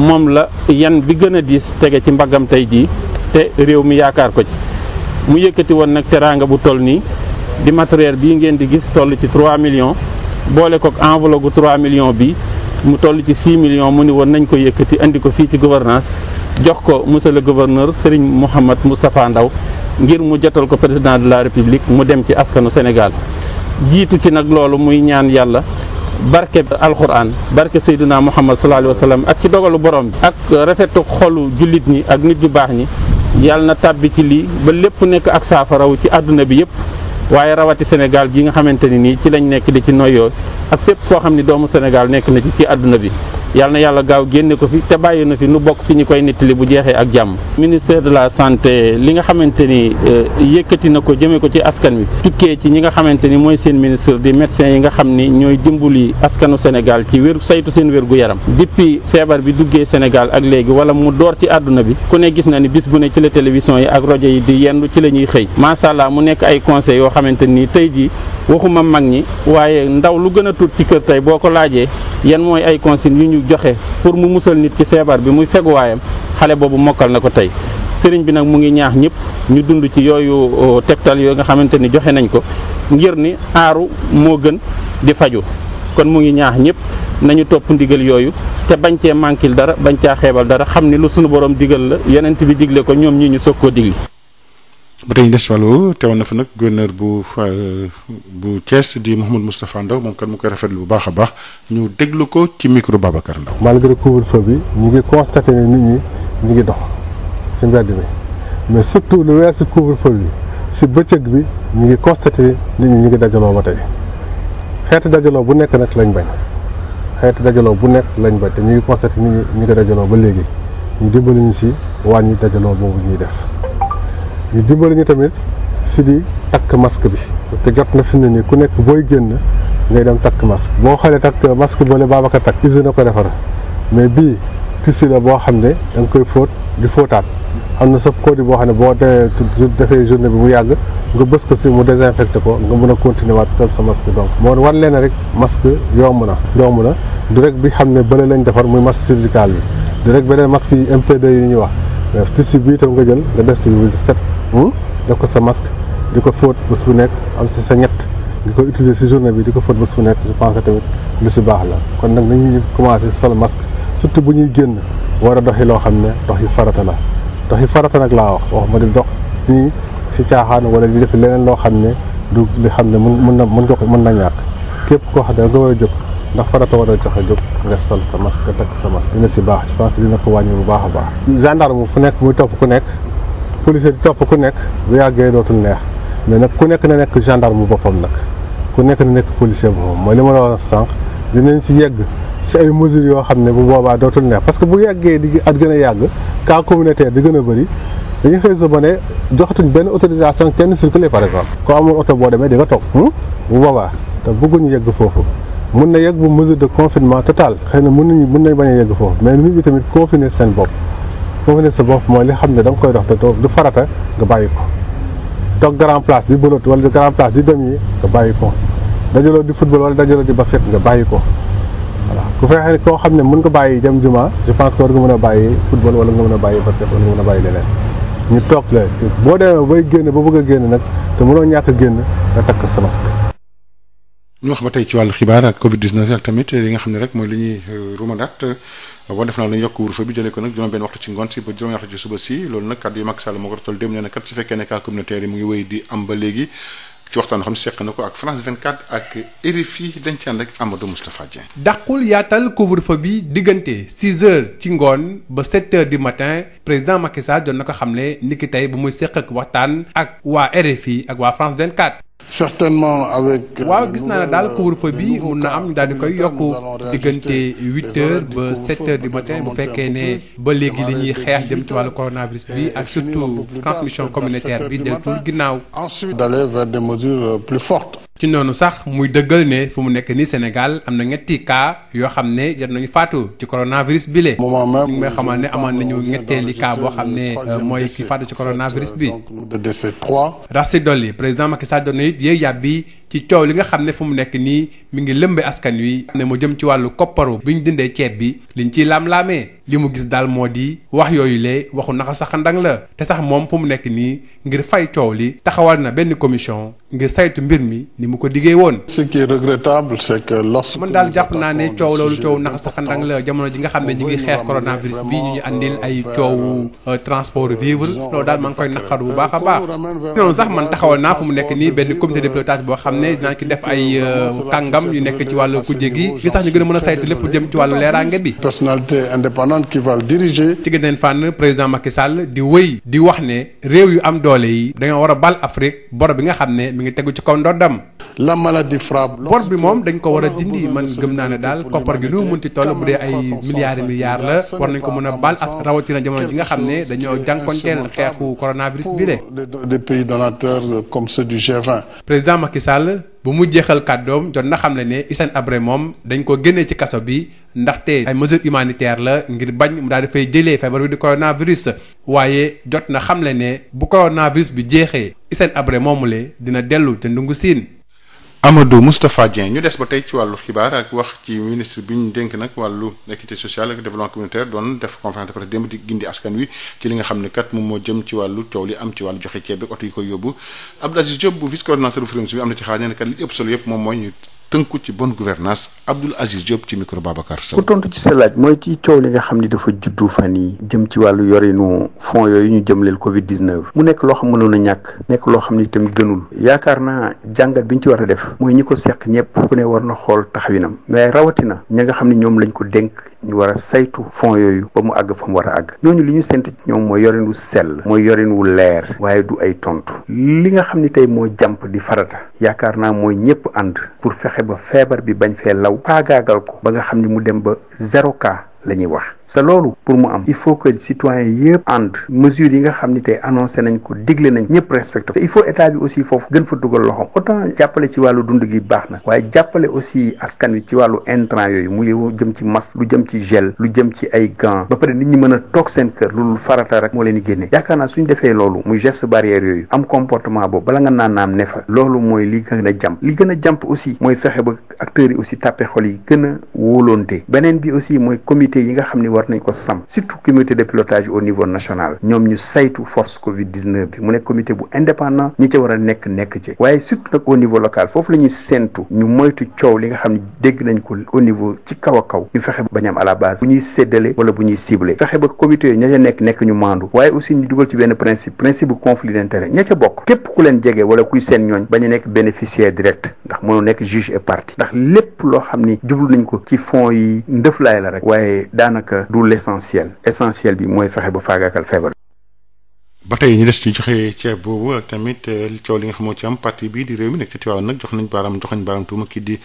moom la yan bi gën a diis tege ci mbaggam tey jii te réew mi yaakaar ko ci mu yëkkati woon nag teraanga bu toll nii di matériel bii ngeen di gis toll ci 3 millions boole kook enveloppe gu 3 millions bi mu toll ci 6 millions mu ni woon nañ ko yëkkati indi ko fii ci gouvernance jox ko monsieur le gouverneur Serigne Mouhamad Moustapha Ndaw ngir mu jotal ko président de la république mu dem ci askanu Sénégal jiitu ci nag loolu muy ñaan yàlla barke alxuraan barke Seydina Muhammad sallallahu alayhi wa sallam ak ci dogalu borom bi ak rafetu xolu jullit ñi ak nit ñu baax ñi yàlla na tàbbi ci lii ba lépp nekk ak saafaraw ci àdduna bi yëpp waaye rawati Sénégal gi nga xamante ni nii ci lañ nekk di ci noyyoo ak fépp foo xam ni doomu Sénégal nekk na ci àdduna bi yàlla yàlla gaaw génne ko fi te bàyyi na fi nu bokk ci ñu koy nettali bu jeexee ak jàmm. ministère de la santé li nga xamante ni euh, yëkkati na ko jëmee ko ci askan wi tukkee ci ñi nga xamante ni mooy seen ministre di médecin yi nga xam ni ñooy dimbali askanu Sénégal ci wér saytu seen wér gu yaram. depuis feebar bi duggee Sénégal ak léegi wala mu door ci àdduna bi ku ne gis na ni bis bu ne ci la télévision yi ak rajo yi di yendu ci la ñuy xëy macha allah mu nekk ay conseils yoo xamante ni tey jii waxuma mag ñi waaye ndaw lu gën a tuut ci kër tey boo ko laajee yan mooy ay consignes yu ñu joxe pour mu musal nit ci feebar bi muy feguwaayam xale boobu mokkal na ko tey sëriñ bi nag mu ngi ñaax ñëpp ñu dund ci yooyu tegtal yooyu nga xamante ni joxe nañ ko ngir ni aaru moo gën di faju kon mu ngi ñaax ñëpp nañu topp ndigal yooyu te bañ cee mànkil dara bañ caa xeebal dara xam ni lu sunu borom digal la yonent bi digle ko ñoom ñi ñu soog koo digli ba te ñu des wàllu teewoon na fa nag gouverneur bu euh, bu Thiès di Mouhamadou Moustapha Ndaw moom kat mu koy rafetlu bu baax a baax ñu déglu ko ci micro Babacar Ndaw malgré couvre-feu bi ñu ngi constaté ne nit ñi ñu ngi dox si mbedd mi mais surtout lu weer si couvre-feu bi si bëccëg bi ñu ngi constaté nit ñi ngi dajaloo ba tey xeetu dajaloo bu nekk nag lañ bañ xeetu dajaloo bu nekk lañ bañ te ñu ngi constaté nit ñi ñu ngi dajaloo ba léegi ñu dimbali ñu si wàññi dajaloo boobu ñuy def. ñu dimbali ñu tamit si di takk masque bi te jot na fi ne nii ku nekk booy génn ngay dem takk masque boo xoolee takk masque boole Babacar takk usine na ko defar mais bii tissu la boo xam ne da nga koy fóot di fóotaat am na sa produit boo xam ne boo defee journée bi mu yàgg nga bës ko si mu désinfecté ko nga mun a continuer waat comme sa masque donc moo war leen rek masque yomb na yomb na du rek bi xam ne bële lañ defar muy masque chirurgical bi du rek beneen masque yi MPD yi ñuy wax mais bii tam nga jël nga def si lu set def ko sa masque di ko fóot bés bu nekk am si sa ñett nga ko utiliser si journée bi di ko fóot bés bu nekk je pense que tamit lu si baax la kon nag nañu commencé sol masque surtout bu ñuy génn war a doxi loo xam ne dox yu farata la dox yi farata nag laa wax wax ma di dox nii si caaxaan wala di def leneen loo xam ne du li xam ne mun na mën nga ko mën na ñàkk képp koo xam ne nga war a jóg ndax farata war a joxe jóg nga sol sa masque takk sa masque dina si baax je pense que dina ko wàññi bu baax a baax gendarme fu nekk muy topp ku nekk policier di topp ku nekk bu yàggee dootul neex mais nag ku nekk na nekk gendarme boppam nag ku nekk na nekk policier boppam mooy li ma la war a sànq dinañ ci yegg si ay mesures yoo xam ne bu boobaa dootul neex parce que bu yàggee di at gën a yàgg cas communautaire di gën a bëri dañuy xëy sa ba ne joxatuñ benn autorisation kenn circuler par exemple. ko amul oto boo demee di nga toog hmm? bu boobaa te bëgguñu yegg foofu mun na yegg bu mesure de confinement total xëy na mun nañu mun nañ bañ a yegg foofu mais ñi tamit confiner seen bopp. mobiliser sa bopp mooy li xam ne da koy dox te du farata nga bàyyi ko toog grand place di bëlot wala grand place di dem yi nga bàyyi ko dajaloo di football wala dajaloo di basket nga bàyyi ko voilà ku fexe koo xam ne mën nga bàyyi dem juma je pense que nga mën a bàyyi football wala nga mën a bàyyi basket wala nga mën a bàyyi leneen ñu toog la boo demee bay génn ba bëgg a génn nag te mënoo ñàkk génn nga takk sa masque. ñu wax tey ci wàllu xibaar ak Covid tamit li nga xam ne rek mooy li ñuy euh, rumandaat. bon def naa la ñu yokk wur fa bi jëlee ko nag juróom benn waxtu ci ngoon si ba juróom waxtu ci suba si loolu nag kàddu yi Macky Sall moo ko mu ngi wéy di am ba léegi ci waxtaan xam seq na ko ak France 24 ak RFI dañ ci ànd ak Amadou Moustapha yaatal couvre-feu bi diggante 6 heures ci ngoon ba 7 heures du matin président Macky Sall na ko xam xamle niki tey bu muy seq ak waxtaan ak waa RFI ak waa France 24. certainement avec. Euh, waaw gis naa ne daal couvre-feu euh, bi mun na am daal di koy yokk diggante huit heures ba sept heures du matin bu fekkee ne ba léegi li ñuy xeex jëm ci wàllu coronavirus bi ak surtout transmission communautaire bi deltul ginnaaw. ensuite d'aller vers des mesures euh, plus fortes. ci noonu sax muy dëggal ne fu mu nekk nii Sénégal am na ñetti cas yoo xam ne jot nañu faatu ci coronavirus bi le ñu ngi may xamal ne amoon nañu ñetteeli cas boo xam ne euh, mooy ki faatu ci coronavirus bi rax si dolli président Macky Sall doon na it ci coow li nga xam ne fu mu nekk nii mi ngi lëmbe askan wi ne mu jëm ci wàllu kopparu bi ñu dindee ceeb bi li liñ ciy laam-laamee li mu gis daal moo di wax yooyu le waxu naxa saxandang la te sax moom fu mu nekk nii ngir fay coow li taxawal na benn commission ngir saytu mbir mi ni mu ko diggee woon. ce qui est regrettable man daal jàpp naa ne coow loolu coow naxa saxandang la jamono ji nga xam ne ñu ngi xeex coronavirus bi ñu ñu andil euh, ay coowu euh, transport euh, vivre loolu bu a baax noonu sax boo xam xam ne dinaa ci def ay euh, kàngam yu nekk ci wàllu kujje gi ngir sax ñu gën a mën a saytu lépp jëm ci wàllu leeraange bi. personnalité indépendante qui va le fànn président Macky Sall di wëy di wax ne réew yu am doole yi. dañoo war a bal Afrique bor bi nga xam ne mi ngi tegu ci kaw ndoddam. la maladie frappe. bor bi moom dañ ko war a man gëm naa ne daal koppar gi lu mu bu dee ay milliards milliards la war nañ ko a baal as rawatina jamono ne dañoo jànkonteel xeexu coronavirus bi de. des pays donateurs comme ceux du président Macky Sall bu mu jeexal kàddoom jot na xam ne ne Hissène Habré moom dañ ko génnee ci kaso bi ndaxte ay mesures humanitaires la ngir bañ mu daal di fay jëlee feebar bi di coronavirus waaye jot na xam ne ne bu coronavirus bi jeexee Hissène Habré moomule dina dellu te ndungu siin. Amadou Moustapha Dieng ñu des ba tey ci wàllu xibaar ak wax ci ministre bi ñu dénk nag wàllu équité sociale ak développement communautaire doon def conférence de presse démb di gindi askan wi ci li nga xam ne kat moom moo jëm ci wàllu coow li am ci wàllu joxe ceeb bi oto yi koy yóbbu Abdou Aziz Diop bu vice coordonnateur bi am na ci xaar ne kat li ëpp solo yëpp moom mooy ñu tënku ci bonne gouvernance Abdoul Aziz Diop ci micro Babacar Sow. ku tontu ci sa laaj mooy ci coow li nga xam ni dafa juddu fan yi jëm ci wàllu yorinu fonds yooyu ñu jëm jëmleel Covid 19. mu nekk loo xam mënoon a ñàkk nekk loo xam ni itam gënul yaakaar naa jàngat bi ñu ci war a def mooy ñi ko seq ñëpp ku ne war na xool taxawinam mais rawatina ña nga xam ni ñoom lañ ko dénk ñu war a saytu fonds yooyu ba mu àgg fa mu war a àgg ñooñu li ñu sént ñoom mooy yorin wu sell mooy yorin wu leer waaye du ay tontu li nga xam ni tey moo jàmp di farata yaakaar naa mooy ñëpp ànd pour fexe ba feebar bi bañ fee law paagaagal ko ba nga xam ni mu dem ba zéro cas la ñuy wax sa loolu pour mu am il faut que citoyen yëpp ànd mesures yi nga xam ni tey annoncé nañ ko digle nañ ñëpp respecté te il faut état bi aussi foofu gën fa dugal loxoom autant jàppale ci wàllu dund gi baax na waaye jàppale aussi askan wi ci wàllu intrant yooyu muy jëm ci masque lu jëm ci gel lu jëm ci ay gants ba pare nit ñi mën a toog seen kër loolu farata rek moo leen di génne yaakaar naa suñ defee loolu mu geste barrière yooyu am comportement boobu bala nga naan naam ne fa loolu mooy li gën a li gën a jàmp aussi mooy fexe ba acteurs yi aussi tàppe xol yi gën a wóolonte war nañ ko samp surtout comité de pilotage au niveau national ñoom ñu saytu force Covid 19 bi mu nekk comité bu indépendant ñi ca war a nekk nekk ci waaye surtout nag au niveau local foofu la ñuy séentu ñu moytu coow li nga xam ne dégg nañ ko au niveau ci kaw a kaw ñu fexe ba am à la base bu ñuy séddale wala bu ñuy cible fexe ba comité yooyu ña ca nekk nekk ñu maandu waaye aussi ñu dugal ci benn principe principe bu conflit d'intérêt ña ca bokk képp ku leen jege wala kuy seen ñooñ bañ nekk bénéficiaire direct ndax mënu nekk juge et partie lépp loo xam ni jublu nañ ko ci fonds yi ndëflaay la rek waaye daanaka du l'essentiel essentiel bi mooy fexe ba faagaakal feebar ba tey ñu des ci joxee ceeb boobu ak tamit eh, coow li nga xamoo ci am parti bii di réew mi nekk ci Tivaouane nag jox nañ baaraam jox nañ baaraam tuuma kii di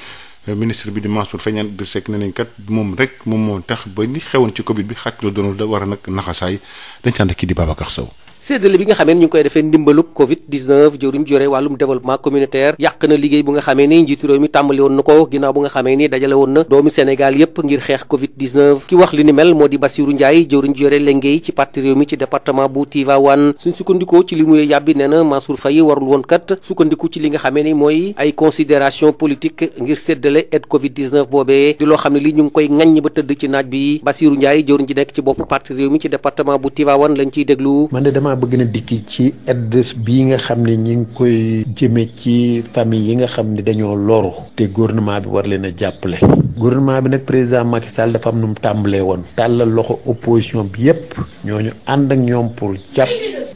eh, ministre bi di Mansour Faye ñaan di sekk ne nañ kat moom rek moom moo tax ba ñu xewoon ci Covid bi xàcc la doonul da war a nag naxasaay dañ ci ànd kii di Babacar Sow séddale bi nga xamee ni ñu ngi koy defee ndimbalub covid 19 jëwriñ jore wàllum développement communautaire yàq na liggéey bu nga xamee ni njiitu réew mi tàmbali woon na ko ginnaaw bu nga xamee ni dajale woon na doomi Sénégal yépp ngir xeex covid 19 ki wax li ni mel moo di Bassirou Ndiaye jëwriñ jore lengéey ci parti réew mi ci département bu Tivaouane suñ sukkandikoo ci li muy nee na Mansour Faye warul woon sukkandiku ci li nga xamee ni mooy ay considération politique ngir séddale aide covid boobee loo xam ne li ñu ngi koy ŋaññ ba tëdd ci naaj bi Bassirou Ndiaye jëwriñ ji nekk ci bopp parti réew mi ci département bu Tivaouane lañ ciy déglu damaa bëgg na dikki ci aide bii nga xam ne ñi ngi koy jëme ci famille yi nga xam ne dañoo loru te gouvernement bi war leen a jàppale gouvernement bi nag président Macky Sall dafa am nu mu tàmbalee woon tàllal loxo opposition bi yépp ñooñu ànd ak ñoom pour jàpp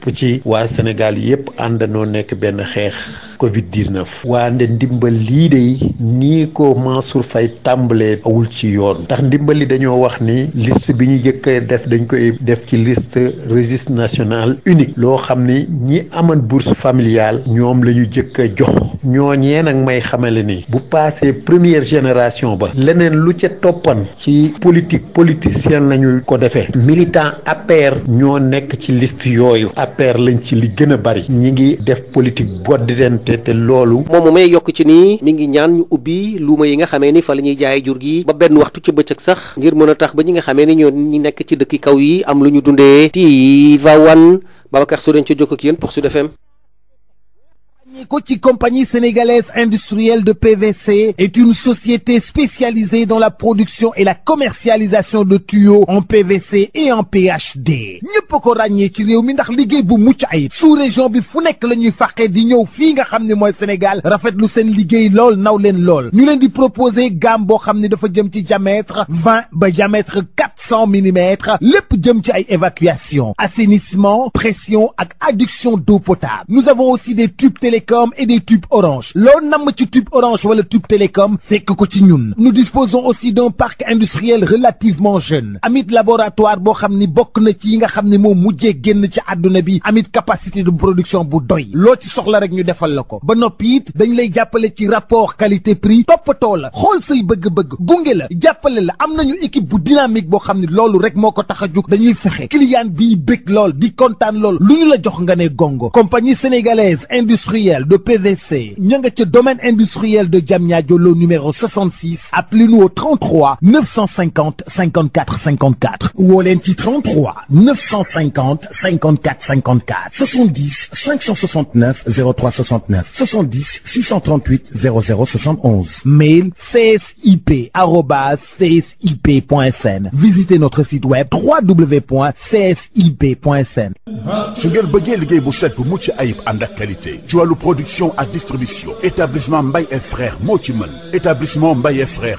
jàpp ci waa Sénégal yépp àndanoo nekk benn xeex Covid 19. waa nde ndimbal lii de nii ko Mansour fay tàmbalee awul ci yoon ndax ndimbal dañoo wax ni liste bi ñu jëkkee def dañ koy def ci list registre national unique loo xam ni ñi aman bourse familiale ñoom la ñu jëkk a jox ñooñee nag may xamale ni bu passé première génération ba leneen lu ca toppan ci politique politicien lañu ko defee militant APR ñoo nekk ci list yooyu APR lañ ci li gën a bari ñi ngi def politique boddidente te loolu moom mu may yokk ci nii mi ngi ñaan ñu ubbi luuma yi nga xamee ni fa la ñuy jaaye jur gi ba benn waxtu ci bëccëg sax ngir mën a tax ba ñi nga xamee ni ñoo ñi nekk ci dëkki kaw yi am lu ñu dundee Tivaouane Babacar Sow dañ ca jokk ak yéen pour su defeem ko ci compagnie sénégalaise industrielle de PVC est une société spécialisée dans la production et la commercialisation de tuyaux en PVC et en PHD ñëpp ko ràññee ci réew mi ndax liggéey bu mucc ayib sous-région bi fu nekk la ñuy fàqee di ñëw fii nga xam ne mooy Sénégal rafetlu seen liggéey lool naw leen lool ñu leen di proposer gamme boo xam ne dafa jëm ci diamètre vingt ba diamètre quatre cent millimètres lépp jëm ci ay évacuation assainissement pression ak adduction d'eau potable nous avons aussi des tubes télécom et des tubes orange loo namm ci tube orange wala tube télécom fekk ko ci ñun nous disposons aussi d'un parc industriel relativement jeune amit laboratoire boo xam ni bokk na ci yi nga xam ne moom mujjee génn ci àdduna bi amit capacité de production bu doy loo ci soxla rek ñu defal la ko ba noppi dañu lay jàppale ci rapport qualité prix toppatoo la xool say bëgg-bëgg gunge la jàppale la am nañu équipe bu dynamique boo xam ne loolu rek moo ko tax a jug dañuy fexe client bii bëgg lool di kontaan lool lu ñu la jox nga ne gongo compagnie sénégalaise industrielle industrielle de PVC ña nga ca domaine industriel de Diamniadio le numéro 66 appelez-nous au 33 950 54 54 woo leen ci 33 950 54 54 70 569 03 69 70 638 00 71 mail csip arobase csip.sn visitez notre site web www.csip.sn su ngeen bëggee liggéey bu set bu mucc ayib ànd ak qualité ci wàllu production à distribution établissement mbay et frères moo ci mën établissement Mbaye et frères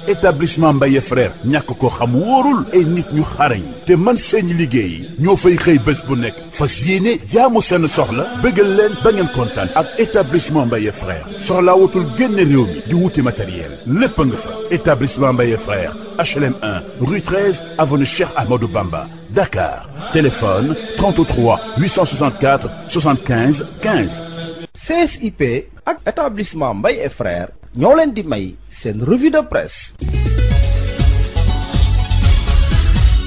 établissement Mbaye frère ñàkk ko xam wóorul ay nit ñu xarañ te man seeni liggéey ñoo fay xëy bés bu nekk fas yéene jaamu seen soxla bëggal leen ba ngeen kontaan ak établissement Mbaye frère soxla wutul génn réew mi di wuti matériel lépp nga fa établissement Mbaye frère HLM 1 rue 13 avenue Cheikh Ahmadou Bamba Dakar téléphone 33 864 75 ak établissement Mbaye et frères ñoo leen di may seen revue de presse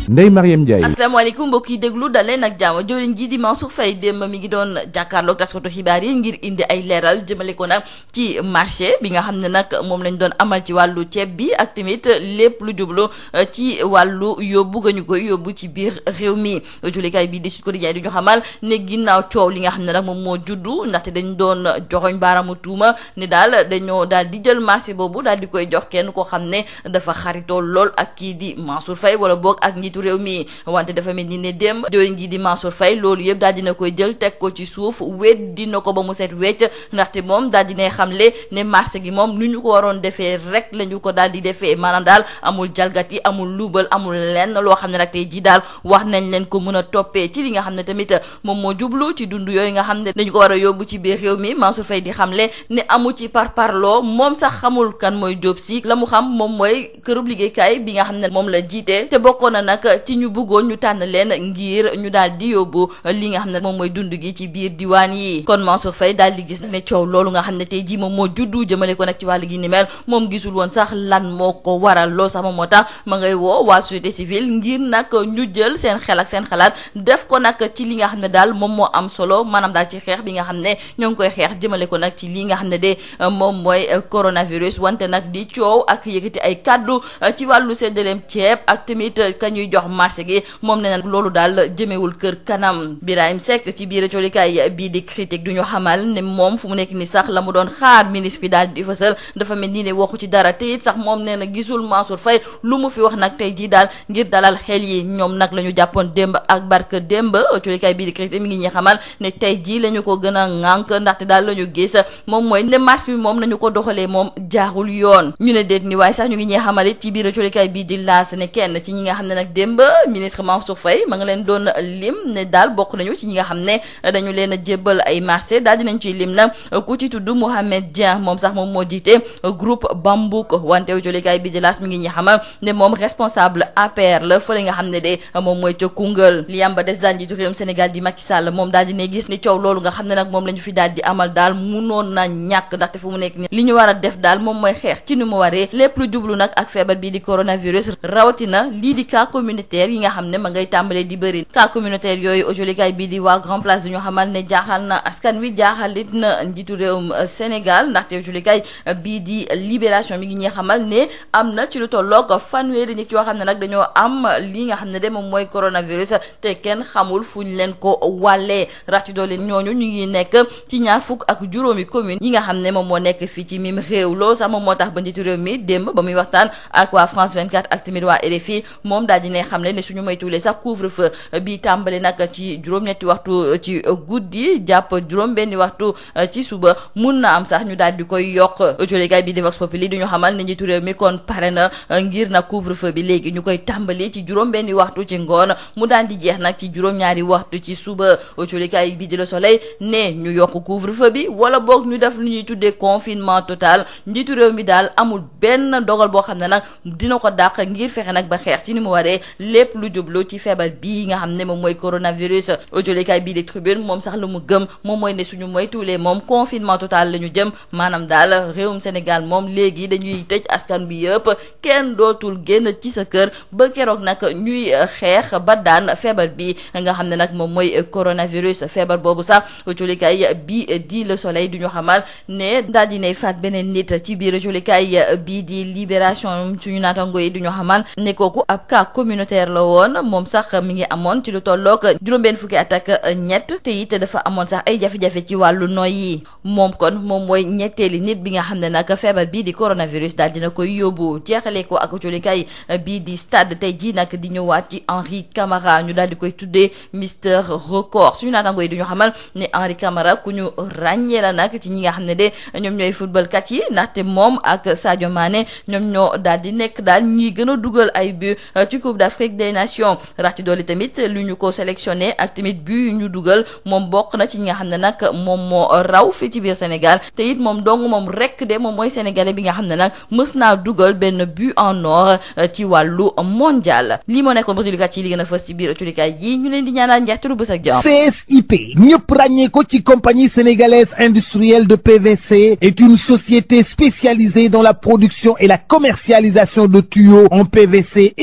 Ndeye Mariam Ndiaye asalaamaaleykum mbokk yi déglu dalee nag jàmm jëwriñ ji di Mansour Faye démb mi ngi doon jàkkaarloog taskatu xibaar yi ngir indi ay leeral jëmale ko nag ci marché bi nga xam ne nag moom lañ doon amal ci wàllu ceeb bi ak tamit lépp lu jublu euh, ci wàllu yóbbu ga ñu yóbbu ci biir réew mi julikaay bi di Sud Quotidien di ñu xamal ne ginnaaw coow li nga xam ne nag moom moo juddu ndaxte dañ doon joxoñ baaraamu tuuma ne daal dañoo daal di jël marché boobu daal di koy jox kenn koo xam ne dafa xaritoo lool ak kii di Mansour Faye wala boog ak nit njiitu réew mi wante dafa mel ni ne démb jëwriñ ji di Mansour fay loolu yëpp daal dina koy jël teg ko ci suuf wet dina ko ba mu set wecc ndaxte moom daal dinay xamle ne marché gi moom nu ñu ko waroon defee rek la ñu ko daal di defee maanaam daal amul jalgati amul luubal amul lenn loo xam ne nag tey ji daal wax nañ leen ko mën a toppee ci li nga xam ne tamit moom moo jublu ci dund yooyu nga xam ne dañu ko war a yóbbu ci biir réew mi Mansour Faye di xam le ne amu ci par par loo moom sax xamul kan mooy Diop si la mu xam moom mooy kërub liggéeykaay bi nga xam ne moom la jiite te bokkoon na nag nag ci ñu bëggoon ñu tànn leen ngir ñu daal di yóbbu li nga xam ne moom mooy dund gi ci biir diwaan yi kon Mansour Faye daal di gis ne coow loolu nga xam ne tey jii moom moo juddu jëmale ko nag ci wàllu gi ni mel moom gisul woon sax lan moo ko waral lool sax moo tax ma ngay woo waa société civile ngir nag ñu jël seen xel seen xalaat def ko nag ci li nga xam ne daal moom moo am solo maanaam daal ci xeex bi nga xam ne ñoo ngi koy xeex jëmale ko nag ci li nga xam ne de moom mooy coronavirus wante nag di coow ak yëkkati ay kàddu ci wàllu seddaleem ceeb ak tamit ka jox marché gi moom nee na loolu daal jëmewul kër kanam Birahim Seck ci biir colikaay bii di critique du ñu xamal ne moom fu mu nekk ni sax la mu doon xaar ministre daal di fësal dafa mel nii ne waxu ci dara te sax moom nee na gisul Mansour Faye lu mu fi wax nag tey jii daal yi ñoom nag la ñu jàppoon démb ak barke démb colikaay bii di critique mi la ko gën a ŋànk ndaxte daal la ñu gis moom mooy ne marche bi moom nañu ko doxalee moom jaarul yoon ñu ne déet ni waaye sax ñu ngi ñuy xamal ci biir colikaay bii di laas ne kenn ci ñi nga xam ne nag démb ministre Mansour Faye ma nga leen doon lim ne daal bokk nañu ci ñi nga xam ne dañu leen a jébbal ay marché daal dinañ ciy lim nag ku ci tudd Mouhamed Dieng moom sax moom moo jiite groupe Bambouk wante jolikaay bi di laas ngi ñi xamal ne moom responsable APR la fële nga xam ne de moom mooy ca Koungheul li yamba des daan jiitu réewum Sénégal di Macky Sall moom daal dina gis ni coow loolu nga xam ne nag moom la ñu fi daal di amal daal munoon na ñàkk ndaxte fu mu nekk ni li ñu war a def daal moom mooy xeex ci ni mu waree lépp lu ak feebar bii di di cas communautaire yi nga xam ne ma ngay tàmbalee di bëri cas communautaire yooyu aujolikaay bii di waa Grand Place dañoo xamal ne jaaxal na askan wi jaaxalit na njiitu réewum euh, Sénégal ndaxte aujolikaay euh, bii mi ngi ñuy xamal ne am na ci lu tolloog fanweeri nit yoo xam ne nag dañoo am li nga xam ne de moom mooy coronavirus te kenn xamul fu ñu leen ko wàllee rax ci doole ñooñu ñu ngi nekk ci ñaar fukk ak juróomi commune yi nga xam ne moom moo nekk fii ci mim réew loolu sax moom moo tax ba njiitu réew xam ne suñu moytuwulee sax couvre-feu bi tàmbali nag ci juróom-ñetti waxtu eh, ci eh, guddi jàpp juróom-benni waxtu eh, ci suba mun na am sax ñu daal di koy yokk jolikaay bi di Vox Populi di ñu xamal ne njiitu réew mi kon pare na ngir na couvre bi léegi ñu koy ci juróom-benni waxtu ci ngoon mu daal di jeex nag ci juróom waxtu ci suba jolikaay bi di Le Soleil ne ñu yokk couvre-feu bi wala boog ñu def lu ñuy tuddee confinement total njiitu réew mi daal amul benn dogal boo xam ne nag dina ko dàq ngir fexe nag ba xeex ci ni mu waree lépp lu jublu ci feebar bi nga xam ne moom mooy coronavirus jolekaay bii di tribune moom sax lu mu gëm moom mooy ne suñu moytuwulee moom confinement total la ñu jëm maanaam daal réewum Sénégal moom léegi dañuy tëj askan bi yëpp kenn dootul génn ci sa kër ba keroog nag ñuy xeex ba daan feebar bi nga xam ne nag moom mooy coronavirus feebar boobu sax jolekaay bi di le soleil du ñu xamal ne di ne faat beneen nit ci biir jolekaay bii di libération suñu naatango yi du ñu communautaire la woon moom sax mi ngi amoon ci lu tolloog juróom-benn fukki at ak ñett te dafa amoon sax ay jafe-jafe ci wàllu noy yi moom kon moom mooy ñetteeli nit bi nga xam ne nag feebar bii di coronavirus daal dina koy yóbbu jeexalee ko ak colikaay bii di stade tey jii nag di ñëwaat ci Henri Camara ñu daal di koy tuddee Mister Record suñu naataango yi du ñu xamal ne Henri Camara ku ñu ràññee la nag ci ñi nga xam ne de ñoom ñooy football kat yi ndaxte moom ak Sadio Mané ñoom ñoo daal nekk daal ñi gën dugal ay but ci coupe d'Afrique des Nations rax ci doole tamit lu ñu ko sélectionné ak tamit bu ñu dugal moom bokk na ci ñi nga xam ne nag moom moo raw fii ci biir Sénégal te it moom dong moom rek de moom mooy sénégalais bi nga xam ne nag mës na dugal benn but en or euh, ci wàllu mondial lii moo nekkoon ba jullikaat yi li gën a fës ci biir jullikaat yi ñu leen di ñaanal njeexitalu bés ak jàmm. CSIP ñëpp ràññee ko ci compagnie sénégalaise industrielle de PVC est une société spécialisée dans la production et la commercialisation de tuyaux en PVC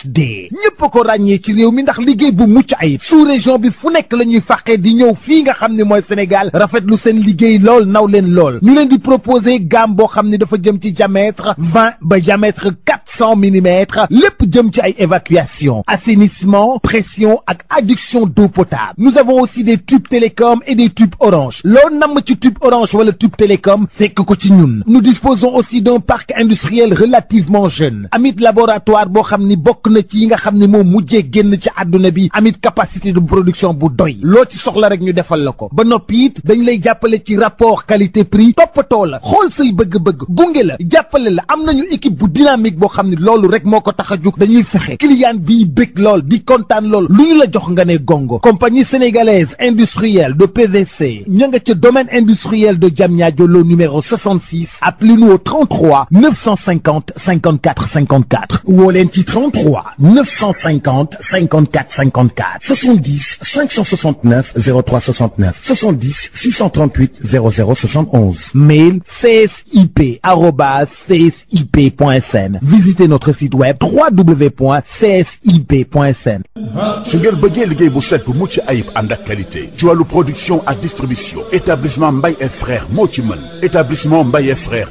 HD ñëpp ko ràññee ci réew mi ndax liggéey bu mucc ayib sous région bi fu nekk la ñuy fàqee di ñëw fii nga xam ne mooy Sénégal rafetlu seen liggéey lool naw leen lool ñu leen di proposer gamme boo xam ne dafa jëm ci diamètre vingt ba diamètre quatre cent millimètres lépp jëm ci ay évacuation assainissement pression ak adduction d'eau potable nous avons aussi des tubes télécom et des tubes orange loo namm ci tube orange wala télécom fekk ko ci ñun nous disposons aussi d'un parc industriel relativement jeune amit boo xam ni bokk na ci yi nga xam ne moo mujjee génn ci àdduna bi amit capacité de production bu doy loo ci soxla rek ñu defal la ko ba noppi it dañ lay jàppale ci rapport qualité prix toppatoo la xool say bëgg-bëgg gunge la jàppale la am nañu équipe bu dynamique boo xam ne loolu rek moo ko tax a jug dañuy sexe client bi bëgg lool di kontaan lool lu ñu la jox nga ne gongo compagnie sénégalaise industrielle de PVC ña nga ca domaine industriel de Diamniadio lo numéro 66 appelez-nous au 33 950 54 54 woo leen ci 33 33 950 54 54 70 569 03 69 70 638 00 71 mail csip arobas csip.sn visitez notre site web www.csip.sn su ngeen bëggee liggéey bu set bu mucc ayib ànd ak qualité ci wàllu production ak distribution établissement Mbaye et frères moo ci mën établissement Mbaye et frères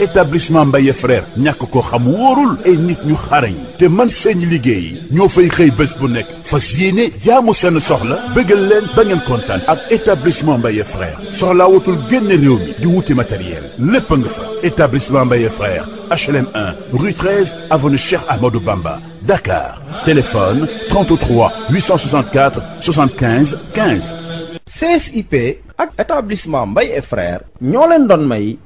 établissement Mbaye frère ñàkk koo xam wóorul ay nit ñu xarañ te man seen liggéey ñoo fay xëy bés bu nekk fas yéene jaamu seen soxla bëggal leen ba ngeen kontaan ak établissement Mbaye frère soxlaa wutul génn réew mi di wuti matériel lépp nga fa établissement Mbaye frère HLM 1 rue 13 avenue Cheikh Ahmadou Bamba Dakar téléphone 33 864 75 15. CSIP ak établissement Mbaye et frères ñoo leen may.